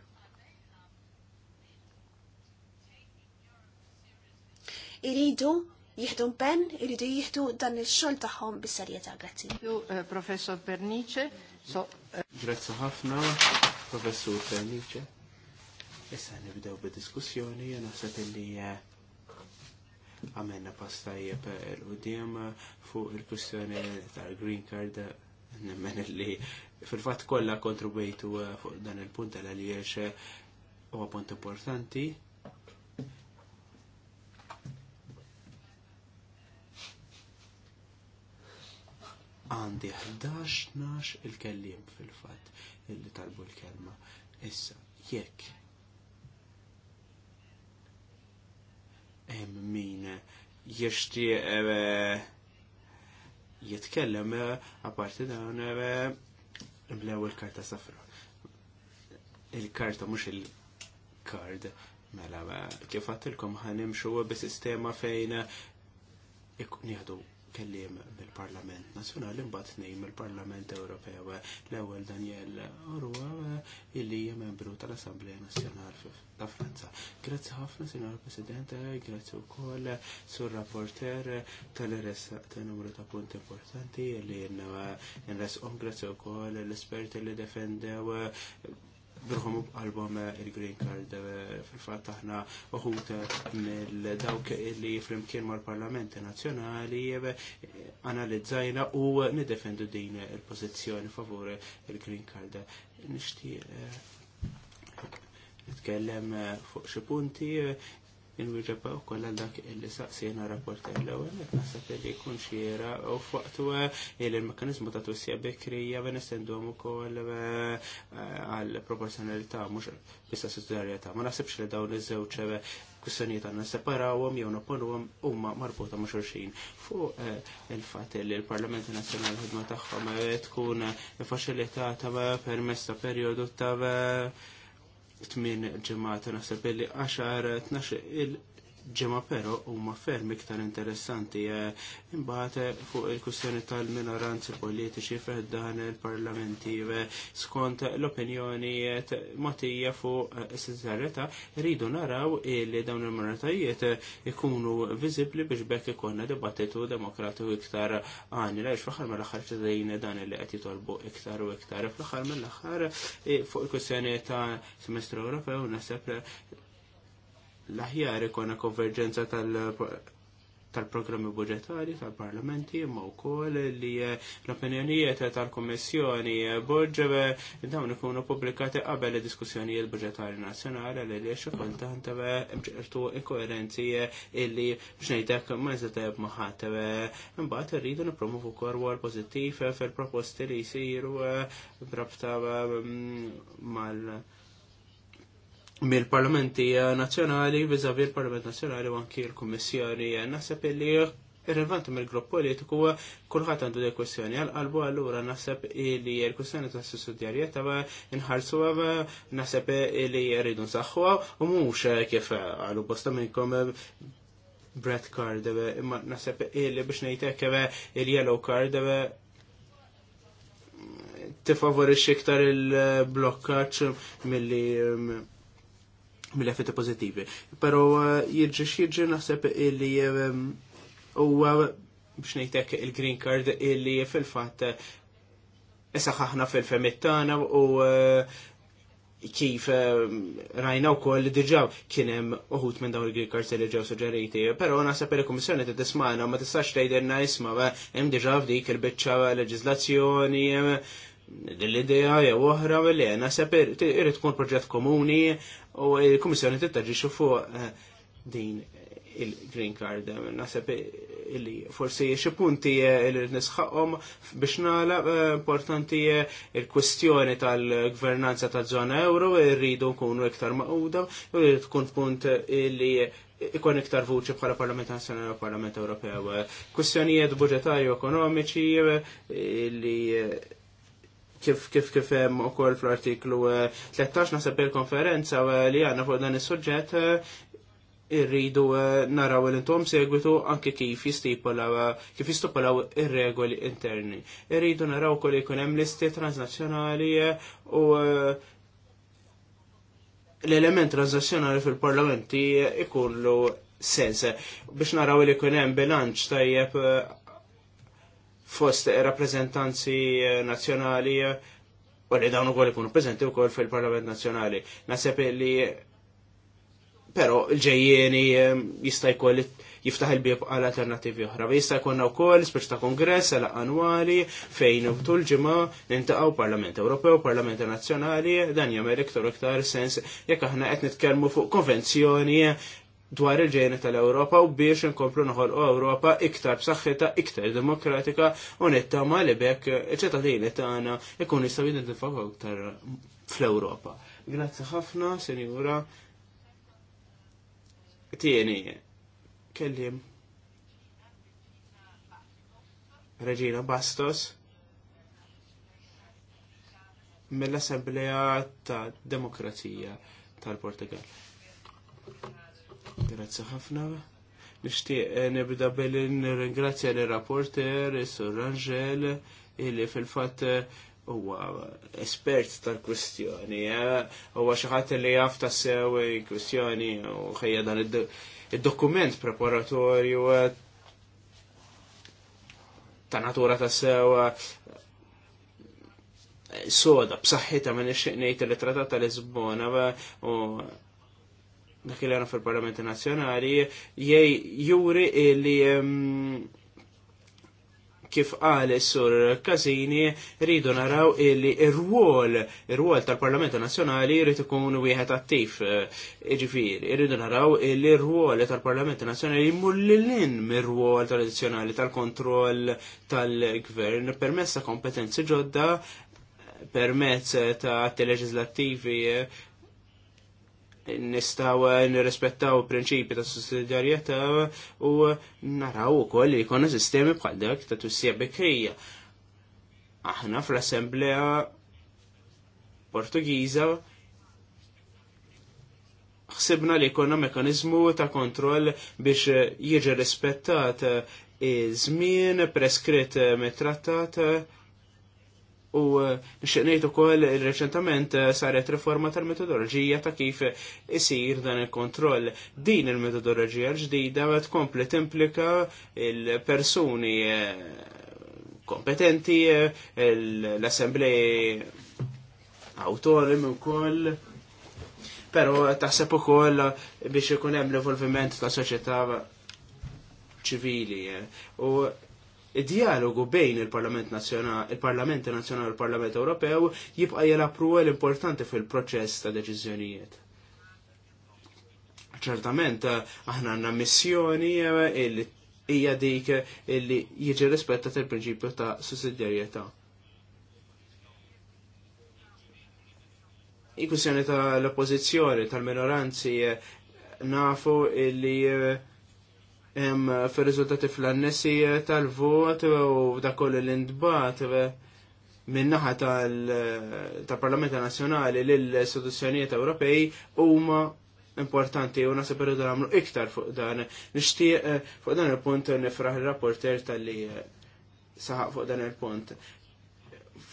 Iridu jihdu ben, iridu jihdu dan il-xol taħħom bis-serjetà. Grazzi. Eh, professor Pernice. So, eh, Grazzi ħafna, Professor Pernice. Issa nibdew bid-diskussjoni, jena naħseb li eh, għamenna pastajja l-qudiem fuq il kussjoni tal-green card nemmen li fil-fat kolla kontribwejtu fuq dan il-punt għal għaliex u għapunt importanti għandi 11 il-kellim fil-fat illi talbu l-kelma. Issa, jekk. hemm min jixti eh, jitkellem eh, apparti dan eh, mlew il-karta safra. Il-karta mux il-kard. Mela, kif għattilkom ħanimxu bi sistema fejn nieħdu kellim bil-Parlament Nazzjonali mbagħad nejn il-Parlament Ewropew l-ewwel Daniel Orwa illi hija membru tal Assemblea Nazzjonali ta' Franza. Grazzi ħafna, Sinjor President, grazzi wkoll sur rapporter tal-res ta' numru ta' punti importanti illi nresqhom grazzi wkoll l-esperti li defendew birħom u qalbhom eh, il-Green Card eh, fil-fatt aħna uħut eh, mill-dawk li flimkien mal-Parlamenti Nazzjonali analizzajna u nidefendu din il-pożizzjoni favur il-Green Card. Nishti nitkellem fuq xi punti il-wġeba u kolla dak il-li saqsina rapporter l-ewel, naħseb li jkun xiera u fuqtu il-mekanizmu ta' tussija bekrija benestendum u koll eh, għal-proporzjonalità, mux bista sussidarieta. Ma nasibx li dawn iż żewġ eh, kussanijiet għanna separawom jew noponuhom huma marbuta ma' xulxin. Fuq eh, il-fatt li l-Parlament Nazzjonali ħidma tagħhom tkun faċilitata permess ta' perjodu ta' tmin ġemata naħseb li 10 12 il ġemma pero huma ferm iktar interessanti eh, imbate eh, fuq il-kwistjoni tal-minoranzi politiċi fih dan il-parlamenti eh, skont l-opinjoni matija fuq s sizzarreta rridu naraw li dawn il-minoritajiet ikunu viżibbli biex bekk ikonna dibattitu demokratiku iktar għani għax fl-aħħar mill-aħħar tidejjin dan li qed jitolbu iktar u iktar fl-aħħar mill-aħħar fuq il-kwistjoni ta' semestru Ewropew naħseb l-aħjar ikona konverġenza tal-programmi budġetari tal-parlamenti imma wkoll li eh, l-opinjonijiet tal-Kummissjoni eh, Borġeve eh, dawn ikunu pubblikati qabel id-diskussjonijiet budġetari nazjonali li li xikultant ċertu inkoerenzi illi b'xnejtek ma nżetajb maħat imbagħad irridu nippromovu kor wol pozittif fil-proposti li jsiru drabta mal- mill-parlamenti nazjonali vizavi l-parlament nazjonali u anki l-kommissjoni naħseb li irrelevanti mill-grupp politiku huwa kulħadd għandu dej kwestjoni għal-qalbu allura naħseb li l-kwestjoni ta' sussidjarjetà inħarsu naħseb li jridu nsaħħuha u mhux kif għalu bosta minnkom Brett Card imma naħseb li biex ngħidlek il-yellow card tifavorixxi iktar il-blokkaċ milli mill-effetti pozittivi. Pero eh, jirġi xirġi naħseb illi eh, u biex nejtek il-green card illi fil-fat eh, esaħħaħna fil femittana u kif rajna u koll diġaw kienem uħut minn dawn il-green cards li ġew suġġeriti. Pero naħseb il-Komissjoni t-tismana ma tistax tgħidilna isma' hemm diġà f'dik il-biċċa leġiżlazzjoni l-idea jew oħra li naħseb irid tkun proġett komuni u l-Kummissjoni tagġi fuq eh, din il-green card. Naħseb li forsi xi punti eh, li nisħaqhom biex nala eh, importanti il-kwestjoni tal-gvernanza taż-żona euro irridu kunu iktar maquda u li tkun punt li ikon iktar vuċi bħala Parlament Nazjonali u Parlament Ewropew. Kwestjonijiet budġetarju ekonomiċi li kif kif kif hemm ukoll fl-artiklu 13 eh, naħseb il-konferenza eh, li għandna fuq dan is-suġġett eh, irridu naraw l intom segwitu anke kif jistipolaw kif jistipolaw ir-regoli interni. Irridu naraw kol ikun hemm listi transnazzjonali u l-element transnazzjonali fil-parlamenti ikollu sens biex naraw li kun hemm bilanċ tajjeb fost rappresentanzi nazjonali u li dawn ukoll ikunu preżenti wkoll fil-Parlament Nazzjonali. Naħseb li però l-ġejjeni eh, jista' jkoll jiftaħ il-bieb għal alternativi oħra. Jista' jkollna wkoll speċi ta' kongress għal annwali fejn tul ġimgħa nintaqgħu Parlament Ewropew, Parlament Nazzjonali, dan jagħmel iktar iktar sens jekk aħna qed nitkellmu fuq konvenzjoni dwar il ġejna tal-Ewropa u biex inkomplu u Ewropa iktar b'saħħitha, iktar demokratika u nittama li bekk iċ-ċittadini tagħna ikun jistgħu jidentifikaw iktar fl-Ewropa. Grazzi ħafna, Senjura. Tieni, kellim. Regina Bastos mill-Assemblea ta' Demokrazija tal-Portugal. Grazie ħafna. Nixtieq eh, nibda billi nirringrazzja l-rapporter, Sur Angel, illi fil-fatt eh, huwa espert tal-kwistjoni, eh. huwa xi ħadd li jaf tassew kwistjoni u ħejja dan id-dokument preparatorju ta' natura ta' tassew soda b'saħħitha ma nixtieq ngħid li trattat ta' Lisbona u dak li għana fil-Parlamenti Nazjonali jej juri li kif għal sur Kazini rridu naraw li r ruol ir ruol tal-Parlamento Nazzjonali jrid ikun wieħed attiv ġifieri rridu naraw li r ruol tal-Parlamento Nazzjonali mullilin mir ruol tradizzjonali tal-kontroll tal-gvern permezz ta' kompetenzi ġodda permezz ta' atti leġislattivi nistaw nirrespettaw prinċipi ta' sussidjarjetà u naraw ukoll li jkollna sistemi bħal dak ta' tussija bekrija. Aħna fl-Assemblea Portugiża ħsibna li jkollna mekanizmu ta' kontroll biex jiġi rispettat iż-żmien preskritt mit-trattat U eh, nixtieq ukoll eh, reċentament eh, saret riforma tal-metodoloġija ta' kif isir dan il-kontroll. Din il-metodoloġija l-ġdida tkompli timplika il-persuni kompetenti, l-assembleji autonomi wkoll. Pero taħseb ukoll biex ikun hemm l-evolviment ta' soċjetà ċivili. U id-dialogu bejn il-Parlament Nazzjonali, il-Parlament Nazzjonali u l-Parlament Ewropew jibqa' jilab ruol importanti fil-proċess ta' deċiżjonijiet. Ċertament aħna għandna missjoni li hija dik li jiġi rispettat il-prinċipju ta' sussidjarjetà. I kwistjoni tal-oppożizzjoni, tal-minoranzi, nafu illi fir riżultati fl-annessi tal-vot u da koll l-indbat minnaħa tal-Parlamenta Nazjonali l-istituzzjonijiet Ewropej huma importanti u nasib irridu nagħmlu iktar fuq dan. Nixtieq eh, fuq dan il-punt nifraħ ir-rapporter tal-li eh, saħaq fuq dan il-punt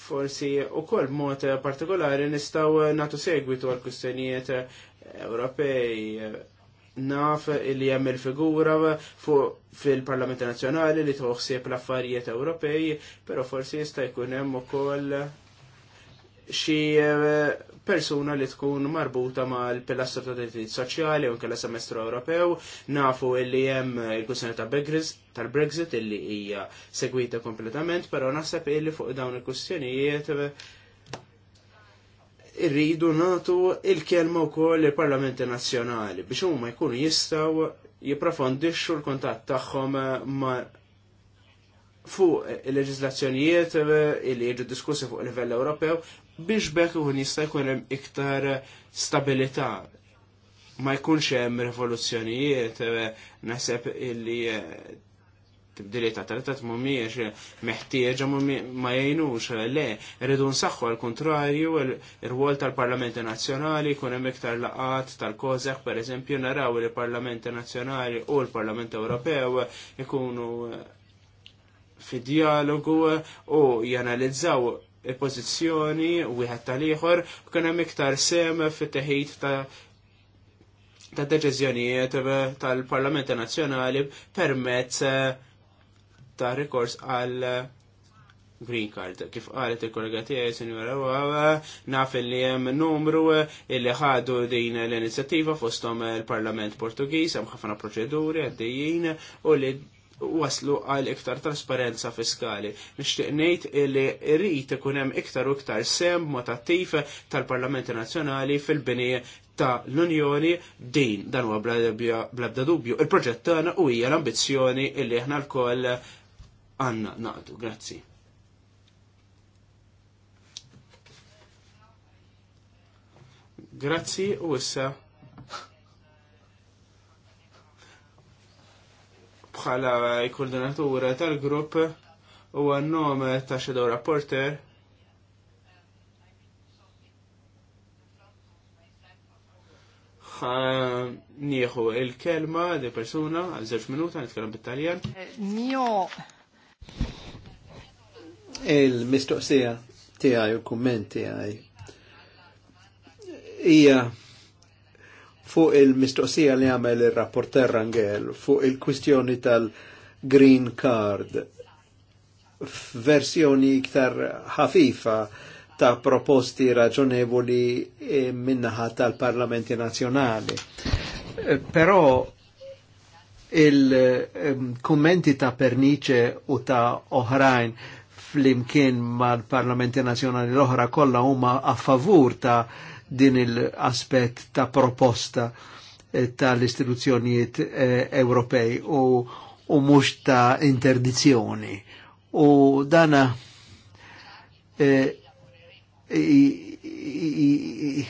forsi u koll mod partikolari nistaw natu segwitu għal kustenijiet Ewropej eh, naf li hemm il-figura fuq fil-Parlament Nazzjonali li toħsieb l-affarijiet Ewropej, però forsi jista' jkun hemm ukoll xi eh, persuna li tkun marbuta mal pilastru ta' diritti soċjali u nkella semestru Ewropew nafu li hemm il-kwissjoni ta' tal-Brexit illi hija segwita kompletament, però naħseb illi fuq dawn il kustjonijiet irridu natu il-kelma wkoll il-Parlamenti Nazzjonali biex huma jkunu jistgħu jiprofondixxu l-kuntatt tagħhom ma' fuq il-leġizlazzjonijiet li jiġu diskussi fuq livell Ewropew biex bekk ikun jista' jkun hemm iktar stabilità. Ma jkunx hemm rivoluzzjonijiet eh, naħseb illi eh, tibdili ta' trattat mumiex meħtieġa ma jgħinux le, rridu nsaħħu għal kontrarju ir-rwol tal-Parlamenti Nazzjonali kun hemm iktar laqat tal per pereżempju naraw li parlamenti Nazzjonali u l-Parlament Ewropew ikunu fi dialogu u janalizzaw il-pozizjoni wieħed tal-ieħor kien hemm iktar sem fit-teħid ta' ta' deċiżjonijiet tal-Parlamenti Nazzjonali permezz ta' rikors għal uh, green card. Kif qalet il-kollega tiegħi senjora, naf li hemm numru uh, illi ħadu din l-inizjattiva fosthom il-Parlament Portugiż hemm ħafna proċeduri għaddejjien u li waslu għal iktar trasparenza fiskali. Nixtieq ngħid li rrit ikun hemm iktar u iktar sem motattif tal-Parlamenti Nazzjonali fil-bini ta' l-Unjoni din dan huwa bla dubju. Il-proġett tagħna u hija l-ambizzjoni illi l lkoll għanna naqdu. Grazzi. Grazzi u issa bħala koordinatura tal-grupp u għannom ta' Shadow Rapporter nieħu il-kelma di persuna għal żewġ minuta nitkellem bit-Taljan. Eh, mio il-mistoqsija tiegħi u kumment tiegħi hija fuq il-mistoqsija li għamel il-rapporter Rangel fuq il-kwistjoni tal-green card f'versjoni iktar ħafifa ta' proposti raġonevoli eh, minnaħa tal-parlamenti nazjonali. Eh, però il-kommenti eh, ta' Pernice u ta' oħrajn flimkien mal-parlamenti nazjonali l-oħra kollha huma a favur ta' din l aspett ta' proposta eh, tal-istituzzjonijiet eh, Ewropej u, u mhux ta' interdizzjoni. U dana e, e, e,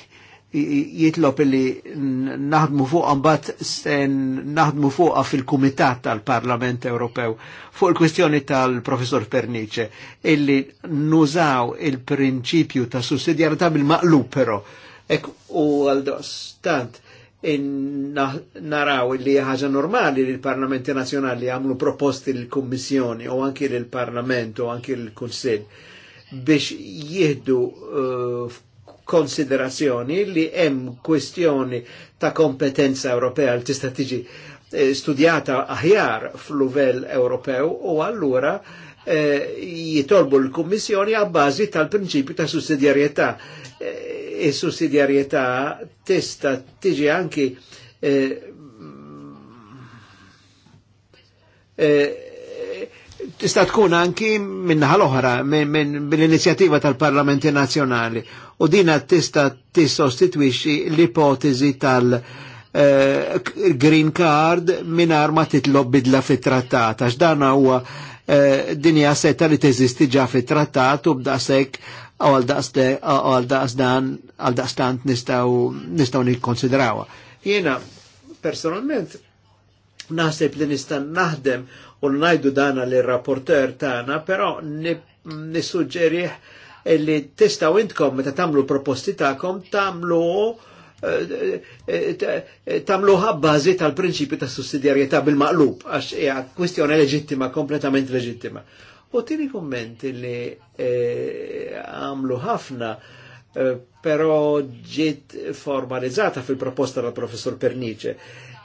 jitlob li naħdmu fuq għambat naħdmu fuq fil-Kumitat tal-Parlament Ewropew fuq il-kwistjoni tal-Professor Pernice illi nużaw il-prinċipju ta' sussidjarità bil-maqlub però. Ek u għal-dostant naraw li ħaġa normali li l-Parlamenti Nazjonali għamlu proposti l-Kommissjoni u anki l-Parlament u anki l kunsil biex jihdu uh, eh, konsiderazzjoni li hemm kwestjoni ta' kompetenza Ewropea li tista' tiġi eh, studjata aħjar fl-livell Ewropew u allura eh, jitolbu l-Kummissjoni għabbażi tal-prinċipju ta' sussidjarjetà. Is-sussidjarjetà eh, e tista' tiġi anki eh, tista' tkun anki minnaħa l-oħra minn bil-inizjattiva tal-Parlamenti Nazzjonali u dina tista' tissostitwixxi l-ipotezi tal- eh, green card minar ma titlob bidla fit trattat għax dan huwa uh, eh, dinja setta li teżisti ġa fit trattat u b'daqshekk għal għal daqstant nistaw nistaw nikkonsidrawha. Jiena personalment naħseb li nista' naħdem u najdu dana li rapporter tana, pero nisuġġerih li tistaw intkom meta tamlu proposti ta'kom tamlu eh, eh, eh, tamlu ħabbażi tal-prinċipju ta' sussidjarjetà bil-maqlub, għax hija kwistjoni leġittima, kompletament leġittima. U tini kommenti li għamlu ħafna pero ġiet formalizzata fil-proposta tal professor Pernice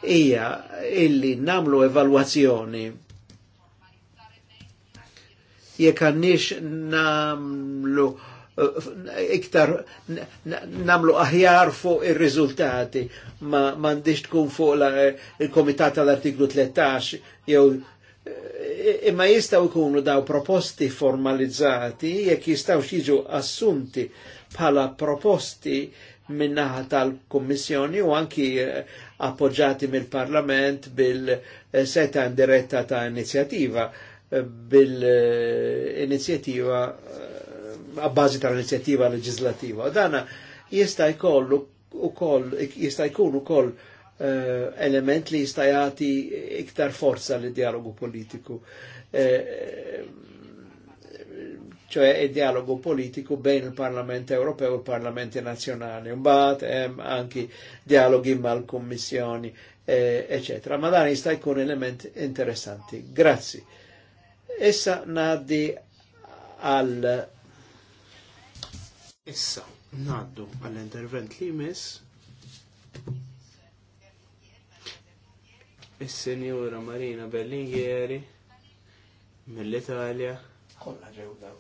hija illi namlu evalwazzjoni jekk għandix namlu eh, iktar namlu aħjar fuq ir-riżultati ma m'għandix tkun fuq eh, il-Komitat tal-Artiklu 13 jew eh, imma jistaw ikunu daw proposti formalizzati jekk jistaw jiġu assunti bħala proposti minnaħa tal-Kommissjoni u anki appoġġati mill-Parlament bil-seta indiretta ta' inizjativa bil-inizjattiva eh, għabbażi tal-inizjattiva legislativa. Dana jista' jkollu ukoll jista' jkun ukoll eh, element li jista' jagħti iktar forza li dialogu politiku. Eh, ċoħe il dialogu politiku bejn il-Parlament Ewropew u il parlamenti Nazjonali. Mbagħad hemm anki dialogi mal-Kummissjoni, eccetera. Ma dan jista' jkun element interessanti. Grazzi. Issa naddi għal. Issa naddu għall-intervent li mis. Is-Senjura Marina Berlinghieri mill-Italja. Kolla ġewda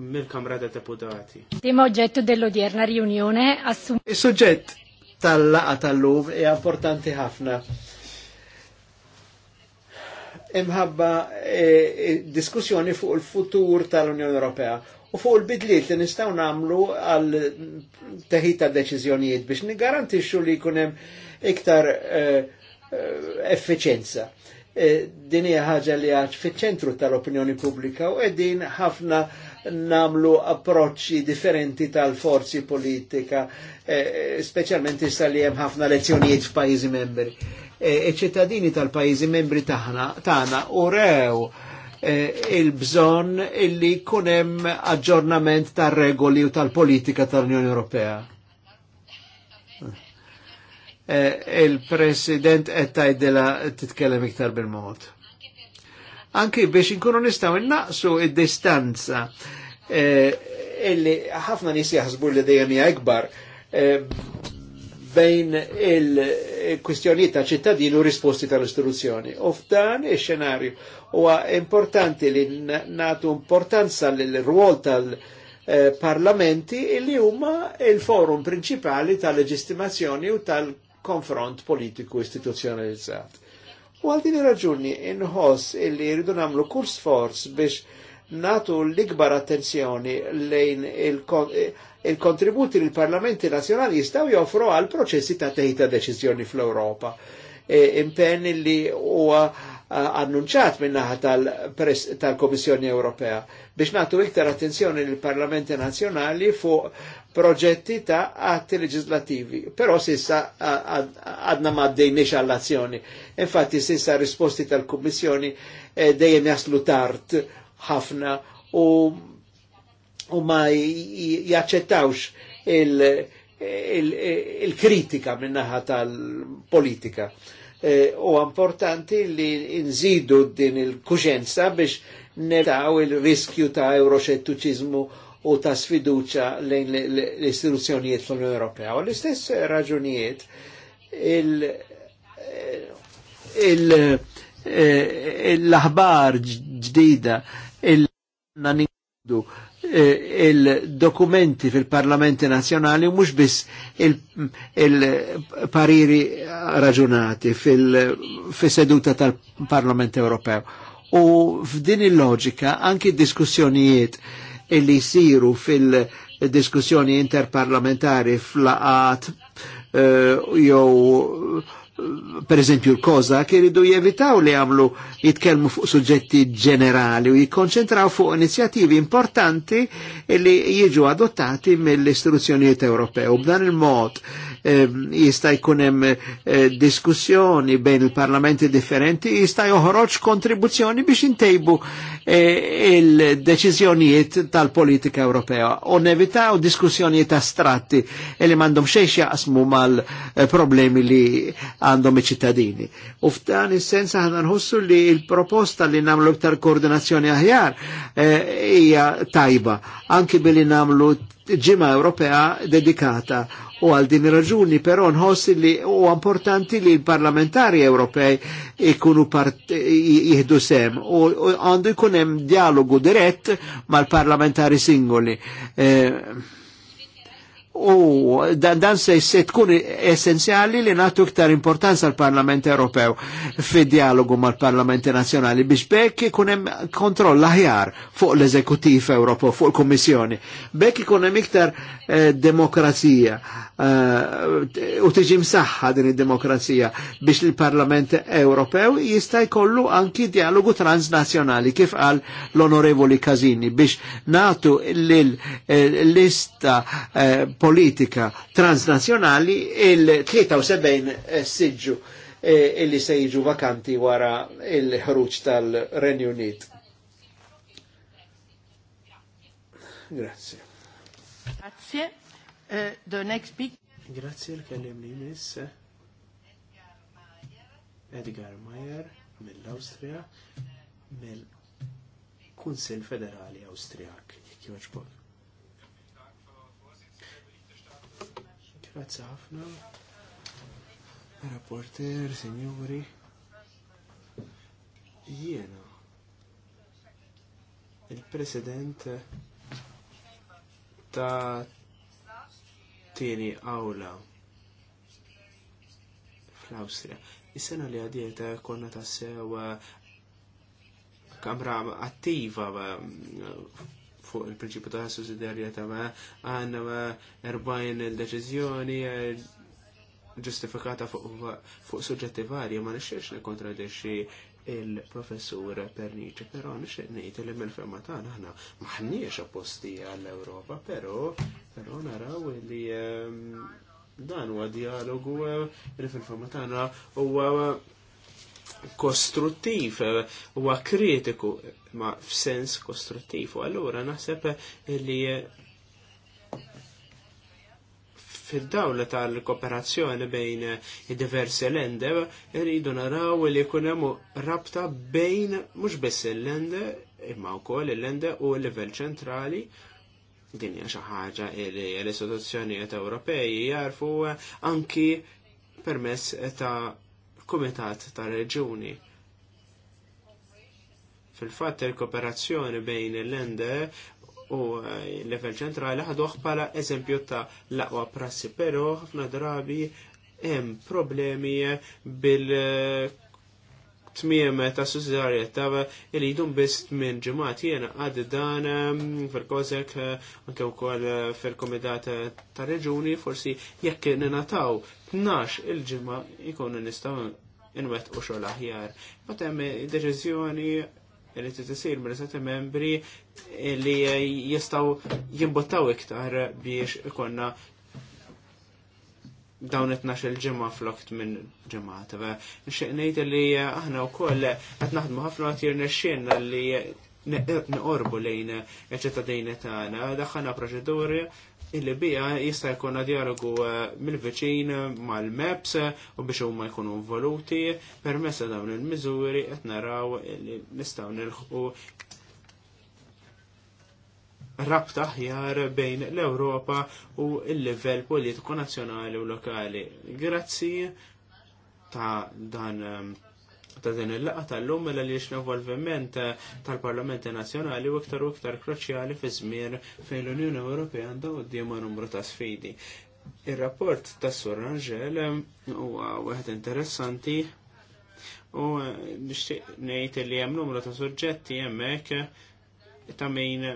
mill-Kamra ta' Deputati. Tima oġġettu dell'odierna riunione assum. Il-soġġett tal-laqa tal-lum hija importanti ħafna imħabba e, e, diskussjoni fuq il-futur tal-Unjoni Ewropea u fuq il-bidliet li nistaw namlu għal teħita deċizjonijiet biex nigarantixxu li kunem iktar e, effiċenza. Din hija ħaġa li għad fiċ-ċentru tal-opinjoni pubblika u qegħdin ħafna namlu approċċi differenti tal-forzi politika, speċjalment issa li hemm ħafna lezzjonijiet f'pajjiżi membri iċ-ċittadini e, e tal pajizi membri taħna, taħna u rew e, il-bżon illi kunem aġġornament tal-regoli u tal-politika tal-Unjoni Ewropea. Il-President Ettaj tgħidilha titkellem iktar bil-mod. Anki biex inkunu nistaw innaqsu id-distanza illi ħafna nies jaħsbu li dejjem hija ikbar bejn il-kwistjonijiet ta' ċittadin u risposti tal-istituzzjoni. U f'dan ix-xenarju huwa importanti li natu importanza l-rwol tal-parlamenti li huma il-forum principali tal-leġistimazzjoni u tal-konfront politiku istituzzjonalizzat. U għal din raġuni inħoss illi jridu namlu kurs forz biex natu l-ikbar attenzjoni lejn il il-kontributi li l-Parlamenti Nazjonali jistaw joffru għal proċessi ta' teħita deċizjoni fl-Europa. E, Impenn li huwa annunċat minnaħa tal-Komissjoni tal Ewropea biex natu iktar attenzjoni l-Parlamenti Nazjonali fuq proġetti ta' atti leġislativi. Però sissa għadna ma għaddejniex għall-azzjoni. Infatti sissa risposti tal-Komissjoni eh, dejjem jaslu tard ħafna u u ma jaċċettawx il-kritika il, il minnaħa tal-politika. E, u importanti li nżidu din il-kuxenza biex netaw il-riskju ta' euroxettuċizmu u ta' sfiduċa lejn l-istituzzjonijiet fl-Unjoni Ewropea. U l-istess raġunijiet il- eh, l-aħbar ġdida il-naningdu il naningdu Eh, il-dokumenti fil-parlamenti nazjonali u mux bis il-pariri raġunati fil-seduta tal-Parlament europeo. U f'din il-loġika anki diskussjonijiet li siru fil-diskussjoni interparlamentari fl-laqat eh, jow uh, per eżempju l-koza, kiridu jevitaw li għamlu jitkelmu fuq suġġetti ġenerali u jikkonċentraw fuq inizjativi importanti li jiġu adottati mill-istituzzjonijiet Ewropew. B'dan il-mod eh, jista' jkun eh, diskussjoni bejn il-parlamenti differenti, jista' joħroġ kontribuzzjoni biex intejbu E, il-deċizjonijiet tal-politika Ewropea u nevitaw diskussjonijiet astratti li mandom xejx jaqsmu mal-problemi li għandhom iċ-ċittadini. U f'dan is-sens aħna nħossu li il-proposta li namlu iktar koordinazzjoni aħjar e, hija e, tajba, anki billi namlu ġima Ewropea dedikata u għal din raġuni però nħoss li u importanti li l-parlamentari Ewropej ikunu jihdu sem u għandu jkun dialogu dirett mal-parlamentari singoli. Eh, U dan dan se, se tkun essenzjali li natu iktar importanza l parlament Ewropew fi dialogu mal parlament Nazzjonali biex bekk ikun hemm kontroll aħjar fuq l-Eżekutiv Ewropew, fuq il-Kummissjoni. Bekk ikun hemm iktar eh, demokrazija eh, u tiġi msaħħa din id-demokrazija biex il-Parlament Ewropew jista' jkollu anki dialogu transnazzjonali kif qal l-Onorevoli Kazini biex natu l-lista eh, eh politika transnazjonali il-73 eh, siġu eh, illi se jiġu vakanti wara il ħruċ tal-Renju Unit. Grazie. Grazie. Uh, the next big... Grazie l-kellim li miss. Edgar Mayer mill-Austria mill-Kunsil Federali Austriak. Jek joġbok. Grazzi ħafna. Rapporter, signori. Jiena. Il-president ta' tieni awla fl austria Is-sena li għadiet konna ta' sewa kamra attiva fuq il-prinċipju ta' sussidjarjetà għandna erbajn il-deċiżjoni eh, ġustifikata fuq suġġetti varji ma nixxiex nikkontradixxi il-professur Pernici, però nixtieq ngħid li mill-femma tagħna aħna maħniex apposti għall-Ewropa, però però naraw li eh, dan huwa dialogu eh, li fil-femma tagħna huwa kostruttiv eh, u kritiku ma f'sens kostruttiv u allura naħseb li fil-dawla tal-kooperazzjoni bejn diversi lende rridu naraw li jkun hemm rabta bejn mhux biss il-lende imma wkoll il-lende u l-livell ċentrali din hija xi ħaġa li l-istituzzjonijiet Ewropej jarfu anki permess ta' kumitat ta' reġuni. Fil-fatt il-kooperazzjoni bejn il-lende u eh, l-level ċentrali ħaduħ bħala eżempju ta' laqwa prassi, pero ħafna drabi hemm problemi bil tmiem ta' sussidjarjetà li jidum biss minn ġimgħat jiena għad dan ehm, fil kozek eh, anke wkoll eh, fil komedat ta' reġuni forsi jekk ninataw 12 il-ġimgħa jkunu nistgħu inwet u xogħol aħjar. Mbagħad hemm deċiżjoni li titisir mill istati membri li jistgħu jimbottaw iktar biex ikonna dawn etnax il-ġemma flokt minn ġemmat. Nxieq ngħid li aħna wkoll qed naħdmu ħafna qed jirnexxielna li neqorbu lejn iċ-ċittadini tagħna, daħħana proċeduri illi bija jista' jkollna dialogu mill-viċin mal-MEPS u biex huma jkunu involuti permessa dawn il-miżuri qed naraw li nistgħu nilħqu rabta ħjar bejn l-Ewropa u l-livell politiku nazzjonali u lokali. Grazzi ta' dan um, ta' din il-laqa tal-lum mela li l-involviment tal-Parlamenti Nazzjonali u iktar u iktar kruċjali fi żmien fejn l-Unjoni Ewropea għandha qudiema numru ta' sfidi. Ir-rapport ta' Sur Rangel um, huwa wieħed interessanti u uh, nixtieq ngħid li hemm numru ta' suġġetti hemmhekk ta' min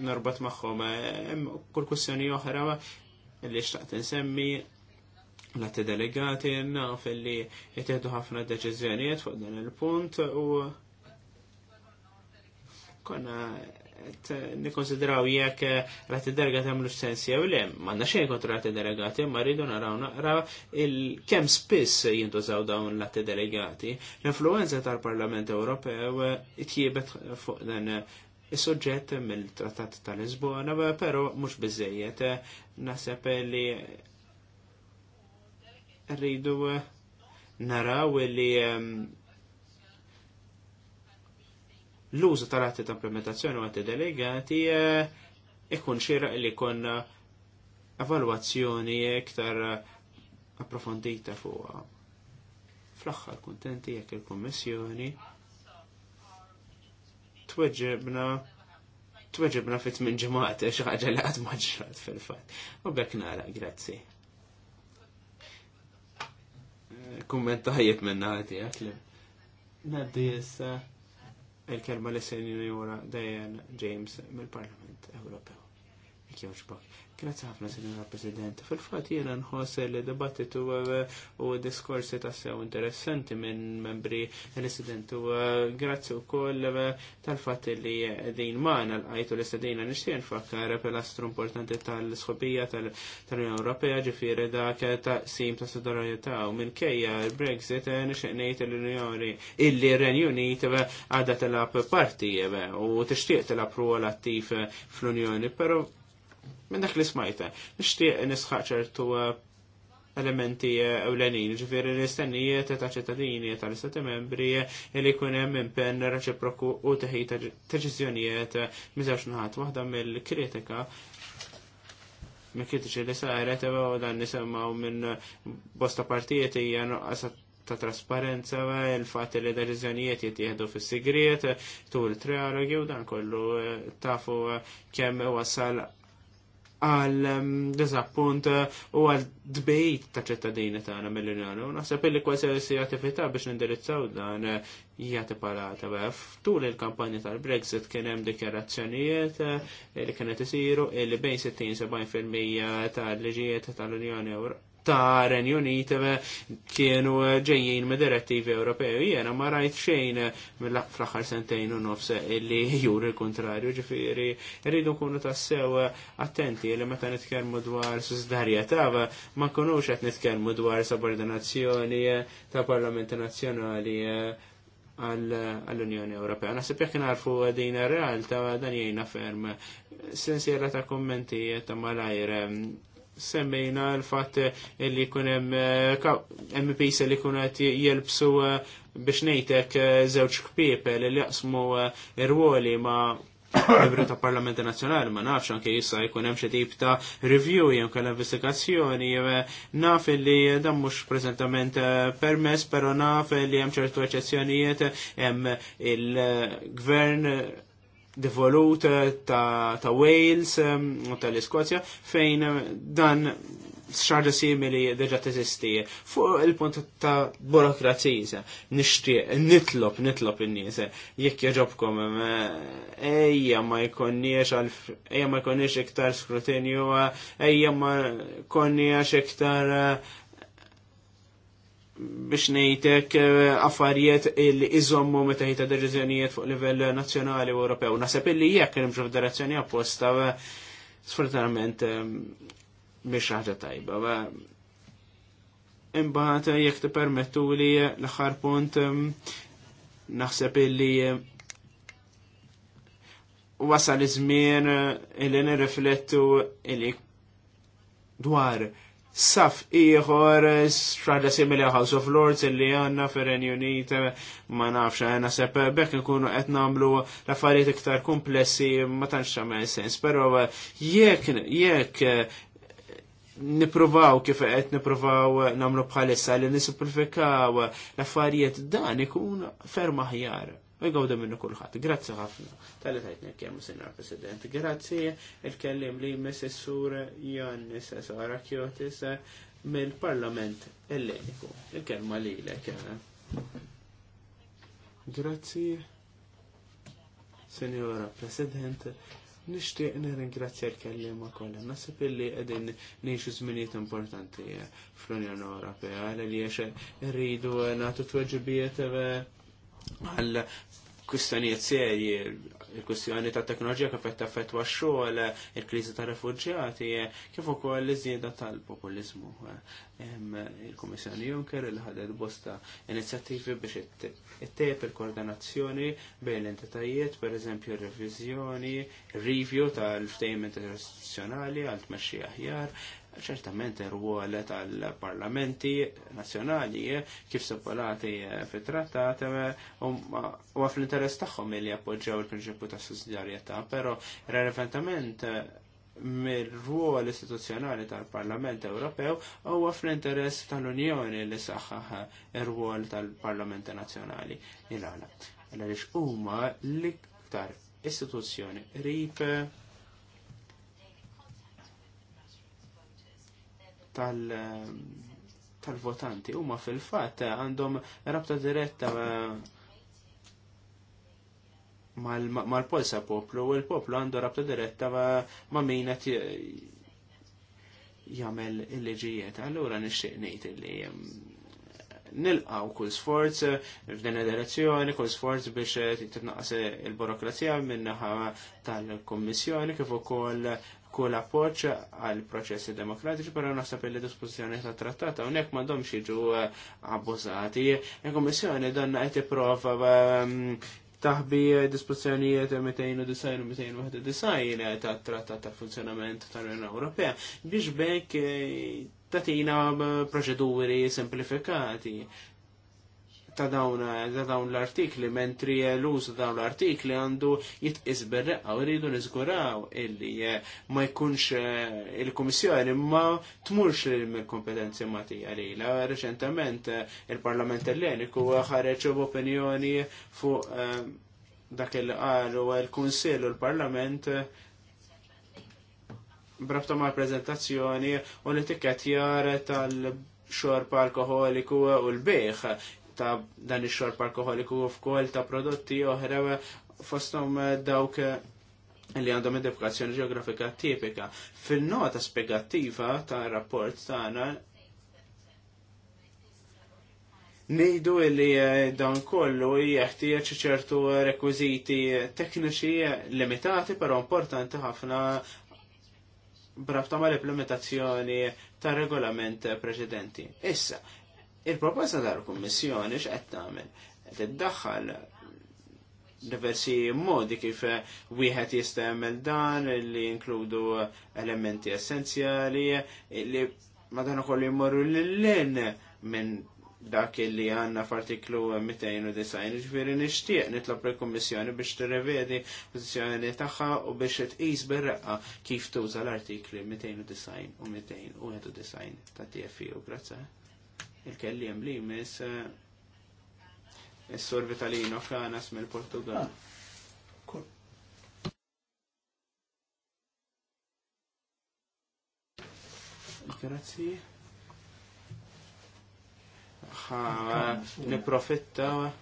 Narbat magħhom. Kull kwestjoni oħra li xtaqt insemmi la atti delegati naf li jtieħdu ħafna deċiżjonijiet fuq dan il-punt u konna nikonsidraw jekk rati delegati għamlu sens jew le, manna xejn kontra rati delegati, ma rridu naraw naqra kemm spiss jintużaw dawn rati delegati. L-influenza tal-Parlament Ewropew tjiebet fuq dan is-suġġett mill-Trattat tal-Lisbona, però mhux bizzejiet, naħseb li rridu naraw li ehm, l-użu tal-atti ta' implementazzjoni u għatti delegati eh, ikun xira li kun evalwazzjoni iktar approfondita fuq. Fl-axħar kontenti jekk il-Kommissjoni tweġibna tweġibna fit minn ġemat xi ħaġa li qatt maġrat fil-fatt. U bekk nara, grazzi. Kumment tajjeb minn għati għakli. Naddi jessa il-kelma li senjuri wara Diane James mill-Parlament Ewropew. Jek Grazie ħafna, Signora President. Fil-fat jiena nħosser li dibattitu eh, u diskorsi ta' sew interessanti minn membri l-istudent u eh, grazzi wkoll eh, tal-fatt li din magħna l-qajtu l nixtien nixtieq nfakkar pilastru importanti tal-sħobija tal-Unjoni Ewropea ġifieri dak ta' sim ta' solidarjetà u minkejja l-Brexit nixtieq ngħid l-Unjoni illi r-Renju Unit għadha tilab parti u tixtieq tilab rwol attiv fl-Unjoni, però minn dak li smajta, nixtieq nisħaq ċertu eh, elementi eh, ewlenin, ġifiri l-istennijiet ta' ċittadini tal-istati membri li jkun hemm impenn reċiproku u teħid deċiżjonijiet eh, miżewġ naħat. Waħda mill-kritika minn kritiċi li saret u dan nisemgħu minn bosta partijiet hija noqqas ta' trasparenza, il-fat li deċiżjonijiet jittieħdu fis-sigriet, tul trialogi u dan kollu tafu kemm wasal għal ehm, dizappunt eh, u għal dbejt ta' ċittadini tagħna mill-Unjoni. Naħseb illi kwalsiasi attività biex nindirizzaw dan hija eh, palata bef. Tul il-kampanja tal-Brexit kien hemm dikjarazzjonijiet eh, li kienet isiru illi bejn 60-70% tal-liġijiet tal-Unjoni ta' Renju Unit kienu ġejjin me direttivi Ewropew. Jena ma rajt xejn fl-axar sentejn u nofs illi juri l-kontrarju ġifiri. Rridu kunu tassew attenti li meta nitkermu dwar s-sdarjeta ma konux qed nitkermu dwar subordinazzjoni ta' Parlamenti Nazzjonali għall-Unjoni Ewropea. Nasib jekk narfu din ir-realtà dan jgħinna ferm. Sensiela ta' kommenti ta' malajr semmejna l-fat li kunem eh, MPs li kunet jelbsu eh, biex nejtek zewċ eh, kpiepe li jaqsmu ir-ruoli ma membru ta' Parlamenti Nazzjonali ma nafx anke jissa jkun hemm xi tip ta' review jew kell investigazzjoni naf li dan mhux preżentament permess però naf li hemm ċertu eċezzjonijiet hemm il-gvern devolut ta', ta Wales u tal-Iskozja fejn dan xaġa simili deġa teżisti fuq il-punt ta' burokrazija. Nixtieq, nitlob, nitlob in-nies jekk jaġobkom ejja ma jkonniex, ejja ma jkunniex iktar skrutinju, ejja ma jkonniex iktar biex nejtek eh, affarijiet illi iżommu meta jita deċiżjonijiet fuq livell nazzjonali u Ewropew. Naseb illi jekk nimġu f'direzzjoni apposta eh, sfortunatament biex eh, ħaġa tajba. Imbagħad jekk permettu li l-aħħar punt naħseb illi wasal iż-żmien illi nirriflettu illi dwar saf ieħor strada simile House of Lords illi għanna fir-Renju Unit ma nafx għana eh, sepp bekk nkunu qed nagħmlu l-affarijiet iktar komplessi ma tantx ma sens, pero jek jekk eh, nipruvaw kif qed nipruvaw nagħmlu bħalissa li nisimplifikaw l-affarijiet dan ikun ferm aħjar u jgawda minnu kullħat. Grazzi ħafna. Tali tajtni kemmu sinar President. Grazzi il-kellim li Mrs. Sur Jannis Sara Kjotis mill-Parlament Elleniku. Il-kelma li l-ek. Grazzi, Senjora President. Nishtiq nirringrazzja l-kellima kollha. Nasib illi qegħdin ngħixu żminijiet importanti fl-Unjoni Ewropea li għax irridu nagħtu tweġibiet għal kustjonijiet serji, il-kustjoni ta' teknoloġija kif qed taffettwa x-xogħol, il-kriżi ta' refuġjati, kif ukoll l-iżjeda tal-populiżmu. Il-Kummissjoni Juncker il ħadet bosta inizjattivi biex ittejb il-koordinazzjoni bejn l-entitajiet, pereżempju r-reviżjoni, review tal-ftehim internazzjonali għal tmexxi aħjar, ċertament ir-ruol tal-parlamenti nazzjonali kif seppolati fit-trattat u um, għaf l-interess tagħhom li appoġġew il-prinċipju ta' sussidjarjetà, però relevantament mir-ruol istituzzjonali tal-Parlament Ewropew u fl-interess tal-Unjoni li saħħaħ ir-ruol tal-Parlament Nazzjonali il-għala. Għalix huma l-iktar istituzzjoni rip tal-votanti. Huma fil-fatt għandhom rabta diretta eh, mal polsa poplu u l-poplu għandu rabta diretta ma' min qed jagħmel il-liġijiet. Allura nixtieq ngħid li eh, nilqaw kull sforz eh, f'din id-direzzjoni, kull sforz biex titnaqqas il-burokrazija minnaħa tal-Kommissjoni kif ukoll kull appoġġ għal proċessi demokratiċi, però naħseb il dispożizzjoni ta' trattata hawnhekk m'għandhomx jiġu eh, abbużati. Il-Kummissjoni donna qed tipprova ehm, taħbi dispożizzjonijiet 291 ta' trattat ta' funzjonament tal-Unjoni Ewropea biex bekk eh, tatina eh, proċeduri semplifikati ta' dawn ta' dawn l-artikli, mentri l-użu dawn l-artikli għandu jitqisber berreqqa u rridu niżguraw illi eh, ma jkunx eh, il-Kummissjoni ma tmurx mill-kompetenzi ma lilha. Reċentament eh, il-Parlament Elleniku ħareġ opinjoni fuq dak il-qalu l-Kunsill u l-Parlament brafta ma' prezentazzjoni u l-etikettjar tal- xorb alkoholiku u l-beħ ta' dan ix-xorb alkoholiku u fkoll ta' prodotti oħra fostom eh, dawk eh, li għandhom edukazzjoni ġeografika tipika. Fil-nota spiegattiva ta' rapport tagħna Nejdu li eh, dan kollu jeħtieġ ċertu rekwiżiti tekniċi limitati, però importanti ħafna brabta ma l-implementazzjoni ta' regolament preċedenti. Issa, Il-proposta tal-Kummissjoni x'qed tagħmel? Qed iddaħħal diversi modi kif wieħed jista' jagħmel dan li jinkludu elementi essenzjali li madankollu jmorru lil-lin minn dak li għanna f'artiklu 290 ġviri nishtiq nitlob l-Kommissjoni biex t-revedi pozizjoni taħħa u biex t-qis berreqqa kif tuża l-artikli 290 u 291 ta' TFI u grazzi il-kellim li jmiss eh, il-sur Vitalino Franas mill-Portugal. Grazie. Ha, ne niprofitta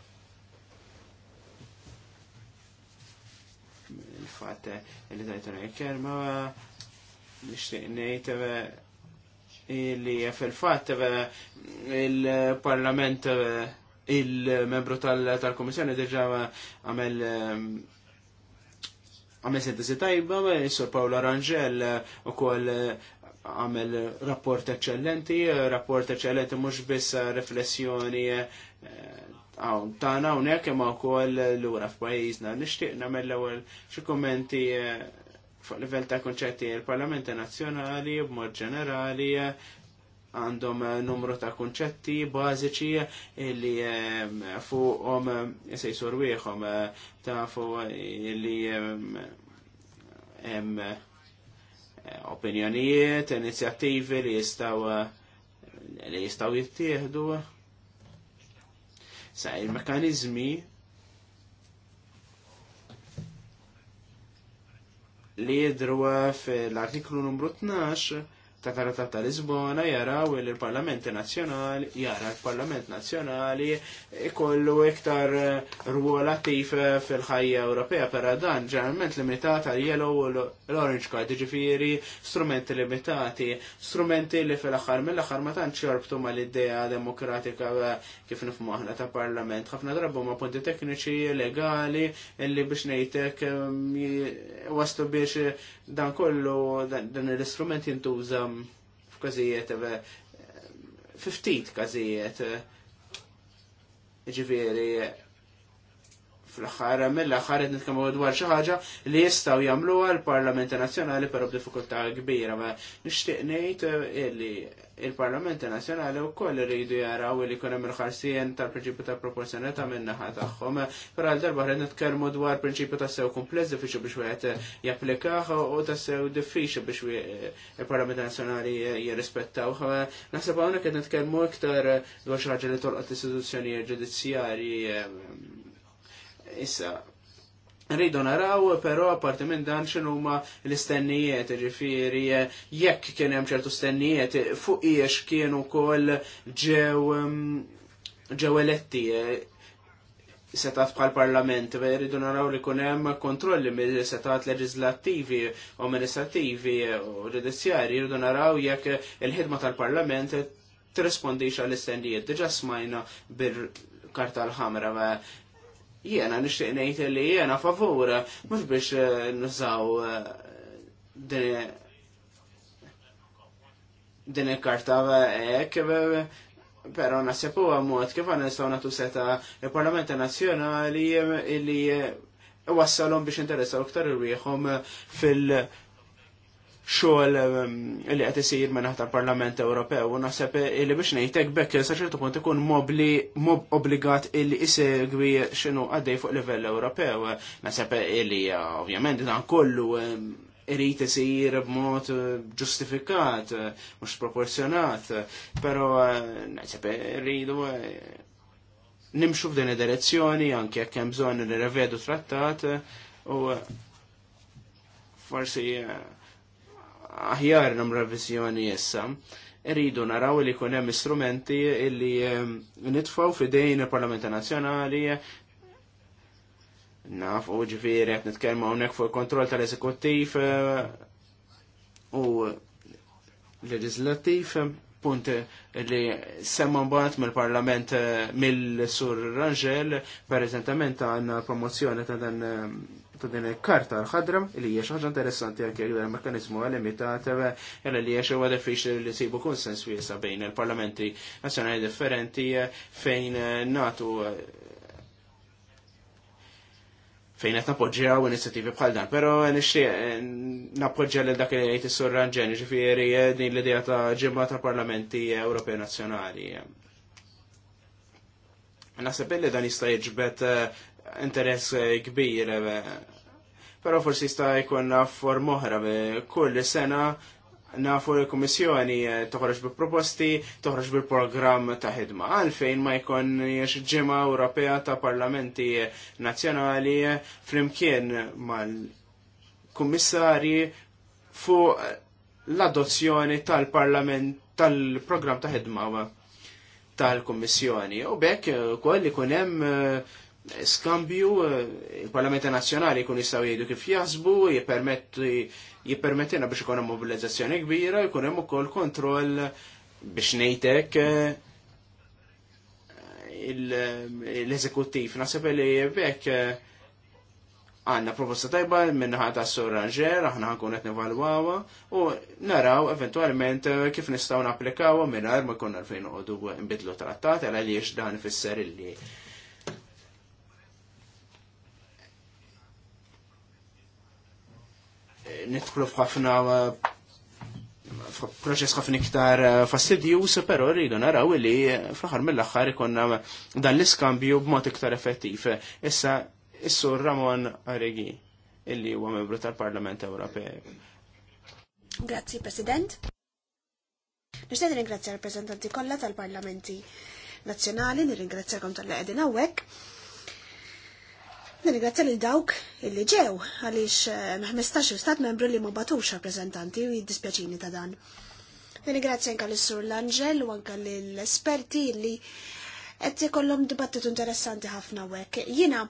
il-fat eh, li tajtuna jkerma eh, nishtiq nejt li fil-fat eh, il-parlament eh, il-membru tal-komissjoni deġa eh, għamel għamel sintesi tajba, Sir Paolo Rangel u kol għamel rapport eccellenti, rapport eccellenti mux biss riflessjoni tana unek ma u koll l-ura f'pajizna. Nishtiq namel l-ewel xie kommenti fuq livell ta' kunċetti il-Parlamenti Nazzjonali b'mod ġenerali għandhom numru ta' kunċetti bażiċi li fuqhom jsejsur wieħhom ta' fuq li hemm opinjonijiet, inizjattivi li jistaw li jistaw jittieħdu. Sa' il-mekanizmi li jidru fl-artiklu numru 12 ta' Trattat ta' Lisbona jaraw il-Parlament Nazzjonali jara l-Parlament Nazzjonali ikollu iktar rwol attiv fil-ħajja Ewropea pera dan ġeneralment limitat għal jelow l-Orange Card, ġifiri strumenti limitati, strumenti li fil-axar mill-axar ma tantx jorbtu ma l-idea demokratika kif nifmu aħna ta' parlament. ħafna drabu ma punti tekniċi, legali, illi biex nejtek wastu biex dan kollu dan l-istrument jintuża f'każijiet, f'ftit każijiet. Ġifiri, fl ħara mill-axħar qed nitkellmu dwar xi ħaġa li jistgħu jagħmluha l-Parlamenti Nazzjonali però b'diffikultà kbira. Ma nixtieq ngħid eh, li il-Parlamenti Nazzjonali wkoll iridu jaraw li jkun hemm il-ħarsien tal-prinċipju ta' proporzjonalità min-naħa tagħhom. Però għal darba ħred nitkellmu dwar prinċipju ta' sew kumpless diffiċli biex wieħed japplikaw u ta' sew diffiċli biex il-Parlamenti Nazzjonali jirrispettaw. Naħseb hawnhekk qed nitkellmu iktar dwar xi ħaġa li tolqot l-istituzzjonijiet ġudizzjarji eh, Issa, Rridu naraw, pero apparti minn dan xinu ma l-istennijiet, ġifiri, jekk kien hemm ċertu stennijiet, fuq iex kienu kol mm, ġew eletti eh, setat bħal parlament, rridu naraw li kun hemm kontrolli mill setat leġislattivi u amministrativi u ġudizzjari, rridu naraw jekk il-ħidma tal-parlament tirrispondix għall-istennijiet. Diġa smajna bil karta l-ħamra Jena nishtiq ngħid li jena favura, mhux biex eh, nużaw eh, din il-karta eh, ek, però nasib għamot, mod kif għan nistaw nagħtu seta il parlamenta Nazzjonali li wassalhom biex interessaw iktar irwieħhom fil- xogħol ehm, li għati isir minn ta' parlament Ewropew u nasab li biex nejtek bekk sa ċertu punt ikun mobli mob obbligat illi isegwi xinu għaddej fuq livell Ewropew. Naħseb li ovvjament dan kollu ehm, irrit isir b'mod eh, ġustifikat, eh, mux proporzjonat, però eh, naħseb irridu nimxu f'din id-direzzjoni anke jekk hemm bżonn nirrevedu trattat u forsi aħjar namra vizjoni jessa. Rridu naraw li kun hemm istrumenti illi eh, nitfaw fidejn il-Parlamenta Nazzjonali naf u ġifiri għet nitkelma unnek fuq kontrol tal-eżekuttiv eh, u leġislattiv punt li semma mbagħad mill-Parlament eh, mill-Sur Rangel, per eżentament għandna promozzjoni ta' dan ta' din il-karta l-ħadra li hija xi ħaġa interessanti anke li l-mekkaniżmu limitat jella li hija xi waħda diffiċli li sibu konsens wiesa bejn il-parlamenti nazzjonali differenti eh, fejn eh, natu eh, fejn qed nappoġġjaw inizjattivi bħal dan, però nixtieq nappoġġja lil dak li jgħid is-sur Ranġen, ġifieri din l-idea ta' ġimgħa ta' parlamenti Ewropej nazzjonali. Naħseb li dan jista' jiġbed interess eh, kbir. Eh, Pero forsi sta jkunna form oħra, eh, kull sena nafu l-Komissjoni toħroġ bi proposti, toħroġ bil programm ta' ħidma. Għalfejn ma jkun jiex ġimgħa Ewropea ta' parlamenti nazzjonali flimkien mal-kummissari fuq l-adozzjoni tal-parlament tal-programm ta' ħidma tal kummissjoni U bekk ukoll ikun hemm skambju, eh, il-Parlamenti Nazzjonali kun jistaw jgħidu kif jasbu, jipermettina biex ikun hemm mobilizzazzjoni kbira, jkun hemm ukoll kontroll biex nejtek eh, l-eżekuttiv. Nasib li bekk eh, għanna proposta tajba minnaħa ta' s-sorranġer, aħna għankun għetni valwawa u naraw eventualment kif nistgħu napplikawa mingħajr ma jkun għalfejn noqogħdu nbidlu trattat għaliex dan ifisser illi nitklu f'ħafna proċess ħafna iktar eh, fastidjus, però rridu naraw li eh, fl-aħħar mill-aħħar ikonna dan l-iskambju b'mod iktar effettiv. Issa, is-sur Ramon Aregi, illi huwa membru tal-Parlament Ewropej. Grazzi, President. Nixtieq ringrazzja rappreżentanti kollha tal-Parlamenti Nazzjonali, nirringrazzjakom tal-qegħdin hawnhekk Nirigrazzja li dawk illi ġew għaliex u eh, stat membru li ma batux rappresentanti u jiddispjaċini ta' dan. Nirigrazzja anka l-Sur L'Angel u anka l-esperti li qed kollom dibattitu interessanti ħafna hekk. Jiena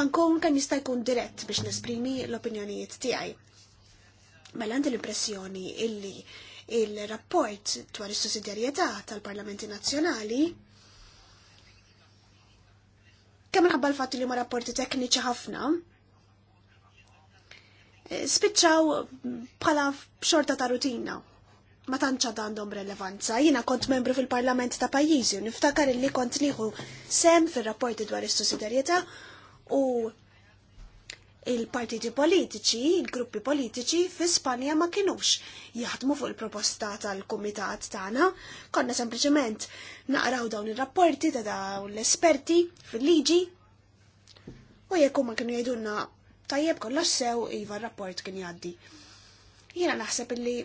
ħankun kemm jista' jkun dirett biex nesprimi l-opinjonijiet tiegħi. Mela għandi l-impressjoni illi il-rapport dwar is-sussidjarjetà tal-Parlamenti Nazzjonali kemm minħabba l-fatt li ma rapporti tekniċi ħafna, eh, spiċċaw bħala xorta ta' rutina. Ma tantx għad għandhom relevanza. Jiena kont membru fil-Parlament ta' pajjiżi u niftakar li kont nieħu sem fir-rapporti dwar is-sussidjarjetà u il-partiti politiċi, il-gruppi politiċi fi Spanja ma kinux jaħdmu fuq il-proposta tal-komitat tagħna, konna sempliċement naqraw dawn ir-rapporti ta' dawn l-esperti fil-liġi u jekk ma kienu jgħidulna tajjeb kollox sew iva r-rapport kien jgħaddi. Jiena naħseb illi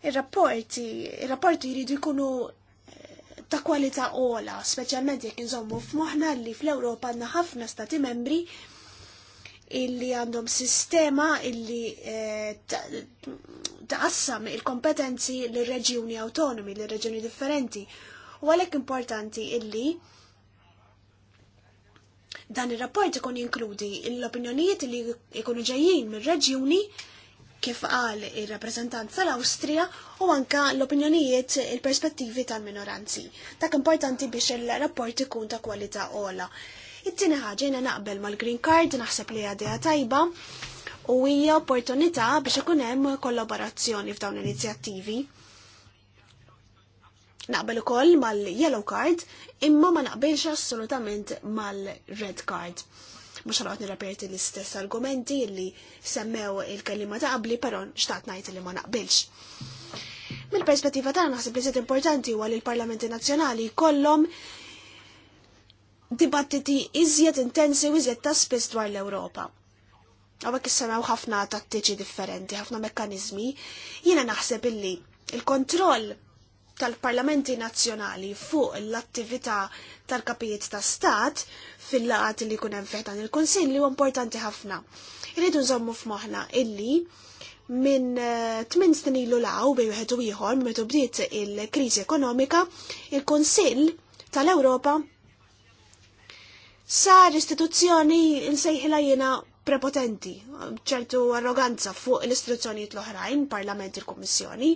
il rapporti ir-rapporti jridu jkunu ta' kwalità ola, speċjalment jekk inżommu f'moħħna li fl-Ewropa għandna ħafna stati membri illi għandhom sistema illi eh, taqassam il-kompetenzi l-reġjuni autonomi, l-reġjuni differenti. U għalhekk importanti illi dan ir-rapport ikun jinkludi l-opinjonijiet li jkunu ġejjin mir-reġjuni kif qal il-rappresentant tal-Awstrija u anka l-opinjonijiet il-perspettivi tal-minoranzi. Dak importanti biex il-rapport ikun ta' kwalità ola. It-tieni ħaġa naqbel mal-Green Card naħseb li għadija tajba u hija opportunità biex ikun hemm kollaborazzjoni f'dawn l-inizjattivi. Naqbel ukoll mal-Yellow Card imma ma naqbilx assolutament mal-Red Card mux għanqot nirreperti l-istess argumenti li semmew il-kelima ta' qabli, pero xtaqt najt li ma naqbilx. Mill-perspettiva tagħna naħseb li importanti huwa li l-Parlamenti Nazzjonali kollom dibattiti iżjed intensi u iżjed ta' spiss dwar l-Ewropa. Għawek semmew ħafna tattiċi differenti, ħafna mekkanizmi, jiena naħseb illi il-kontroll tal-parlamenti nazzjonali fuq l-attività tal-kapijiet ta' stat fil-laqat li kunem fiħtan il-konsil li importanti ħafna. Irridu nżommu f'moħħna illi minn 8 eh, snin ilu laqaw bej wieħed u ieħor meta bdiet il-kriżi ekonomika, il-Kunsill tal-Ewropa sar istituzzjoni nsejħilha jiena prepotenti, ċertu arroganza fuq l-istituzzjonijiet l-oħrajn, parlament il kummissjoni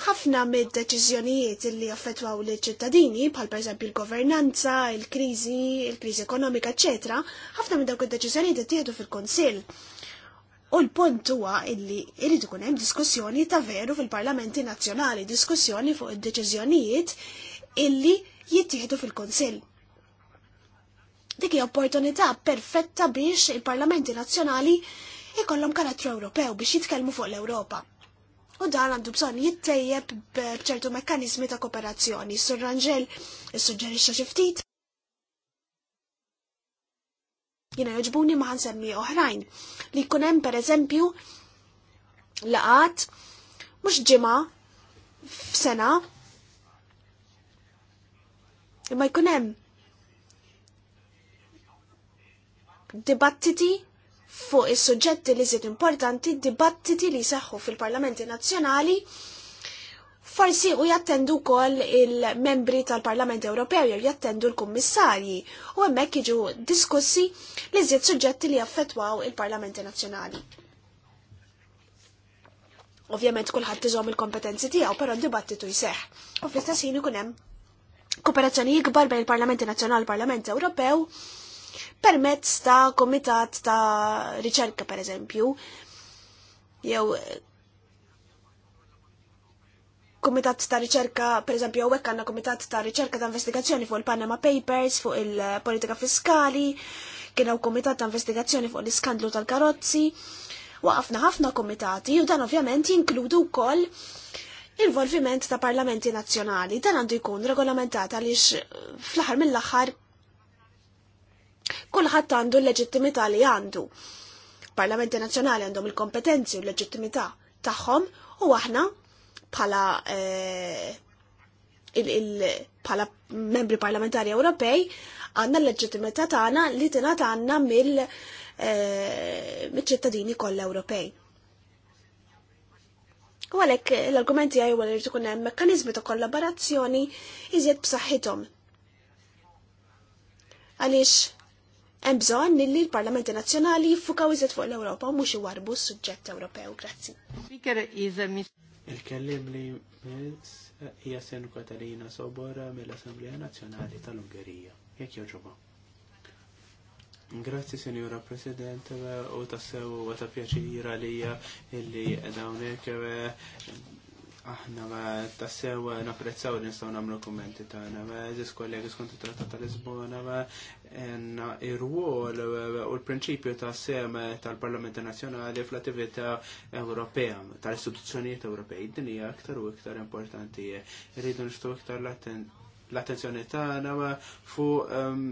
ħafna mid-deċiżjonijiet li affettwaw li ċittadini, bħal per eżempju il-governanza, il-krizi, il-krizi ekonomika, ecc., ħafna minn dawk id-deċiżjonijiet ittieħdu fil-Konsil. U l-punt huwa illi irid ikun hemm diskussjoni ta' veru fil-parlamenti nazzjonali, diskussjoni fuq id-deċiżjonijiet illi jittieħdu fil-Konsil. Dik hija opportunità perfetta biex il-parlamenti nazzjonali ikollhom karattru Ewropew biex jitkellmu fuq l-Ewropa u dan għandu bżonn jittejjeb bċertu mekkanizmi ta' kooperazzjoni. Sur Ranġel suġġerixxa xi ftit. Jiena joġbuni ma semmi oħrajn li jkun hemm pereżempju laqat mhux ġimgħa f'sena imma jkun hemm dibattiti fuq is-suġġetti li żied importanti dibattiti li seħħu fil-Parlamenti Nazzjonali forsi u jattendu kol il-membri tal-Parlament Ewropew jew jattendu l-kummissarji u hemmhekk jiġu diskussi li żied suġġetti li jaffettwaw il-Parlamenti Nazzjonali. Ovvjament kulħadd iżom il-kompetenzi tiegħu, però d-dibattitu jseħħ. U fl-istess ħin ikun hemm kooperazzjoni ikbar bejn il-Parlamenti Nazzjonali u l-Parlament Ewropew permezz ta' komitat ta' riċerka per eżempju, jew komitat ta' riċerka, per eżempju, għek għanna komitat ta' riċerka ta' investigazzjoni fuq il-Panama Papers, fuq il-politika fiskali, kienaw komitat ta' investigazzjoni fuq l-iskandlu tal-karozzi, waqafna ħafna komitati, u dan ovvjament jinkludu wkoll involviment ta' parlamenti nazzjonali. Dan għandu jkun regolamentat għaliex fl-aħħar mill-aħħar Kulħadd għandu l-leġittimità li għandu. Parlamenti nazzjonali għandhom il-kompetenzi u l-leġittimità tagħhom u aħna bħala eh, bħala membri parlamentari Ewropej għandna l-leġittimità tagħna li tingħat għandna eh, mill-ċittadini kollha Ewropej. U għalhekk l-argumenti għaj għal ikun hemm mekkaniżmi ta' kollaborazzjoni iżjed b'saħħithom. Għaliex hemm bżonn li l-Parlamenti Nazzjonali jiffukaw iżet fuq l-Ewropa u mhux iwarbu s-suġġett Ewropew. Grazzi. Il-kellim li miss hija Sen Katarina Sobora mill-Assemblea Nazzjonali tal-Ungerija. Jekk joġobha. Grazzi Senjora President u tassew u ta' pjaċira li illi dawnek Aħna ma tassew eh, naprezzaw li nistgħu nagħmlu kummenti tagħna, eżis kollegi skont it-Trattat ta' Lisbona, ir-wol eh, u l-prinċipju ta' sem tal-Parlament Nazzjonali fl-attività Ewropea, tal-istituzzjonijiet Ewropej, din hija aktar u iktar importanti. Irridu nixtu iktar l-attenzjoni tagħna fu ehm,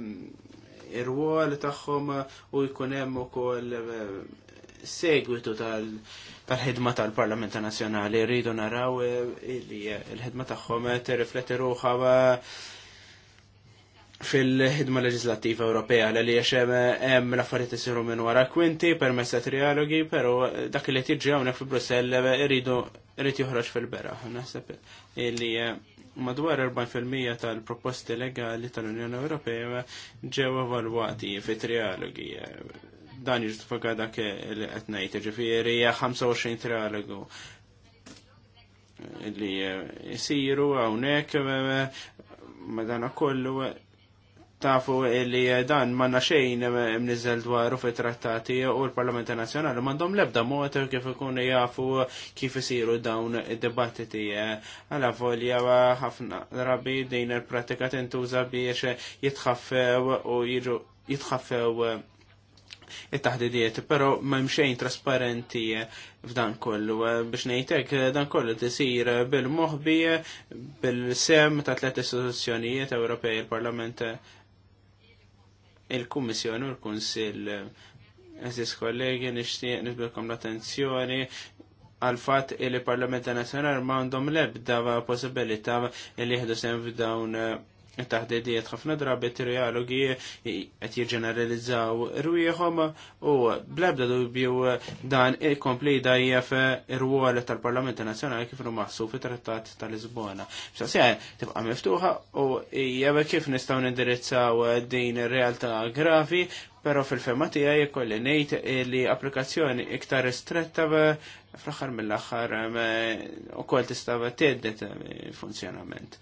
ir-wol tagħhom u jkun hemm ukoll eh, segwitu tal-ħidma tal-Parlamenta Nazzjonali rridu naraw eh, li eh, l-ħidma tagħhom eh, tirrifletti ruħa fil-ħidma leġislattiva Ewropea li xem hemm l-affarijiet isiru minn wara kwinti permezz ta' trialogi, però dak li tiġi hawnhekk fi Brussell iridu rrid joħroġ fil-bera. Naħseb li madwar 40% tal-proposti legali tal-Unjoni Ewropea ġew evalwati fi trialogi dan jiġtifika dak li qed ngħid, ġifieri hija 25 trialogu li jisiru hawnhekk dan kollu tafu li dan ma xejn mniżel dwaru fi trattati u l parlamenti Nazzjonali m'għandhom l-ebda mod kif ikunu jafu kif isiru dawn id-dibattiti għala volja ħafna rabi din il-pratika tintuża biex jitħaffew u jiġu jitħaffew it-taħdidiet, pero ma mxejn trasparenti f'dan kollu. Biex nejtek, dan kollu tisir bil mohbi bil-sem ta' tlet istituzzjonijiet Ewropej, il-Parlament, il-Kummissjoni u l-Kunsil. Eżis kollegi, nishtiq nifbilkom l-attenzjoni għal-fat il-Parlamenta Nazjonal ma għandhom lebda possibilita li jihdu sem f'dawn taħdediet ħafna drabi trialogi qed jirġeneralizzaw rwieħom u blabda dubju dan ikompli dajjef ir-rwol tal-Parlamenti Nazzjonali kif maħsu fi trattat tal-Lisbona. B'saqsija tibqa' miftuħa u hija kif nistgħu nindirizzaw din ir-realtà gravi pero fil-fema tiegħi jkolli ngħid li applikazzjoni iktar stretta fl-aħħar mill-aħħar eh, ukoll tista' tgħeddet eh, funzjonament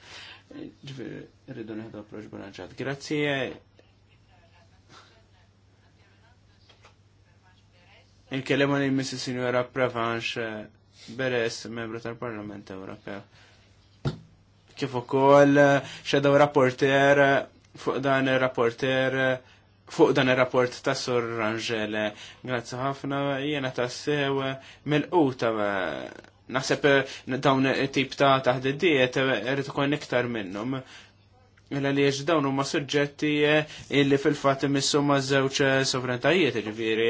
ġviri, rridu neħdu approċ Grazzi. Il-kelema li Mrs. Signora Prevanx Beres, membru tal-Parlament Ewropew. Kif ukoll xedaw rapporter fuq dan il-rapporter fuq dan il-rapport ta' Sur Rangele. Grazzi ħafna, jiena ta' sew mill-quta Naħseb eh, dawn tip ta' taħdidiet eh, irrid ikun iktar minnhom. Mela li dawn huma suġġetti eh, illi fil-fatt imissu ma' żewġ sovrantajiet ġifieri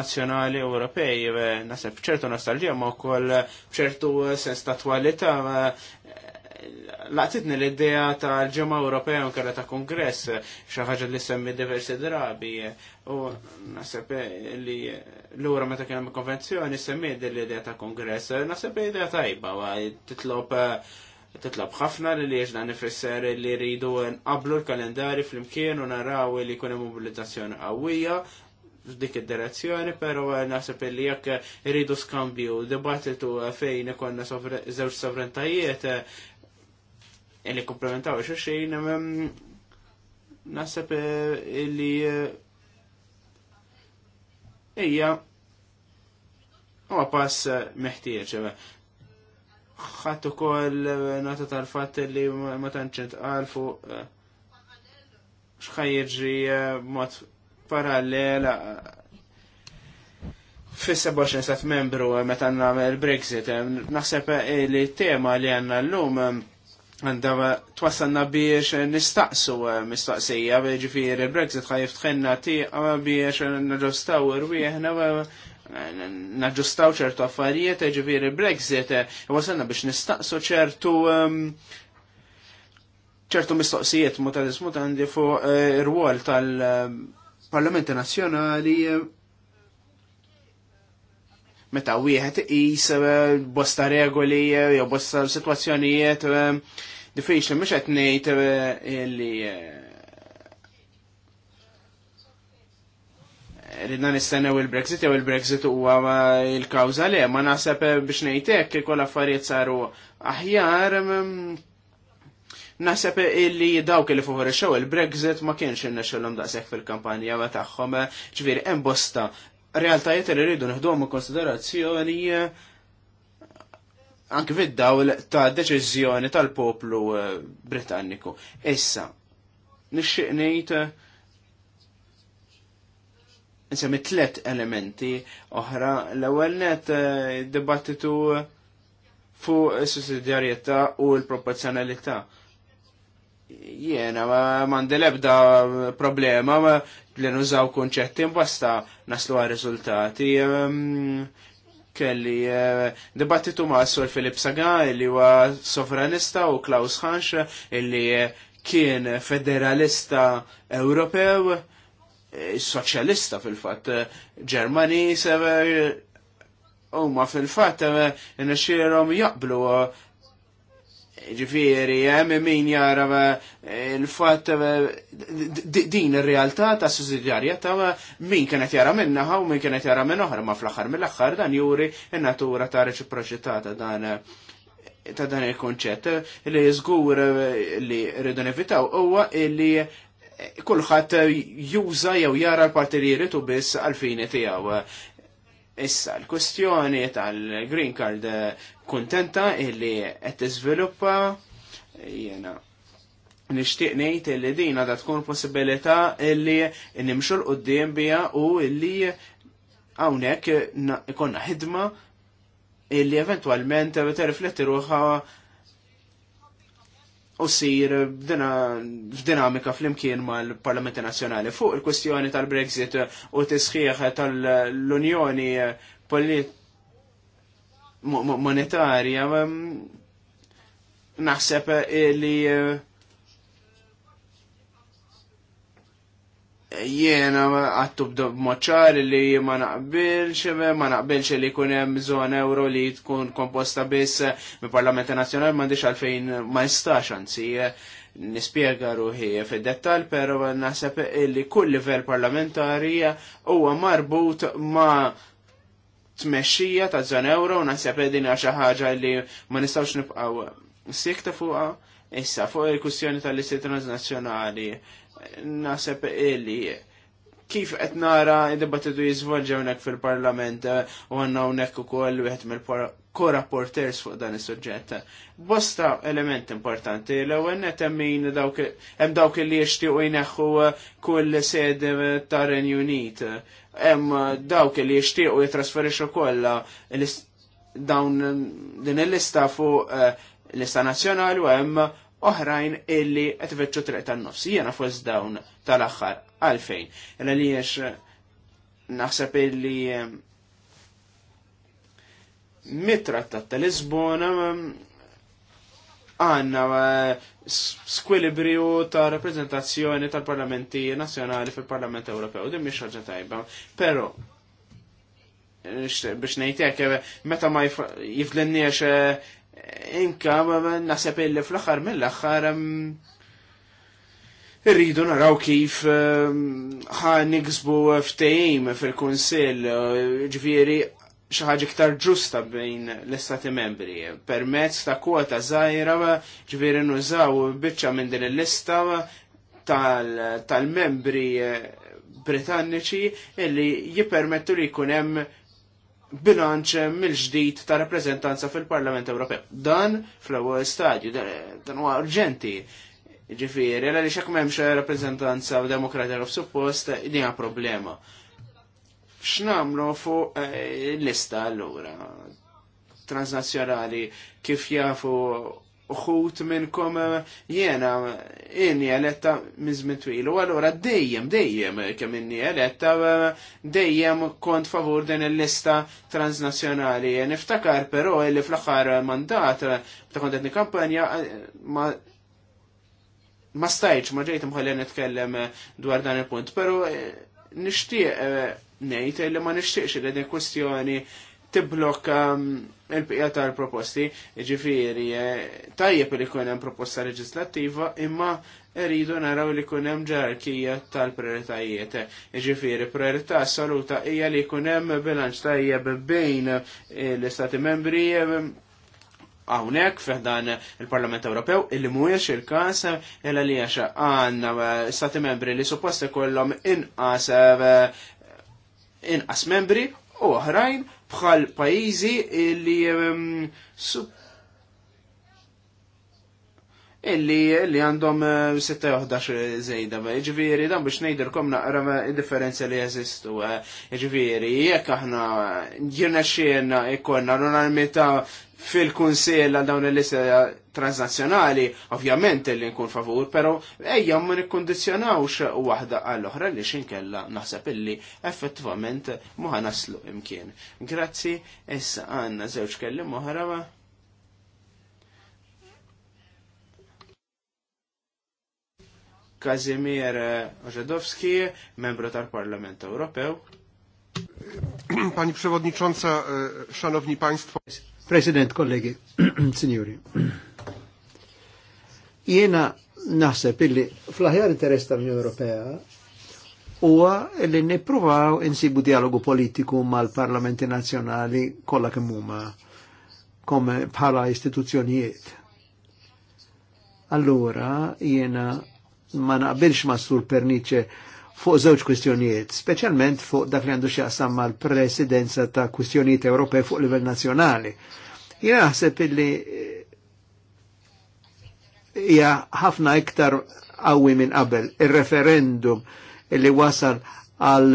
nazzjonali Ewropej, naħseb ċertu nostalġija ma' wkoll ċertu sens ta' twalità laqtitni l-idea tal-ġemma Ewropea un ta' kongress, xaħġa li semmi diversi drabi, u nasib li l-ura meta kienem konvenzjoni semmi l-idea ta' kongress, nasib idea tajba, titlob titlob ħafna li jieġna nifisser li rridu nqablu l-kalendari fl-imkien u naraw li kunem mobilizzazzjoni qawwija f'dik id-direzzjoni, pero naħseb li jekk iridu skambju dibattitu fejn ikonna żewġ sovrantajiet, li komplementaw xulxin, nasab li ija huwa pass eh, meħtieġ. Eh. Ħattu kol eh, nota tal-fatt li ma tantx għalfu x'ħajġi mod parallela fissa 27 stat membru meta il brexit Naħseb li tema li għandna llum għanda uh, twasanna biex nistaqsu uh, mistaqsija, ġifiri Brexit ħajf tħenna tiqa uh, biex naġustaw irwieħna naġustaw ċertu affarijiet, ġifiri Brexit, wasanna biex nistaqsu ċertu um, ċertu mistoqsijiet mutadismut għandi fuq ir-rwol tal-Parlamenti Nazzjonali meta wieħed is bosta regoli jew bosta situazzjonijiet diffiċli mhux qed ngħid eh, li eh, ridna nistennew il-Brexit jew il-Brexit huwa il-kawża le, ma naħseb eh, biex ngħid hekk ikoll affarijiet saru aħjar mm, Naħseb illi dawk li xew il-Brexit ma kienx innexxilhom daqshekk fil-kampanja tagħhom, ġifieri hemm bosta realtajiet li rridu nħduhom konsiderazzjoni anke fid-dawl ta' deċiżjoni tal-poplu eh, Britanniku. Issa, nixxiqnejt ngħid insemmi eh, elementi oħra l-ewwel net eh, dibattitu fuq is-sussidjarjetà u l-proporzjonalità. Jiena m'għandi l-ebda problema li nużaw kunċetti basta naslu għal riżultati. Ehm, kelli eh, dibattitu ma' Sor Filip Saga illi huwa sovranista u Klaus Hansch illi eh, kien federalista Ewropew eh, soċjalista fil-fatt Ġermani u ma fil-fatt nxierom jaqblu ġifiri, min jara eh, il-fat eh, din il-realtà ta' sussidjarja ta' min kienet jara minna u min kienet jara minn oħra ma fl-axar mill-axar dan juri il natura ta' reċiproċità ta' dan ta' dan il-konċett li jizgur eh, li rridu nevitaw huwa li kulħadd juża jew jara l-parti li jrid u biss għalfini tiegħu. Issa, l kustjoni tal-Green Card eh, kontenta illi qed tiżviluppa jena nixtieq ngħid illi din għadha tkun possibilità illi nimxu l qudiem biha u illi hawnhekk ikonna ħidma illi eventwalment terrifletti ruħha u sir f'dinamika fl-imkien ma l-Parlamenti Nazjonali fuq il-kwestjoni tal-Brexit u t-sħiħ tal-Unjoni monetarja um, naħseb li uh, jiena għattu b'moċar li ma naqbilx, ma naqbilx li kun hemm zona euro li tkun komposta biss mill parlamenta Nazzjonali m'għandix għalfejn ma jistax anzi nispjega ruħi fid-dettall, pero naħseb li kull livell parlamentari huwa marbut ma tmexxija ta' zona euro u naħseb din xi ħaġa li ma nistgħux nibqgħu sikta fuqha. Issa, fuq il-kussjoni tal istituzzjoni nazzjonali, naseb illi kif qed nara dibattitu jiżvolġi hawnhekk fil-Parlament eh, u għandna hawnhekk ukoll wieħed mill-korapporters fuq dan is-suġġett. Bosta element importanti l-ewwel net hemm dawk hemm dawk li jixtiequ jneħħu eh, kull sede eh, ta' Renju Unit. Hemm dawk li jixtiequ jitrasferixxu kollha dawn din il-lista fuq lista nazzjonali u hemm oħrajn illi qed iveċċu triq tan-nofs. Jiena fost dawn tal-aħħar għalfejn. Illa li jiex eh, naħseb illi eh, mitrattat tal-Lisbona eh, għanna skwilibriju ta' rappresentazzjoni tal-parlamenti nazjonali fil-Parlament Ewropew. Din mhix ħaġa tajba. Però biex ngħidlek meta ma jiflenniex Inka, nasab illi fl-axar mill-axar irridu naraw kif ħa niksbu ftejim fil-Kunsill, ġviri xaħġa iktar ġusta bejn l-istati membri. Permezz ta' kwota zaħira, ġviri nużaw bieċa minn din l-lista tal-membri eh, britanniċi illi jipermettu li jkun hemm bilanċ mill-ġdid ta' rappreżentanza fil-Parlament Ewropew. Dan fl-ewwel stadju, dan huwa urġenti. Ġifieri, għal għaliex hekk m'hemmx rappreżentanza demokratika suppost, din hija problema. X'namlu fuq eh, lista allura transnazzjonali kif jafu uħut minnkom eh, jena inni eletta mizmin twilu, għallura dejjem, dejjem, kemm inni eletta, eh, dejjem kont favur din il-lista transnazjonali. E niftakar però li fl-axar mandat eh, ta' etni kampanja ma ma stajċ, ma ġejt mħalli nitkellem dwar dan il-punt, pero nishtiq nejt li ma nishtiqx li din kwestjoni tiblok mm, il-bqija tal-proposti, ġifiri, eh, tajjeb li kunem proposta leġislattiva, imma rridu naraw li kunem ġarkija tal-prioritajiet. Ġifiri, priorità assoluta hija li kunem bilanċ tajjeb bejn eh, l-Istati membri għawnek eh, fiħdan il-Parlament Ewropew illi mhuwiex il-każ il li għax għanna stati membri li suppost ikollhom inqas inqas membri u oħrajn bħal pajizi li ehm, illi illi għandhom 6-11 eh, zejda, ġviri, jiġifieri, dan biex nejderkom naqra differenza li jazistu, eh. ġviri, jiġifieri, jek aħna ġirna xiena ikonna l-unarmita fil-kunsil għal dawn il-lista transnazzjonali, ovvjament li nkun favur, pero ejja ma nikkondizjonawx waħda għall-oħra li xinkella naħseb illi effettivament muħa naslu imkien. Grazzi, issa għanna zewġ kellim oħra ma. Kazimir Ożedowski, membru tal-Parlament Ewropew. Pani Przewodnicząca, e, Szanowni Państwo. President, kollegi, signori. Jena naħseb illi fl-aħjar interess tal-Unjoni Ewropea huwa li nippruvaw insibu dialogu politiku mal-parlamenti nazzjonali kollha kemm huma komme bħala istituzzjonijiet. Allura jiena ma naqbilx ma' sur Pernice fuq żewġ kwistjonijiet, speċjalment fuq dak li għandu xaqsam mal-presidenza ta' kwistjonijiet Ewropej fuq livell nazzjonali. Jiena naħseb illi eh, hija ħafna iktar qawwi minn qabel. Ir-referendum il illi wasal għal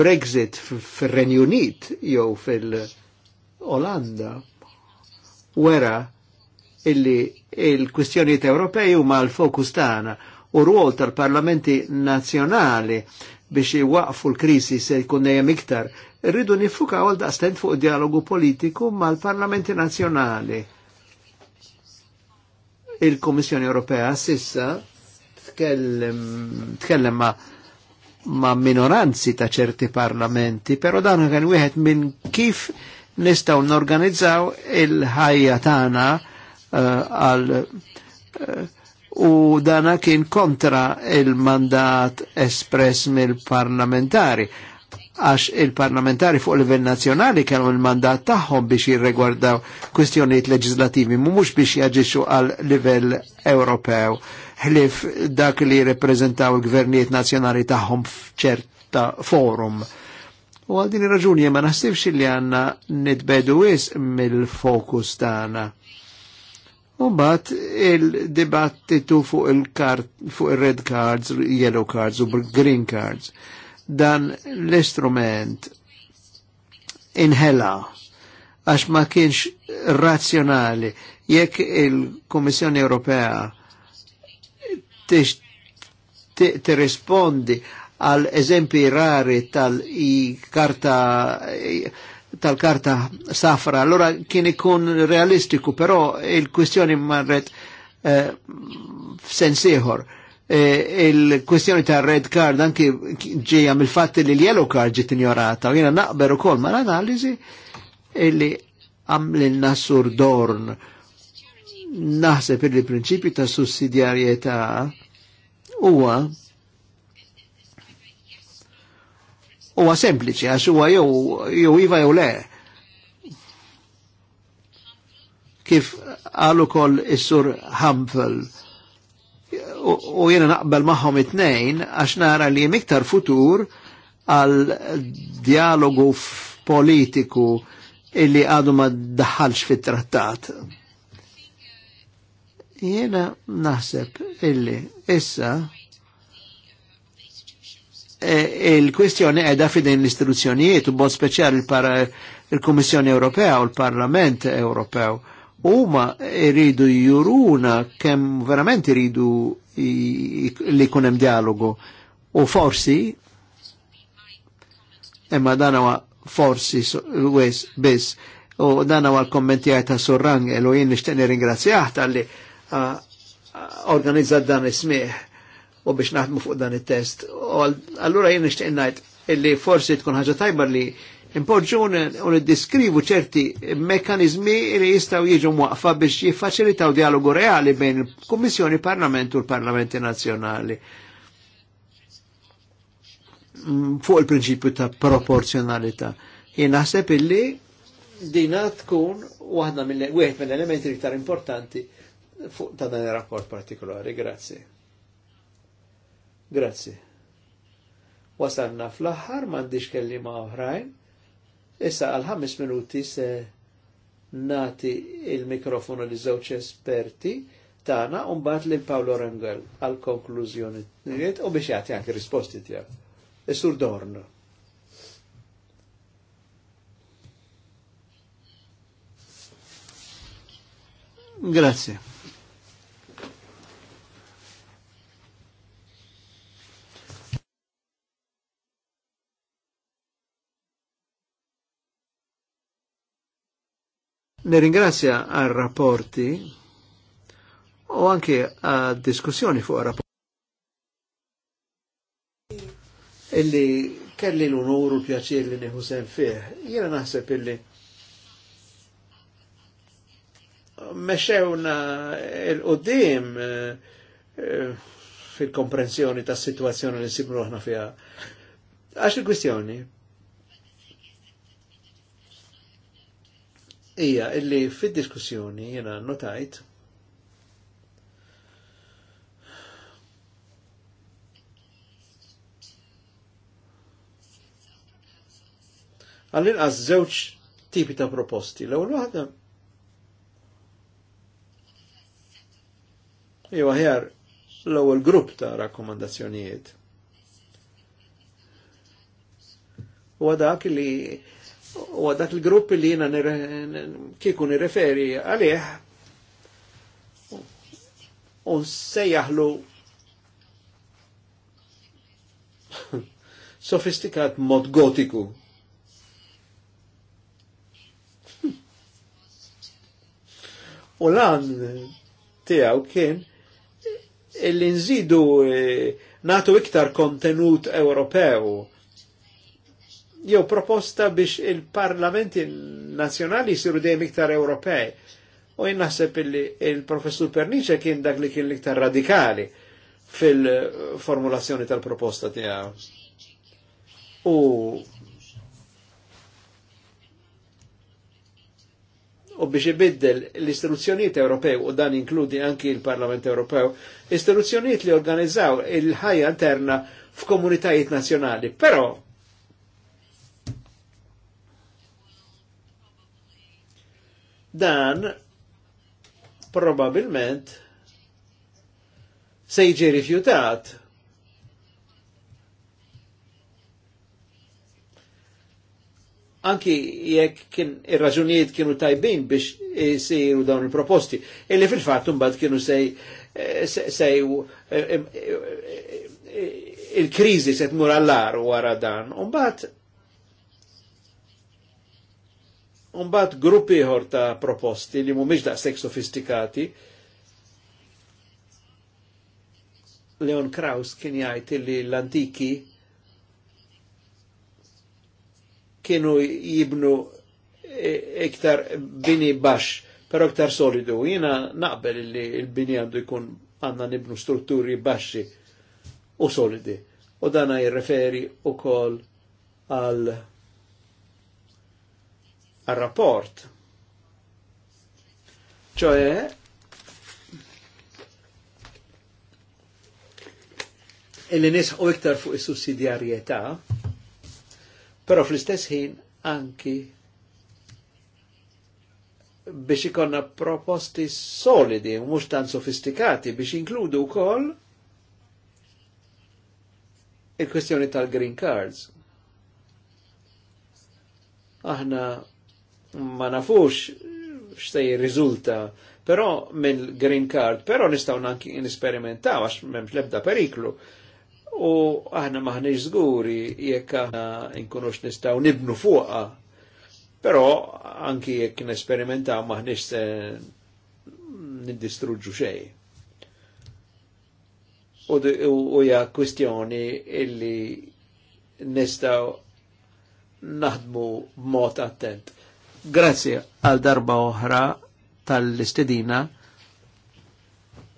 Brexit fir-Renju Unit jew fil-Olanda wera illi il-kwistjonijiet Ewropej huma l-fokus tagħna u ruol tal-parlamenti nazjonali biex iwaqfu l-krisi se jkun dejjem iktar, rridu nifuka għal daqstent fuq dialogu politiku mal-parlamenti nazjonali. Il-Komissjoni Ewropea sissa tkellem ma' ma' minoranzi ta' ċerti parlamenti, pero dan kien wieħed minn kif nistgħu norganizzaw il-ħajja tagħna eh, għal uh, uh, u dana kien kontra il-mandat espress mill-parlamentari għax il-parlamentari fuq livell nazzjonali kellhom il-mandat tagħhom biex jirregwardaw kwistjonijiet leġislativi mhumux biex jaġixxu għal livell Ewropew ħlif dak li jirrepreżentaw il-gvernijiet nazzjonali tagħhom f'ċerta forum. U għal din ir-raġuni ma naħsibx li għandna nitbedu wis mill-fokus tagħna. U bat il-dibattitu fuq il-red fuq il red cards, yellow cards u green cards. Dan l-istrument inħela għax ma kienx razzjonali jekk il komissjoni Ewropea t tirrispondi għal eżempi rari tal-karta tal-karta safra. Allora kien ikun realistiku, però il-kwistjoni marret eh, f'sens il-kwistjoni eh, ta' red card anki ġeja mill fatti li l-yellow card ġit ignorata. Jiena naqber ukoll l-analizi illi għamlilna sur dorn naħseb il prinċipi ta' sussidjarieta huwa huwa sempliċi għax huwa jew jew iva jew le. Kif għal ukoll is-sur Hamfel u jiena naqbel magħhom it-tnejn għax nara li miktar futur għal dialogu politiku illi għadu ma daħalx fit-trattat. Jiena naħseb illi issa E, e il-kwestjoni edha fidejn l-istituzzjonijiet u bod speċjal il-Kommissjoni Ewropea u l-Parlament Ewropew. Huma iridu juruna kemm verament iridu li kun hemm dialogu. U forsi, imma dan huwa forsi wes biss, u dan huwa l kommentijaj ta' Surrang u jien nixtieq nirringrazzjah tal-li organizzat dan ismieħ u biex naħdmu fuq dan il-test. allura jien nixtieq najt illi forsi tkun ħaġa tajba li impoġġu u niddiskrivu ċerti mekkanizmi li jistaw jiġu mwaqfa biex jiffaċilitaw dialogu reali bejn il-Kummissjoni Parlament u l-Parlamenti Nazzjonali mm, fuq il-prinċipju ta' proporzjonalità. Jien naħseb illi dina tkun waħda mill-elementi iktar importanti fuq ta' dan il-rapport partikolari. Grazie. Grazzi. Wasalna fl-aħħar m'għandix kellima oħrajn. Issa għal ħames minuti se nati il-mikrofonu li żewġ esperti tagħna u mbagħad lil Paolo Rangel għal konklużjoni u biex jagħti anke risposti tiegħek. Is-Sur Dorn. Grazie. Nirringrazzja għal rapporti u anke għal diskussjoni fuq rapporti illi kelli l-unur u pjaċir li neħu sen fieħ. Jena naħseb illi meċewna il-qoddim eh, fil-komprensjoni ta' situazzjoni li sibruħna fija. Għax il-kwistjoni, Ija, illi fid-diskussjoni jena notajt għallin għaz zewċ tipi ta' proposti. L-ewwel waħda jew aħjar l-ewwel grupp ta' rakkomandazzjonijiet. U dak li u dak il-grupp li jina kiku nirreferi għalih un sejjaħlu sofistikat mod gotiku. U lan tijaw kien il-inżidu eh, natu iktar kontenut Ewropew jew proposta biex il-parlamenti nazjonali jisiru dejjem iktar Ewropej. U jinnaħseb illi il-professur Pernice kien dak li kien iktar radikali fil-formulazzjoni tal-proposta tiegħu. U u biex ibiddel l-istituzzjonijiet Ewropew u dan inkludi anki il-Parlament Ewropew, istituzzjonijiet li organizzaw il-ħajja interna f'komunitajiet nazzjonali. Però dan probabilment se jiġi rifjutat. Anki jekk kien ir-raġunijiet kienu tajbin biex jisiru dawn il-proposti, illi fil-fatt mbagħad kienu sej eh, sej eh, eh, il-kriżi se tmur allar wara dan. Umbagħad Umbat gruppi ieħor ta' proposti li mhumiex daqshekk sofistikati. Leon Kraus kien jgħid li l-antiki kienu jibnu iktar e- bini baxx, però iktar solidu. Jiena naqbel li l-bini għandu jkun għandna nibnu strutturi baxxi u solidi. U dana jirreferi u kol għal għal-rapport. ċoħe, illi nisħu iktar fuq il-sussidjarieta, pero fl-istess ħin anki biex ikonna proposti solidi mux tan sofistikati biex inkludu kol il-kwestjoni tal-green cards. Aħna ma nafux xtej rizulta, però minn green card, però nistaw nanki nisperimentaw għax memx lebda periklu. U aħna maħnex zguri jekk aħna inkunux nistaw nibnu fuqa, però anki jekk nesperimentaw maħnex se nindistruġġu xej. U hija kwistjoni illi nistaw naħdmu mod attent grazie għal darba oħra tal-istedina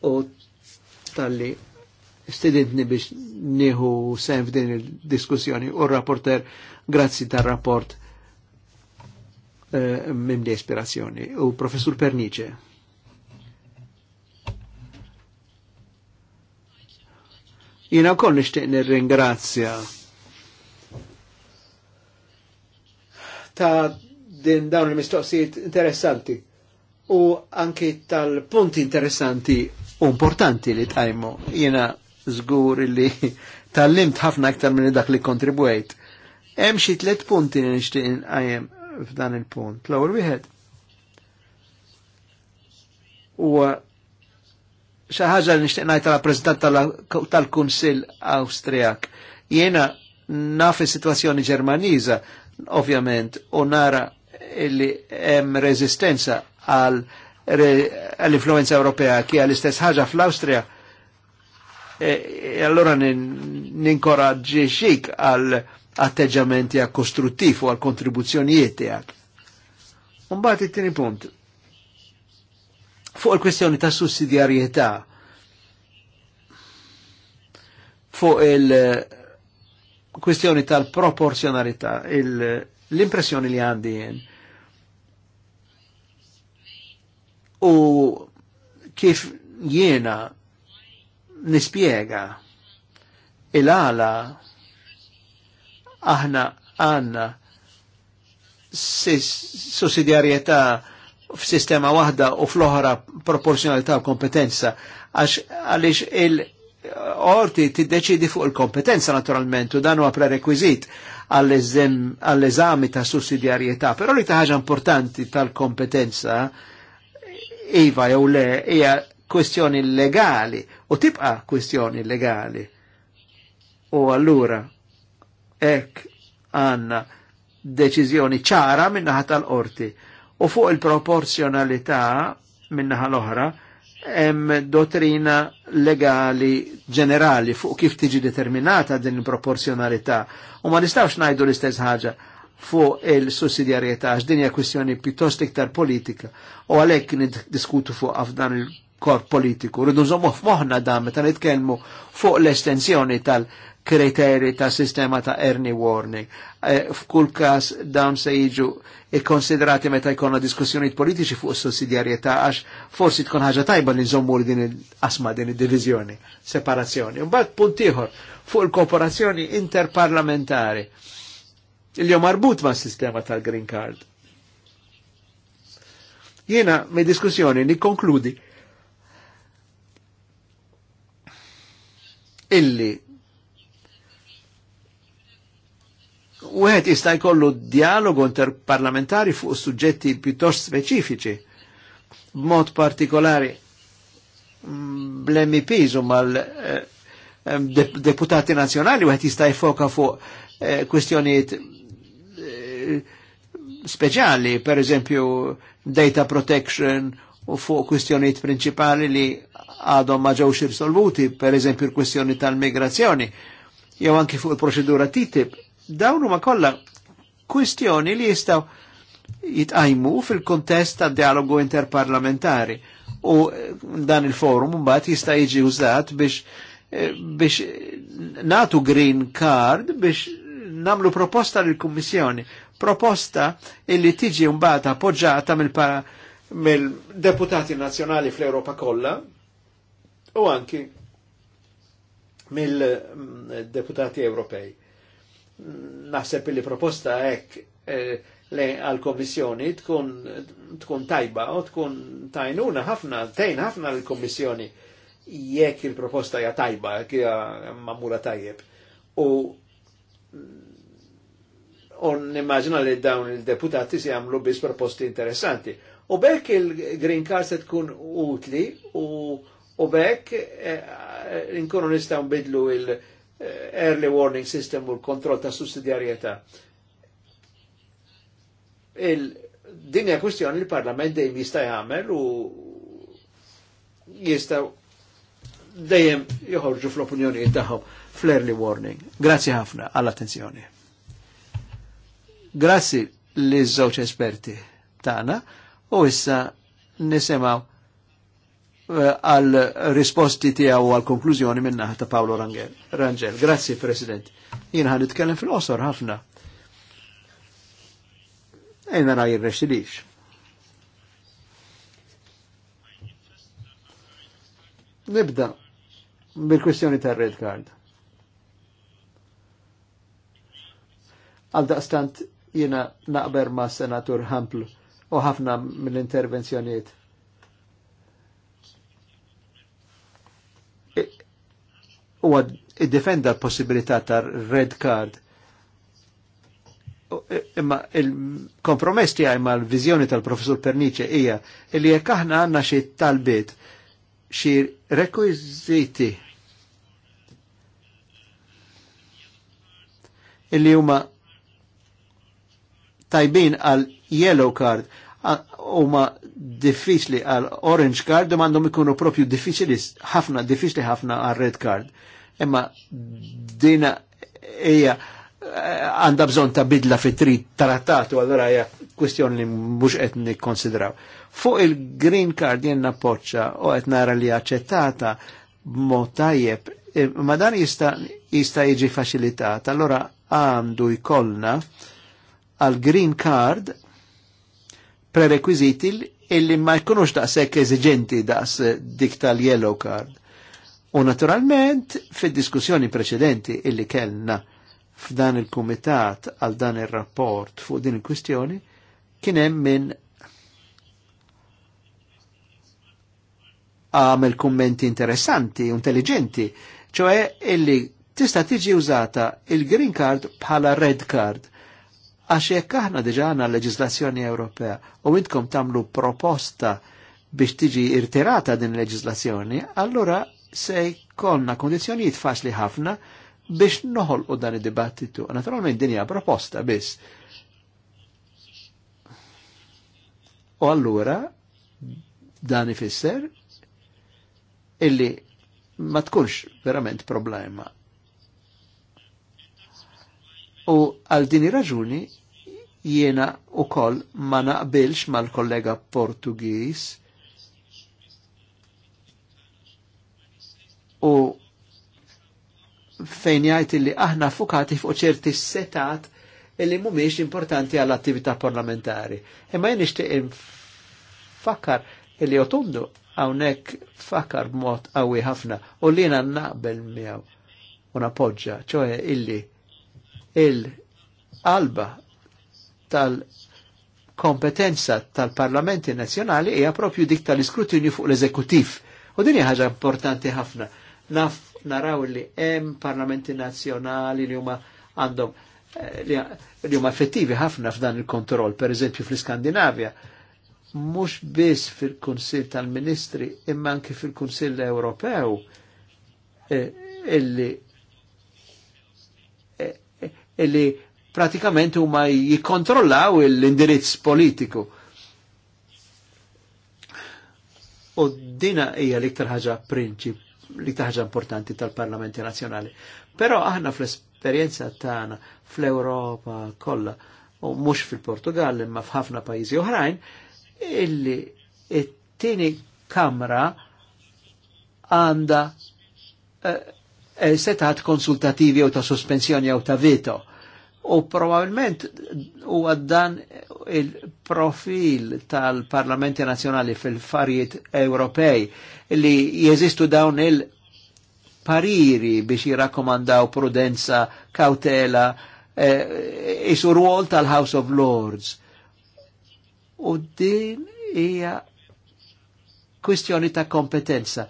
u tal-li istedintni biex nieħu sem f'din il-diskussjoni u rapporter grazzi tal-rapport eh, minn di ispirazzjoni u professur Pernice. Jina wkoll nixtieq ringrazzja ta' din dawn il-mistoqsijiet interessanti u anki tal-punti interessanti u importanti li tajmu. Jena zgur li tal-limt ħafna aktar minn dak li kontribwejt. Hemm xi tliet punti li nixtieq inqajjem f'dan il-punt. L-ewwel wieħed U xi ħaġa li nixtieq ngħid rappreżentant tal-Kunsill Awstrijak. Jiena naf is-sitwazzjoni Ġermaniża ovvjament u nara illi hemm reżistenza għall-influenza Ewropea ki l-istess ħaġa fl austria e, e, allora ninkoraġġi xik għal atteġġamenti għal kostruttiv u għal kontribuzzjonijiet tiegħek. Mbagħad it-tieni punt. Fuq il-kwestjoni ta' sussidjarjetà fuq il-kwestjoni eh, tal-proporzjonalità, il l-impressjoni li għandi jen u kif jiena nispiega il-għala aħna għanna sussidjarjetà f'sistema waħda u fl ohra proporzjonalità u kompetenza għax għalix il- orti tiddeċidi fuq il-kompetenza naturalment u dan huwa prerequisit għall-eżami ta' sussidjarjetà, però li ta' ħaġa importanti tal-kompetenza iva jew le hija kwestjoni legali u tibqa' kwestjoni legali. U allura hekk għandna deċiżjoni ċara minnaħa tal-qorti u fuq il-proporzjonalità minnaħa l-oħra hemm dottrina legali ġenerali fuq kif tiġi determinata din il-proporzjonalità u ma nistgħux ngħidu l-istess ħaġa fuq il-sussidjarietà x'din hija kwistjoni pjuttost iktar politika u għalhekk niddiskutu fuq f'dan il-korp politiku. Rridu nżommu f'moħħna dan meta nitkellmu fuq l-estensjoni tal-kriteri ta' sistema ta' Ernie Warning. E, f'kull każ dam se jiġu ikkonsiderati meta jkollna diskussjonijiet politiċi fuq sussidjarjetà għax forsi tkun ħaġa tajba li nżommu din il-qasma din id-diviżjoni, separazzjoni. Mbagħad punt ieħor fuq il-kooperazzjoni interparlamentari il marbut ma' sistema tal-green card. Jena, me diskussjoni, ni konkludi illi u għed jistaj kollu dialogu interparlamentari fuq suġġetti piuttost speċifiċi, b'mod partikolari mm, blemmi pizu mal-deputati nazjonali u għed jistaj foka fuq kwestjoniet eh, speċjali, per eżempju data protection u fuq kwistjonijiet principali li għadhom ma ġewx irsolvuti, per eżempju l-kwistjoni tal-migrazzjoni, jew anki fuq il-proċedura TTIP, dawn huma kollha kwistjoni li jistgħu jitqajmu fil-kontest ta' dialogu interparlamentari u dan il-forum mbagħad jista' jiġi użat biex eh, biex natu green card biex namlu proposta lill kummissjoni proposta illi tiġi mbata appoġġata mill-deputati mil nazzjonali fl-Europa kollha u anki mill-deputati mm, Ewropej. Mm, naħseb li proposta hekk għall eh, għal-Komissjoni tkun, tkun tajba u tkun tajnuna ħafna, tejn ħafna l-Komissjoni jekk il-proposta ja tajba, jekk ja mamura tajjeb. U mm, on nimmaġina li dawn il-deputati si għamlu bis proposti interessanti. U bekk il-green card se tkun utli u, u bekk eh, inkunu nistaw bidlu il-early eh, warning system u l-kontroll ta' sussidjarieta. Il-dinja kustjoni il-parlament dejjem jista' jagħmel u jista' dejjem joħorġu fl-opinjonijiet tagħhom fl-early warning. Grazzi ħafna għall-attenzjoni. Grazzi li żewġ esperti tagħna u issa nisimgħu eh, għal risposti tiegħu għal konklużjoni minnaħ ta' Paolo Rangel. Rangel, grazzi President. Jien ħan nitkellem fil-qosor ħafna. Ejna ra jirrexilix. Nibda bil-kwestjoni ta' red card. Għal daqstant jina naqber ma' senatur Hampl u ħafna mill-intervenzjoniet. U għad id-defenda l-possibilità ta' red card. Imma il-kompromess tiegħi ma' l-vizjoni tal-professur Pernice hija li jekk aħna għandna xi talbiet xi rekwiżiti illi huma tajbin għal yellow card huma diffiċli għal orange card u għandhom ikunu propju diffiċli ħafna diffiċli ħafna għal red card. Imma dina hija eh, għandha bżonn ta' bidla fit tri trattatu allora hija kwestjoni li mhux qed nikkonsidraw. Fuq il-green card jenna nappoċċa u qed nara li aċċettata b'mod tajjeb, eh, ma dan jista' jista' jiġi faċilitat. Allora għandu jkollna għal green card prerequisiti illi ma jkunux daqshekk eżiġenti daqs dik tal-yellow card. U naturalment, fid-diskussjoni preċedenti illi kellna f'dan il-kumitat għal dan il-rapport fuq din il-kwistjoni, kienem minn għamel kummenti interessanti, intelligenti, ċoħe illi tista tiġi użata il-green card bħala red card Għax jekk aħna diġa għandna leġislazzjoni Ewropea u intkom tagħmlu proposta biex tiġi irtirata din leġislazzjoni, allura se jkollna kondizjonijiet faċli ħafna biex noħolqu dan id-dibattitu. Naturalment din hija proposta biss. U allura dan ifisser illi ma tkunx verament problema. U għal din raġuni jiena u kol ma naqbilx mal-kollega Portugis u fejn jgħid li aħna fukati fuq ċerti setat illi mhumiex importanti għall attività parlamentari. Imma jien nixtieq infakkar illi otundu hawnhekk fakkar b'mod qawwi ħafna u li jiena naqbel miegħu u napoġġa, ċoħe illi il alba tal-kompetenza tal-parlamenti nazjonali hija propju dik tal-iskrutinju fuq l-eżekutif. U din hija ħaġa importanti ħafna. Naf naraw li hemm parlamenti nazjonali li huma għandhom eh, li huma effettivi ħafna f'dan il-kontroll, per eżempju fl-Iskandinavja, mhux biss fil-Kunsill tal-Ministri imma anke fil-Kunsill Ewropew eh, illi eh, illi pratikament huma jikkontrollaw l-indirizz politiku. U dina hija l-iktar ħaġa prinċip, l-iktar ħaġa importanti tal-Parlamenti Nazzjonali. Però aħna fl-esperjenza tagħna fl-Ewropa kollha, u mhux fil-Portugal imma f'ħafna pajjiżi oħrajn, illi it-tieni kamra għanda eh, eh setat konsultativi jew ta' sospensjoni jew ta' veto. U probabilment u għaddan il-profil tal-Parlamenti Nazjonali fil-farijiet Ewropej li jeżistu dawn il-pariri biex jirakomandaw prudenza, kautela, eh, isu ruol tal-House of Lords. U din hija kwistjoni ta' kompetenza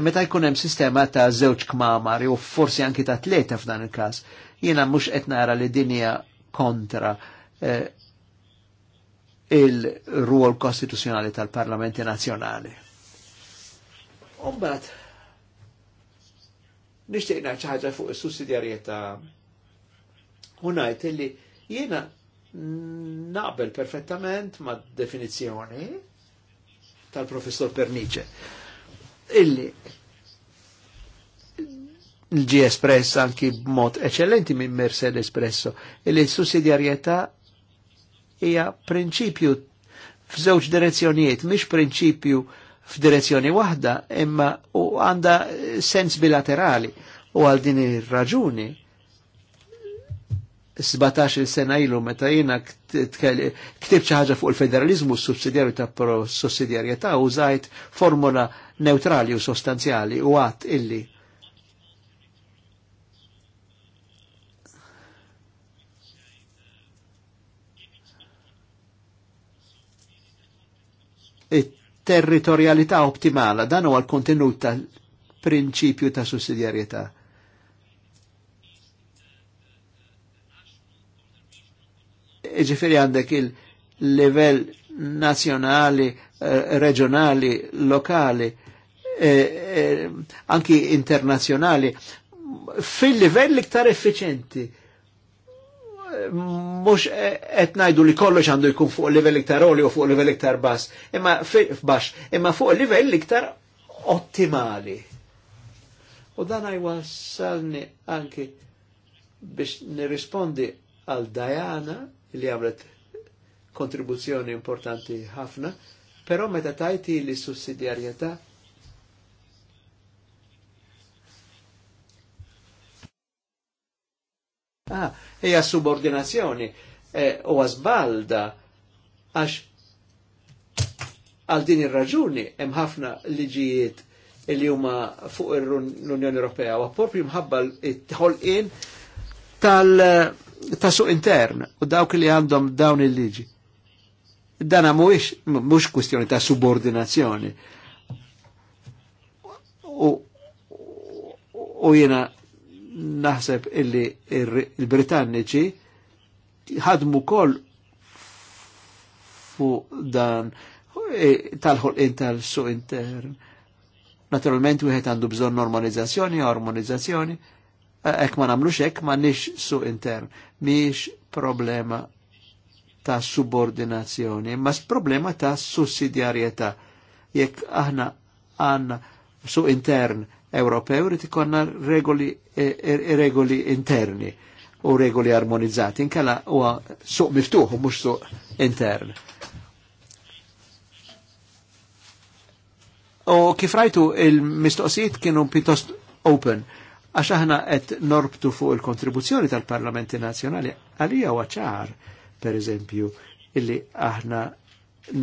meta jkun hemm sistema ta' żewġ kmamar jew forsi anki ta' tleta f'dan il-każ, jiena mhux qed nara li dinja kontra eh, il-ruol kostituzzjonali tal-Parlamenti Nazzjonali. Umbat, nishtiq ngħid xi ħaġa fuq is-sussidjarjetà u ngħid illi jiena naqbel perfettament mad definizzjoni tal-professor Pernice illi l-G Espress anki b b'mod eccellenti minn Mercedes Espresso illi s-sussidjarjetà hija prinċipju f'żewġ direzzjonijiet, mhix prinċipju f'direzzjoni waħda, imma u għanda sens bilaterali u għal din ir-raġuni 17 sena ilu meta jina ktib ħaġa fuq il-federalizmu s-sussidjarju ta' pro sussidjarjetà u użajt formula neutrali u sostanzjali u għat illi territorialità ottimala dan al contenuto kontenut tal-prinċipju ta' E Ġifieri għandek il-level nazjonali, eh, regionali, lokali, Eh, eh, anki internazjonali fil-livell iktar effiċenti mux etnajdu li kollox għandu jkun fuq livell iktar oli u fuq livell iktar bass, imma f'bax, imma fuq livell iktar ottimali. U dan għajwassalni anki biex nirrispondi għal Diana li għamlet kontribuzzjoni importanti ħafna, pero meta tajti li sussidjarjeta Ah, hija subordinazzjoni eh, u għazbalda għax għal din ir-raġuni hemm ħafna liġijiet li huma fuq l-Unjoni Ewropea u propri mħabba it in tal ta' suq intern u dawk li għandhom dawn il-liġi. Dana mhuwiex mhux kwistjoni ta' subordinazzjoni. u jiena naħseb illi il-Britanniċi ħadmu kol fu dan e, tal-ħolqin inter-su intern. Naturalment wieħed għandu bżonn normalizzazzjoni, armonizzazzjoni, e, ek ma nagħmlux hekk nix su intern. Mhix problema ta' subordinazzjoni, ma' problema ta' sussidjarjetà. Jekk aħna għandna su intern Ewropew rrit ikonna regoli, e, e, e, regoli interni u regoli armonizzati, inkella huwa suq miftuħ u mhux suq intern. U kif rajtu il-mistoqsijiet kienu pjuttost open, għax aħna qed norbtu fuq il-kontribuzzjoni tal-Parlamenti Nazzjonali għalija huwa ċar, per eżempju, illi aħna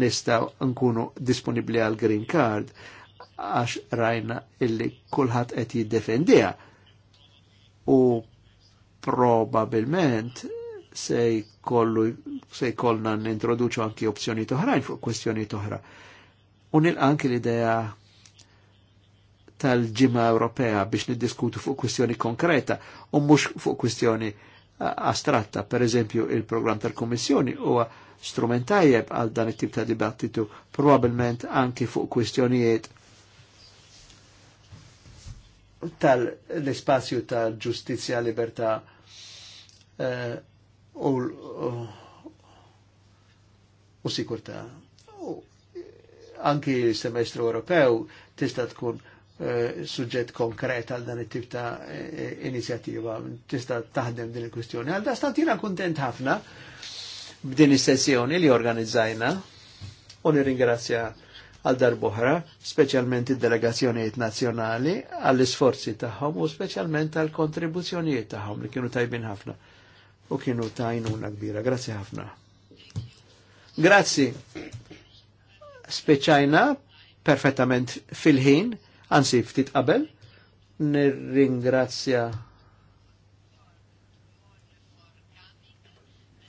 nistaw nkunu disponibli għal green card għax rajna illi kulħadd qed jiddefendiha. U probabilment se jkollu se jkollna nintroduċu anki opzjoni toħrajn fuq kwestjoni toħra. U anki l-idea tal ġimma Ewropea biex niddiskutu fuq kwestjoni konkreta u mhux fuq kwestjoni astratta, per eżempju il-programm tal-Kommissjoni huwa strumentajjeb għal dan it-tip ta' dibattitu, probabilment anki fuq kwestjonijiet tal l espazju tal-ġustizja, libertà eh, u u sikurtà. Anki il semestru Ewropew tista' tkun eh, suġġett konkret għal dan it-tip ta' eh, inizjattiva, tista' taħdem din il-kwistjoni. Għal da' statina kontent ħafna b'din is-sessjoni li organizzajna u ringrazzja għal darboħra, specialment id-delegazzjonijiet nazjonali għall-isforzi tagħhom u specialment għall kontribuzzjonijiet tagħhom li kienu tajbin ħafna u kienu tajnuna kbira. Grazzi ħafna. Grazzi. Speċajna perfettament fil-ħin, anzi ftit qabel, nirringrazzja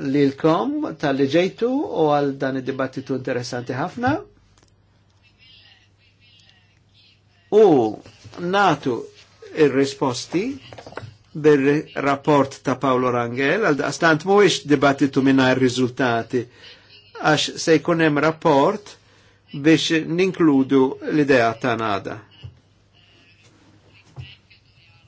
lilkom tal-li ġejtu u għal dan id-dibattitu interessanti ħafna. u natu il risposti bil-rapport ta' Paolo Rangel, għal mu mhuwiex dibattitu minna il-rizultati, għax se jkun hemm rapport biex ninkludu l-idea ta' nada.